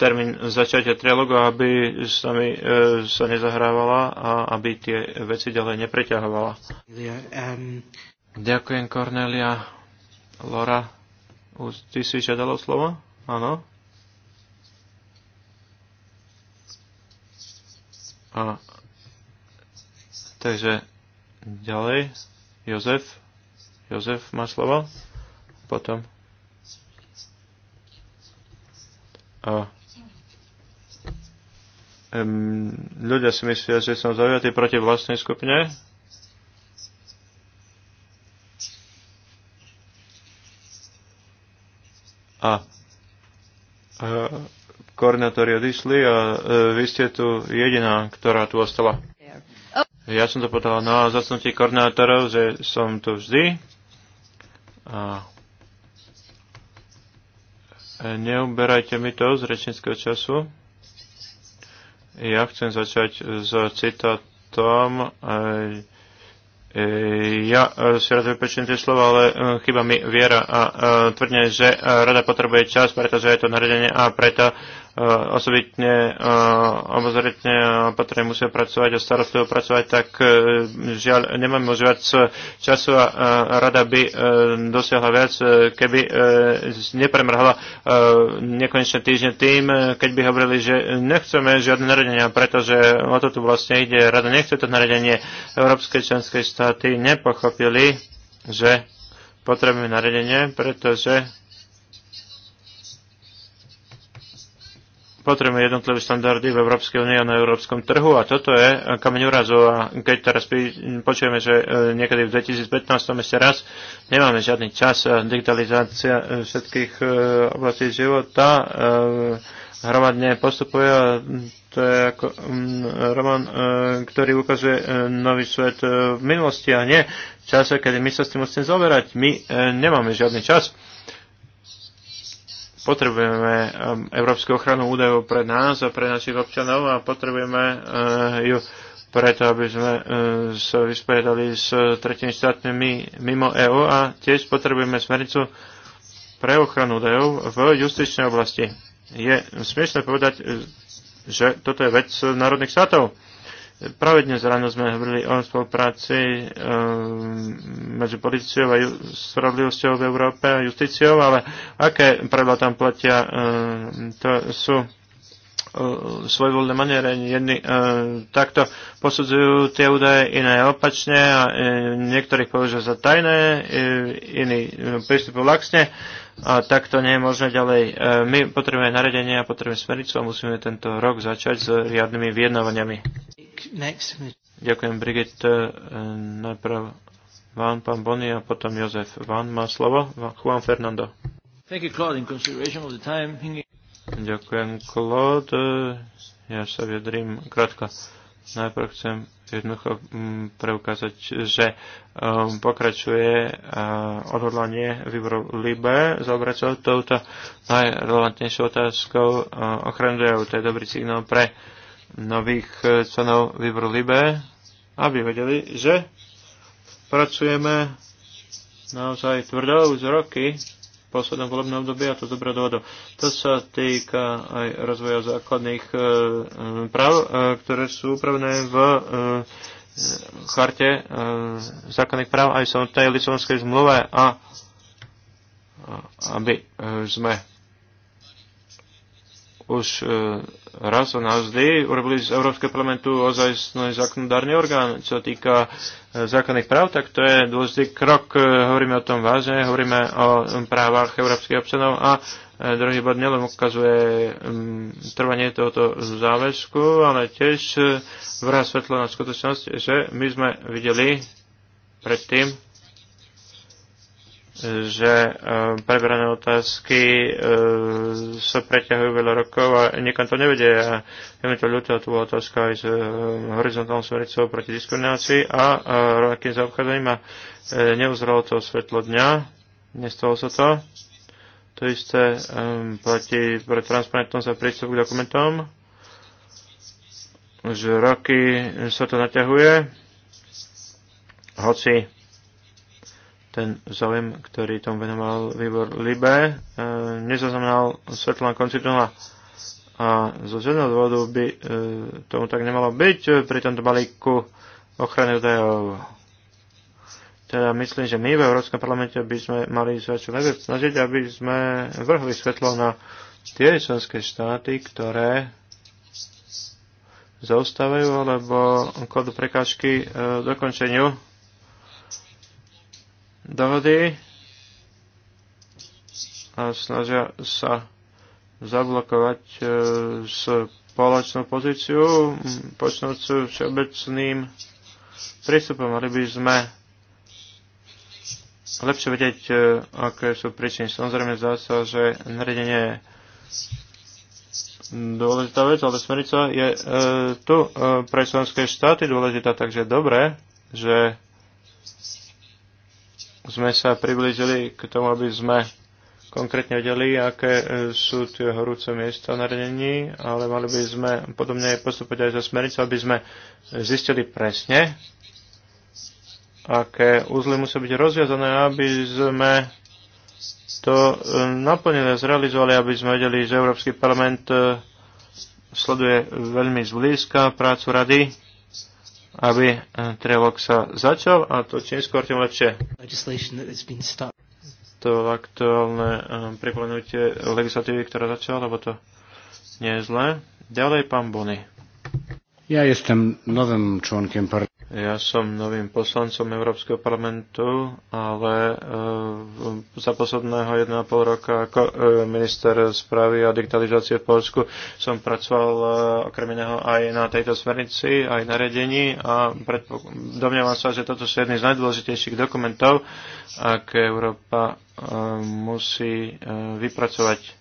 termín začiatia trialogu, aby s nami e, sa nezahrávala a aby tie veci ďalej nepreťahovala. Ďakujem, Cornelia. Lora, ty si žiadala slovo? Áno. A, takže ďalej. Jozef. Jozef má slovo? Potom. A um, ľudia si myslia, že som zaujatý proti vlastnej skupine. A uh, koordinátori odišli a uh, vy ste tu jediná, ktorá tu ostala. Ja som to povedal na zasnutí koordinátorov, že som tu vždy. A Neuberajte mi to z rečníckého času. Ja chcem začať s citátom. E, ja si rád vypečím tie slova, ale e, chyba mi viera a e, tvrdne, že rada potrebuje čas, pretože je to naredenie a preto E, osobitne e, obozretne opatrne musia pracovať a starostlivo pracovať, tak e, žiaľ nemáme už viac času a rada by dosiahla viac, keby nepremrhala nekonečné týždne tým, keď by hovorili, že nechceme žiadne naredenia, pretože o to tu vlastne ide. Rada nechce to naredenie. Európske členské štáty nepochopili, že potrebujeme naredenie, pretože potrebujeme jednotlivé štandardy v Európskej únii a na európskom trhu a toto je eh, kameň úrazu a keď teraz počujeme, že eh, niekedy v 2015 ešte raz nemáme žiadny čas, eh, digitalizácia všetkých oblastí života hromadne postupuje a to je ako mm, roman, ktorý ukazuje nový svet v minulosti a nie v čase, kedy my sa s tým musíme zoberať. My nemáme žiadny čas potrebujeme um, európsku ochranu údajov pre nás a pre našich občanov a potrebujeme uh, ju preto, aby sme uh, sa vysporiadali s tretimi štátmi mimo EÚ a tiež potrebujeme smernicu pre ochranu údajov v justičnej oblasti. Je smiešne povedať, uh, že toto je vec národných štátov Práve dnes ráno sme hovorili o spolupráci eh, medzi policiou a spravodlivosťou v Európe a justíciou, ale aké pravidla tam platia, eh, to sú eh, svojvoľné maniere. Jedni e, takto posudzujú tie údaje, iné opačne a e, niektorých považujú za tajné, e, iní e, prístupujú laxne a takto nie je možné ďalej. E, my potrebujeme naredenie a potrebujeme smernicu a musíme tento rok začať s riadnymi vyjednávaniami. Ďakujem, Brigitte. E, najprv vám, pán Boni, a potom Jozef. Vám má slovo. Juan Fernando. You, Claude, time... Ďakujem, Claude. E, ja sa vyjadrím krátko. Najprv chcem jednoducho mm, preukázať, že um, pokračuje uh, odhodlanie výboru LIBE zaobrať sa touto najrelevantnejšou otázkou uh, ochrany To je dobrý signál pre uh, nových e, členov výboru Libe, aby vedeli, že pracujeme naozaj tvrdo už roky v poslednom volebnom období a to dobrá dohoda. To sa týka aj rozvoja základných e, práv, e, ktoré sú upravené v e, charte e, zákonných práv aj tej Lisabonskej zmluve a aby e, sme už e, raz a navždy urobili z Európskeho parlamentu ozajstný zákonodárny orgán, čo týka e, zákonných práv, tak to je dôležitý krok. E, hovoríme o tom vážne, hovoríme o um, právach európskych občanov a druhý bod nielen ukazuje um, trvanie tohoto záväzku, ale tiež vrá svetlo na skutočnosť, že my sme videli predtým že e, preberané otázky e, sa preťahujú veľa rokov a nikam to nevedie. A je mi to ľúto, tu bola otázka aj s e, horizontálnou smericou proti diskriminácii a rovnakým zaobchádzaním a neuzralo to svetlo dňa, nestalo sa to. To isté platí pre transparentnosť a prístup k dokumentom. Už roky sa to naťahuje, hoci ten záujem, ktorý tom venoval výbor Libe, e, nezaznamenal svetlo na konci tunela. A zo žiadneho dôvodu by e, tomu tak nemalo byť pri tomto balíku ochrany údajov. Teda myslím, že my v Európskom parlamente by sme mali sa čo najviac snažiť, aby sme vrhli svetlo na tie členské štáty, ktoré zaustávajú alebo kodu prekážky e, dokončeniu dohody a snažia sa zablokovať e, spoločnú pozíciu, počnúcu všeobecným prístupom. Mali by sme lepšie vedieť, e, aké sú príčiny. Samozrejme zdá sa, že nariadenie dôležitá vec, ale smerica je e, tu e, pre členské štáty dôležitá, takže dobre, že sme sa priblížili k tomu, aby sme konkrétne vedeli, aké e, sú tie horúce miesta na renení, ale mali by sme podobne postupovať aj za smernicu, aby sme zistili presne, aké úzly musia byť rozviazané, aby sme to e, naplnili a zrealizovali, aby sme vedeli, že Európsky parlament e, sleduje veľmi zblízka prácu rady aby eh, trilog sa začal a to čím skôr, tým lepšie. To aktuálne eh, pripomenutie legislatívy, ktorá začala, lebo to nie je zlé. Ďalej pán Bony. Ja jestem nowym członkiem parlamentu. Ja som novým poslancom Európskeho parlamentu, ale e, za posledného 1,5 roka ako e, minister správy a digitalizácie v Polsku som pracoval e, okrem iného aj na tejto smernici, aj na redení a predpok- domnievam sa, že toto sú jedný z najdôležitejších dokumentov, ak Európa e, musí e, vypracovať.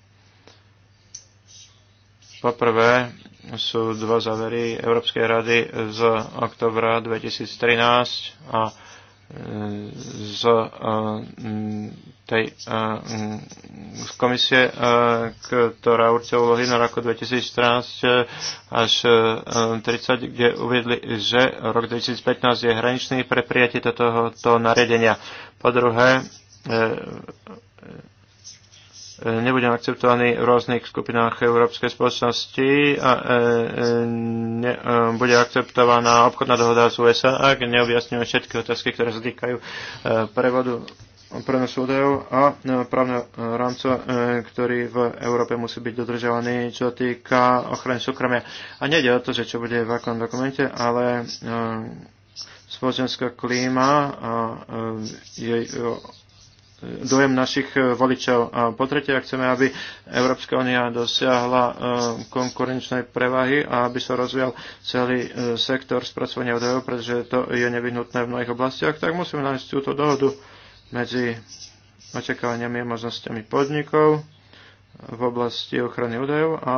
Poprvé, sú dva závery Európskej rady z oktobra 2013 a e, z e, tej e, z komisie, ktorá určila úlohy na roku 2014 až 30, kde uviedli, že rok 2015 je hraničný pre prijatie tohoto nariadenia. Po druhé, nebudeme akceptovaný v rôznych skupinách európskej spoločnosti a e, e, ne, e, bude akceptovaná obchodná dohoda z USA, ak neobjasníme všetky otázky, ktoré sa týkajú prevodu prenosu údajov a právneho rámca, ktorý v Európe musí byť dodržovaný, čo týka ochrany súkromia. A nejde o to, že čo bude v akom dokumente, ale spoločenská klíma a jej dojem našich e, voličov. A po tretie, ak chceme, aby Európska únia dosiahla e, konkurenčnej prevahy a aby sa rozvíjal celý e, sektor spracovania údajov, pretože to je nevyhnutné v mnohých oblastiach, tak musíme nájsť túto dohodu medzi očakávaniami a možnosťami podnikov v oblasti ochrany údajov a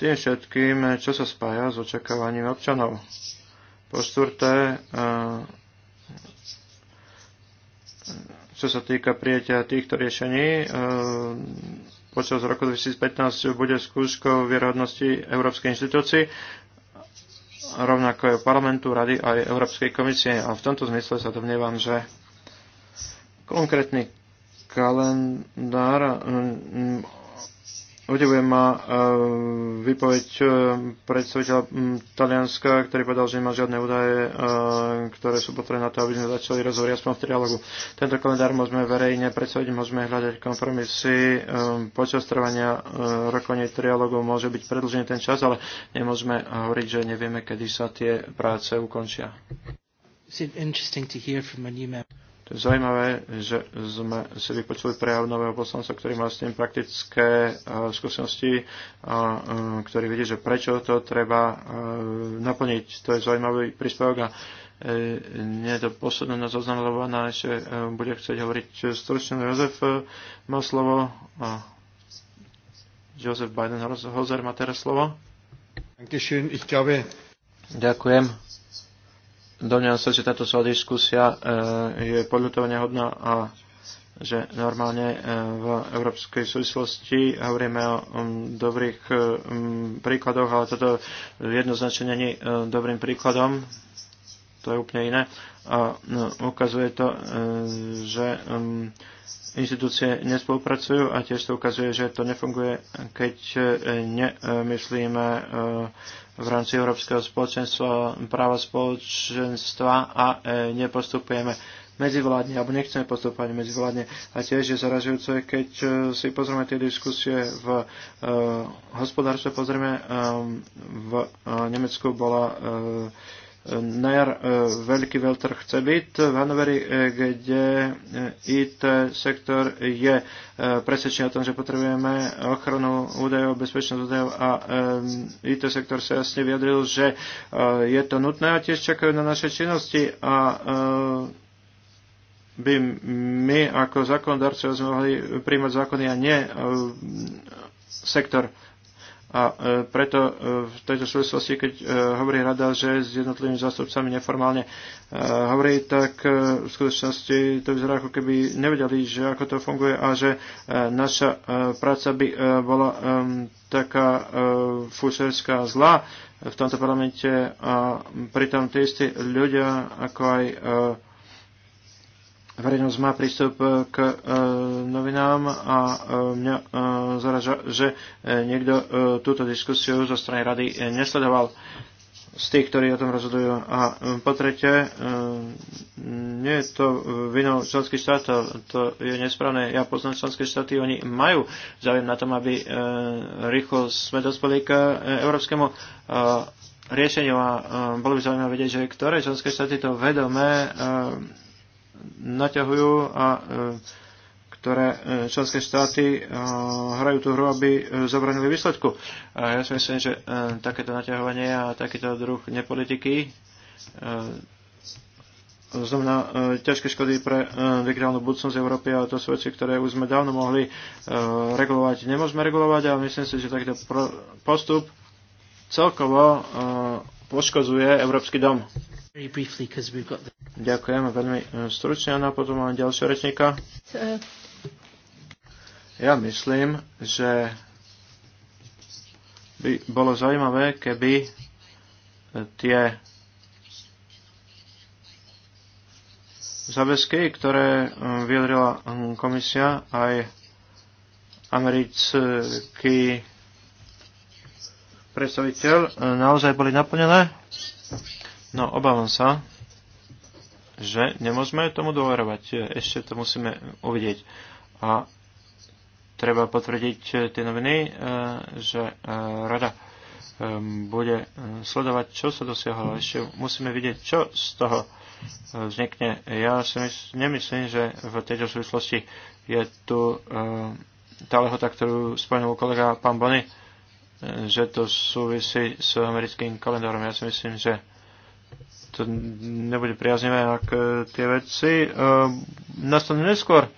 tým všetkým, čo sa spája s očakávaním občanov. Po štvrté, čo sa týka prijatia týchto riešení, e, počas roku 2015 bude skúškou vierhodnosti Európskej inštitúcii, rovnako aj parlamentu, rady aj Európskej komisie. A v tomto zmysle sa domnievam, že konkrétny kalendár Udivujem ma e, vypoveď e, predstaviteľa Talianska, ktorý povedal, že nemá žiadne údaje, e, ktoré sú potrebné na to, aby sme začali rozhovor aspoň v trialogu. Tento kalendár môžeme verejne predstaviť, môžeme hľadať kompromisy. Počas trvania rokovania trialogu môže byť predlžený ten čas, ale nemôžeme hovoriť, že nevieme, kedy sa tie práce ukončia. To je zaujímavé, že sme si vypočuli prejav nového poslanca, ktorý má s tým praktické uh, skúsenosti a uh, ktorý vidí, že prečo to treba uh, naplniť. To je zaujímavý príspevok a uh, nie to posledné na zoznam, lebo ona ešte uh, bude chcieť hovoriť stručne. Jozef uh, má slovo. Uh, Jozef Biden-Hozer má teraz slovo. Ďakujem. Domňam sa, že táto celá diskusia e, je podľutovania hodná a že normálne e, v európskej súvislosti hovoríme o dobrých e, príkladoch, ale toto jednoznačne není dobrým príkladom. To je úplne iné. A no, ukazuje to, že inštitúcie nespolupracujú a tiež to ukazuje, že to nefunguje, keď nemyslíme v rámci Európskeho spoločenstva, práva spoločenstva a e, nepostupujeme medzivládne, alebo nechceme postupovať medzivládne. A tiež je zaražujúce, keď e, si pozrieme tie diskusie v e, hospodárstve, pozrieme, e, v e, Nemecku bola e, na jar e, veľký veľtrh chce byť v Hanoveri, e, kde e, IT sektor je presvedčený o tom, že potrebujeme ochranu údajov, bezpečnosť údajov a IT sektor sa jasne vyjadril, že je to nutné a tiež čakajú na naše činnosti a by my ako zákonodarcovia sme mohli príjmať zákony a nie sektor a e, preto e, v tejto súvislosti, keď e, hovorí rada, že s jednotlivými zástupcami neformálne hovorí, tak v skutočnosti to vyzerá, ako keby nevedeli, že ako to funguje a že naša práca by bola taká fušerská zlá v tomto parlamente a pritom tí istí ľudia, ako aj verejnosť má prístup e, k e, novinám a e, mňa e, zaraža, že e, niekto e, túto diskusiu zo strany rady e, nesledoval z tých, ktorí o tom rozhodujú. A e, po tretie, e, nie je to vinou členských štátov, to je nesprávne. Ja poznám členské štáty, oni majú záujem na tom, aby rýchlo sme dospeli k európskemu riešeniu a bolo by zaujímavé vedieť, že ktoré členské štáty to vedomé naťahujú a e, ktoré e, členské štáty e, hrajú tú hru, aby zabranili výsledku. A ja si myslím, že takéto naťahovanie a takýto druh nepolitiky znamená ťažké škody pre digitálnu budúcnosť Európy a to sú veci, ktoré už sme dávno mohli regulovať. Nemôžeme regulovať a myslím si, že takýto postup celkovo poškozuje Európsky dom. Ďakujem veľmi e, stručne a potom máme ďalšieho rečníka. Ja myslím, že by bolo zaujímavé, keby e, tie záväzky, ktoré e, vyjadrila komisia, aj americký predstaviteľ, naozaj boli naplnené? No, obávam sa, že nemôžeme tomu dôverovať. Ešte to musíme uvidieť. A treba potvrdiť eh, tie noviny, eh, že eh, rada bude sledovať, čo sa dosiahlo. Ešte musíme vidieť, čo z toho vznikne. Ja si nemyslím, že v tejto súvislosti je tu tá lehota, ktorú spomenul kolega pán Bony, že to súvisí s americkým kalendárom. Ja si myslím, že to nebude priaznivé, ak e, tie veci e, nastanú neskôr.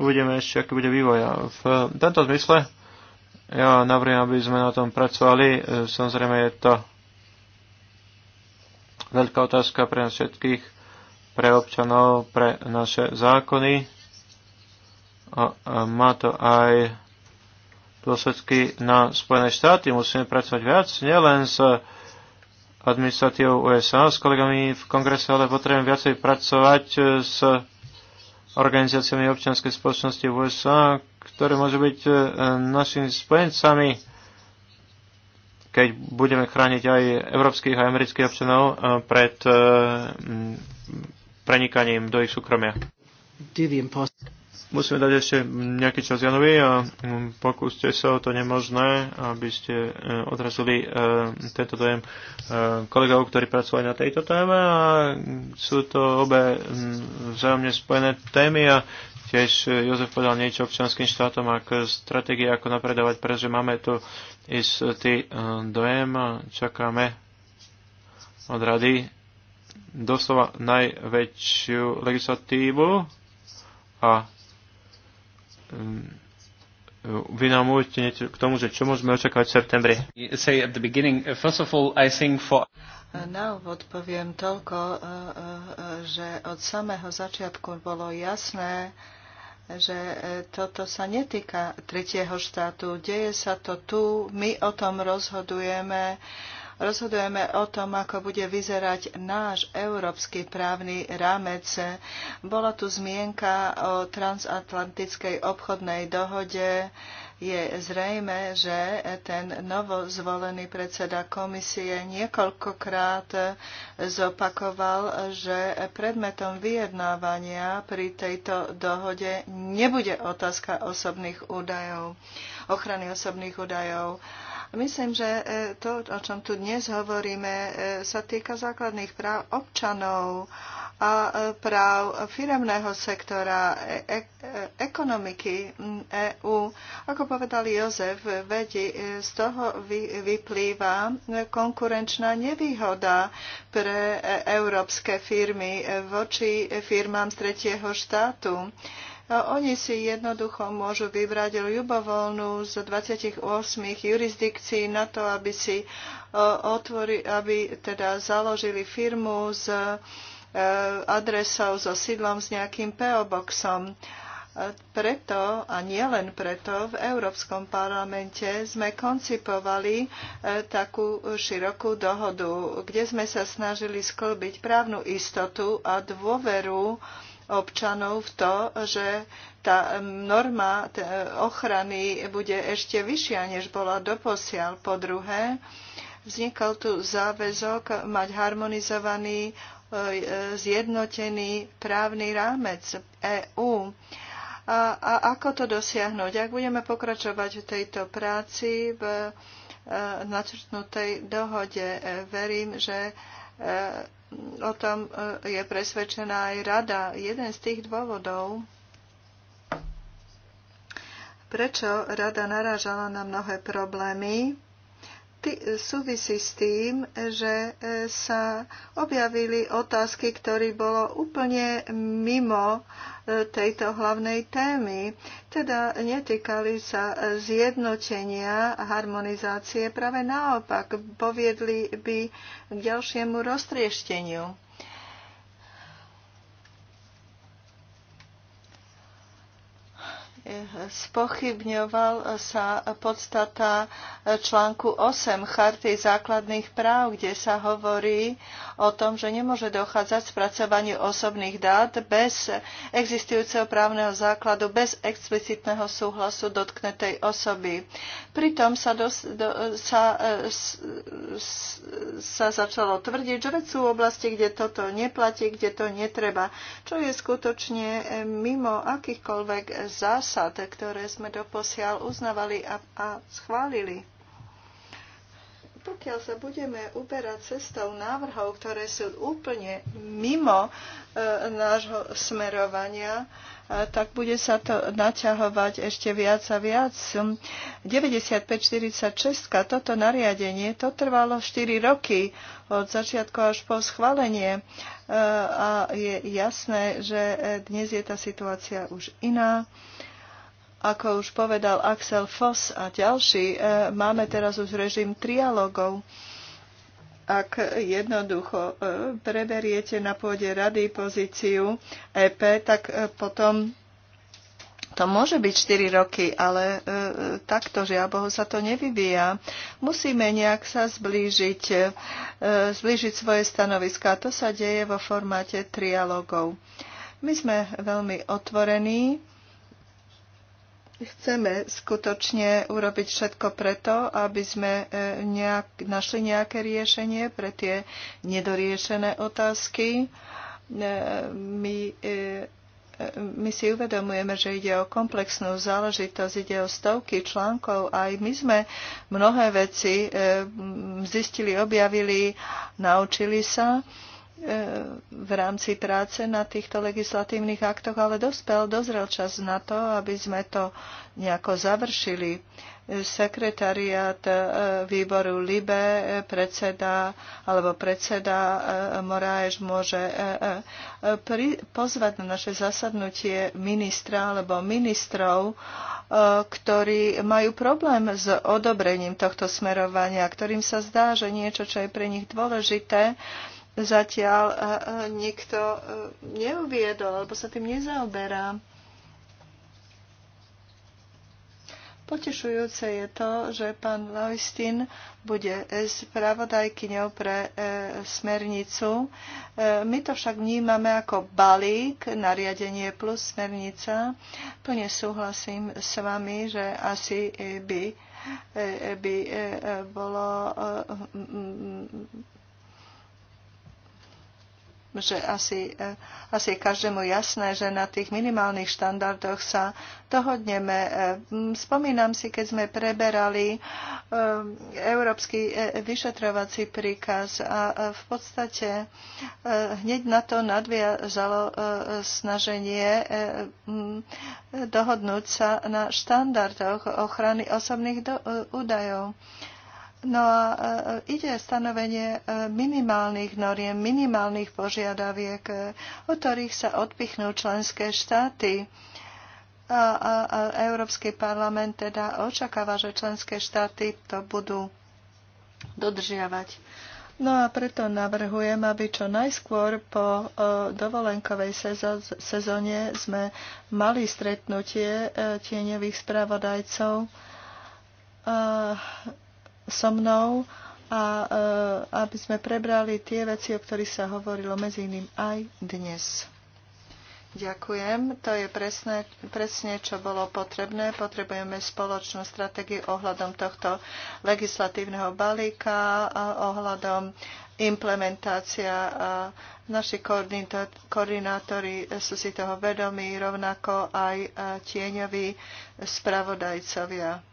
Uvidíme ešte, aký bude vývoj. A v tomto zmysle ja navrím, aby sme na tom pracovali. E, samozrejme je to veľká otázka pre nás všetkých, pre občanov, pre naše zákony. A, a má to aj dôsledky na Spojené štáty. Musíme pracovať viac, nielen s administratívou USA s kolegami v kongrese, ale potrebujem viacej pracovať e, s organizáciami občianskej spoločnosti v USA, ktoré môžu byť e, našimi spojencami, keď budeme chrániť aj európskych a amerických občanov e, pred prenikaním do ich súkromia. Musíme dať ešte nejaký čas Janovi a pokúste sa o to nemožné, aby ste e, odrazili e, tento dojem e, kolegov, ktorí pracovali na tejto téme a sú to obe vzájomne spojené témy a tiež Jozef povedal niečo občanským štátom a k stratégii, ako napredovať, pretože máme tu istý dojem a čakáme od rady doslova najväčšiu legislatívu a Ehm, vy nám môžete niečo k tomu, že čo môžeme očakávať v septembri? Na úvod poviem toľko, uh, uh, že od samého začiatku bolo jasné, že uh, toto sa netýka tretieho štátu. Deje sa to tu, my o tom rozhodujeme rozhodujeme o tom, ako bude vyzerať náš európsky právny rámec. Bola tu zmienka o transatlantickej obchodnej dohode. Je zrejme, že ten novozvolený predseda komisie niekoľkokrát zopakoval, že predmetom vyjednávania pri tejto dohode nebude otázka osobných údajov, ochrany osobných údajov. Myslím, že e, to, o čom tu dnes hovoríme, e, sa týka základných práv občanov a e, práv firemného sektora, e- ekonomiky EÚ. Ako povedal Jozef, vedi, z toho vy- vyplýva konkurenčná nevýhoda pre európske firmy voči firmám z tretieho štátu. E- oni si jednoducho môžu vybrať ľubovoľnú z 28 jurisdikcií na to, aby si e, otvori, aby teda založili firmu s e, adresou, so sídlom, s nejakým PO boxom. Preto a nielen preto v Európskom parlamente sme koncipovali e, takú širokú dohodu, kde sme sa snažili sklbiť právnu istotu a dôveru občanov v to, že tá norma ochrany bude ešte vyššia, než bola doposiaľ. Po druhé, vznikol tu záväzok mať harmonizovaný, e, zjednotený právny rámec EÚ. A, a ako to dosiahnuť? Ak budeme pokračovať v tejto práci v e, načrtnutej dohode, e, verím, že E, o tom e, je presvedčená aj rada. Jeden z tých dôvodov, prečo rada narážala na mnohé problémy, súvisí s tým, že e, sa objavili otázky, ktoré bolo úplne mimo e, tejto hlavnej témy. Teda netýkali sa zjednotenia a harmonizácie, práve naopak poviedli by k ďalšiemu roztriešteniu spochybňoval sa podstata článku 8 Charty základných práv, kde sa hovorí o tom, že nemôže dochádzať spracovaniu osobných dát bez existujúceho právneho základu, bez explicitného súhlasu dotknetej osoby. Pritom sa, dos, do, sa, s, sa začalo tvrdiť, že sú oblasti, kde toto neplatí, kde to netreba, čo je skutočne mimo akýchkoľvek zás zásad, ktoré sme doposiaľ uznávali a, a schválili. Pokiaľ sa budeme uberať cestou návrhov, ktoré sú úplne mimo e, nášho smerovania, e, tak bude sa to naťahovať ešte viac a viac. 9546, toto nariadenie, to trvalo 4 roky od začiatku až po schválenie e, a je jasné, že dnes je tá situácia už iná ako už povedal Axel Foss a ďalší, e, máme teraz už režim trialogov ak jednoducho e, preberiete na pôde rady pozíciu EP, tak e, potom to môže byť 4 roky, ale takto, že Bohu sa to nevyvíja. Musíme nejak sa zblížiť, zblížiť svoje stanoviská. To sa deje vo formáte trialogov. My sme veľmi otvorení chceme skutočne urobiť všetko preto, aby sme e, nejak, našli nejaké riešenie pre tie nedoriešené otázky. E, my, e, my si uvedomujeme, že ide o komplexnú záležitosť, ide o stovky článkov. Aj my sme mnohé veci zistili, objavili, naučili sa v rámci práce na týchto legislatívnych aktoch, ale dospel, dozrel čas na to, aby sme to nejako završili. Sekretariat e, výboru LIBE, e, predseda alebo predseda e, Moráež môže pozvať na naše zasadnutie ministra alebo ministrov, ktorí majú problém s odobrením tohto smerovania, ktorým sa zdá, že niečo, čo je pre nich dôležité, zatiaľ nikto e, neuviedol, alebo sa tým nezaoberá. Potešujúce je to, že pán Loistin bude spravodajkyňou pre e, smernicu. E, my to však vnímame ako balík, nariadenie plus smernica. Plne súhlasím s vami, že asi by, e, by e, bolo že asi, e, asi je každému jasné, že na tých minimálnych štandardoch sa dohodneme. E, spomínam si, keď sme preberali e, európsky vyšetrovací príkaz a v podstate hneď na to nadviazalo snaženie dohodnúť sa na štandardoch ochrany osobných údajov. Do- No a ide stanovenie e, minimálnych noriem, minimálnych požiadaviek, e, od ktorých sa odpichnú členské štáty. A, a, a Európsky parlament teda očakáva, že členské štáty to budú dodržiavať. No a preto navrhujem, aby čo najskôr po e, dovolenkovej sezóne sme mali stretnutie tieňových spravodajcov so mnou a e, aby sme prebrali tie veci, o ktorých sa hovorilo medzi iným aj dnes. Ďakujem. To je presne, presne, čo bolo potrebné. Potrebujeme spoločnú stratégiu ohľadom tohto legislatívneho balíka, a ohľadom implementácia. A naši koordinátori sú si toho vedomí, rovnako aj tieňoví spravodajcovia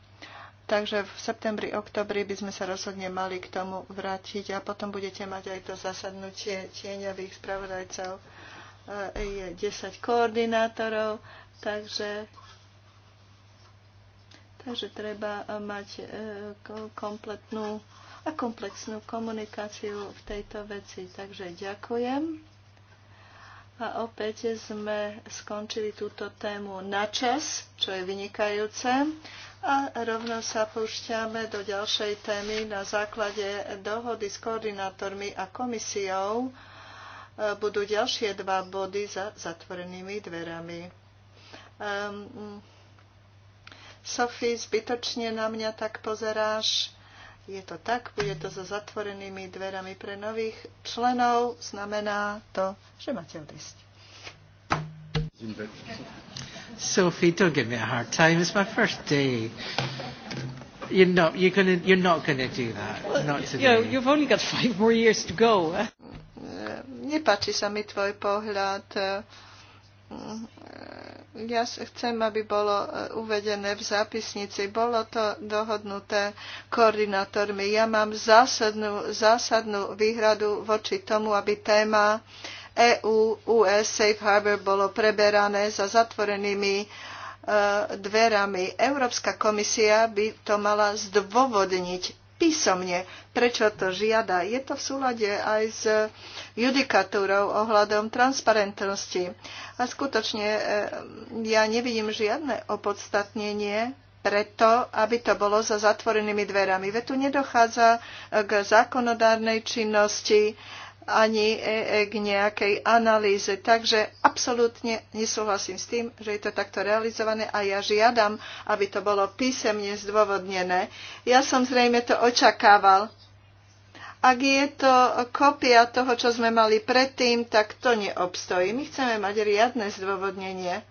Takže v septembri, oktobri by sme sa rozhodne mali k tomu vrátiť a potom budete mať aj to zasadnutie tieňových spravodajcov. E, je 10 koordinátorov, takže, takže treba mať e, kompletnú a komplexnú komunikáciu v tejto veci. Takže ďakujem. A opäť sme skončili túto tému na čas, čo je vynikajúce. A rovno sa púšťame do ďalšej témy na základe dohody s koordinátormi a komisiou. E, budú ďalšie dva body za zatvorenými dverami. Um, ehm, Sofie, zbytočne na mňa tak pozeráš. Je to tak, bude to za zatvorenými dverami pre nových členov. Znamená to, že máte odísť. Sophie, don't give me a hard time. It's my first day. You're not, you're gonna, you're not gonna do that. Well, not today. You know, you've only got *laughs* five more years to go. Eh? Nepáči sa mi tvoj pohľad. Eh, eh, ja chcem, aby bolo eh, uvedené v zápisnici. Bolo to dohodnuté koordinátormi. Ja mám zásadnú, zásadnú výhradu voči tomu, aby téma uh, EU-US Safe Harbor bolo preberané za zatvorenými e, dverami. Európska komisia by to mala zdôvodniť písomne, prečo to žiada. Je to v súlade aj s judikatúrou ohľadom transparentnosti. A skutočne e, ja nevidím žiadne opodstatnenie preto, aby to bolo za zatvorenými dverami. Veď tu nedochádza k zákonodárnej činnosti, ani k e e nejakej analýze. Takže absolútne nesúhlasím s tým, že je to takto realizované a ja žiadam, aby to bolo písemne zdôvodnené. Ja som zrejme to očakával. Ak je to kopia toho, čo sme mali predtým, tak to neobstojí. My chceme mať riadne zdôvodnenie.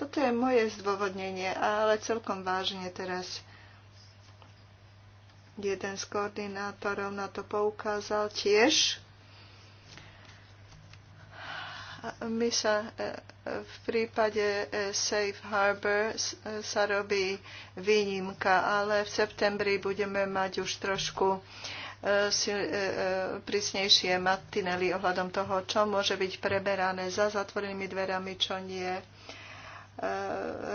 Toto je moje zdôvodnenie, ale celkom vážne teraz Jeden z koordinátorov na to poukázal tiež. My sa e, v prípade e, Safe Harbor e, sa robí výnimka, ale v septembri budeme mať už trošku prísnejšie matinely ohľadom toho, čo môže byť preberané za zatvorenými dverami, čo nie.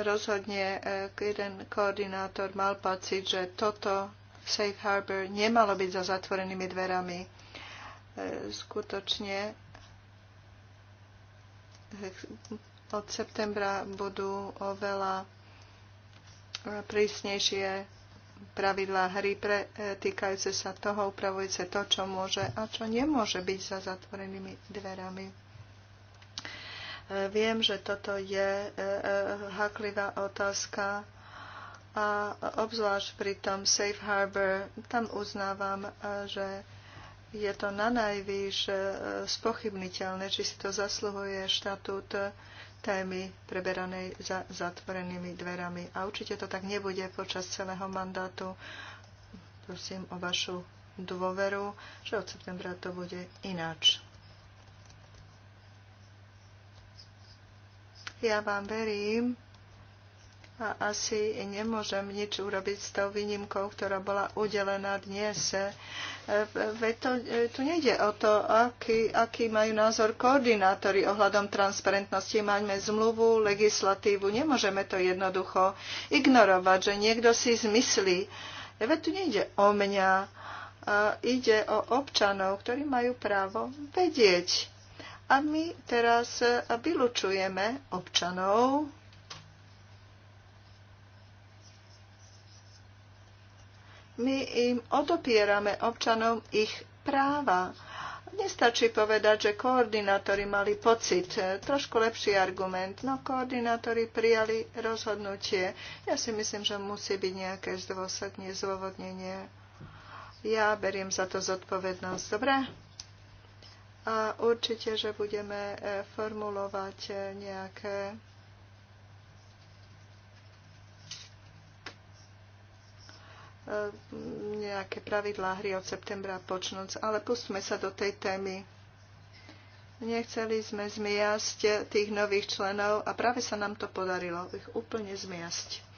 Rozhodne jeden koordinátor mal pocit, že toto Safe Harbor nemalo byť za zatvorenými dverami. E, skutočne e, od septembra budú oveľa e, prísnejšie pravidlá hry pre, týkajúce sa toho, upravujúce to, čo môže a čo nemôže byť za zatvorenými dverami. Viem, že toto je haklivá otázka a obzvlášť pri tom Safe Harbor, tam uznávam, e, že je to na najvýš e, spochybniteľné, či si to zasluhuje štatút témy preberanej za zatvorenými dverami. A určite to tak nebude počas celého mandátu. Prosím o vašu dôveru, že od septembra to bude ináč. Ja vám verím a asi nemôžem nič urobiť s tou výnimkou, ktorá bola udelená dnes. E, veď to, e, tu nejde o to, aký, aký majú názor koordinátori ohľadom transparentnosti. Máme zmluvu, legislatívu, nemôžeme to jednoducho ignorovať, že niekto si zmyslí. E, veď tu nejde o mňa, ide o občanov, ktorí majú právo vedieť. A my teraz vylučujeme občanov my im odopierame občanom ich práva. Nestačí povedať, že koordinátori mali pocit, trošku lepší argument, no koordinátori prijali rozhodnutie. Ja si myslím, že musí byť nejaké zdôsadne zôvodnenie. Ja beriem za to zodpovednosť. Dobre? A určite, že budeme eh, formulovať eh, nejaké nejaké pravidlá hry od septembra počnúc, ale pustme sa do tej témy. Nechceli sme zmiasť tých nových členov a práve sa nám to podarilo ich úplne zmiasť.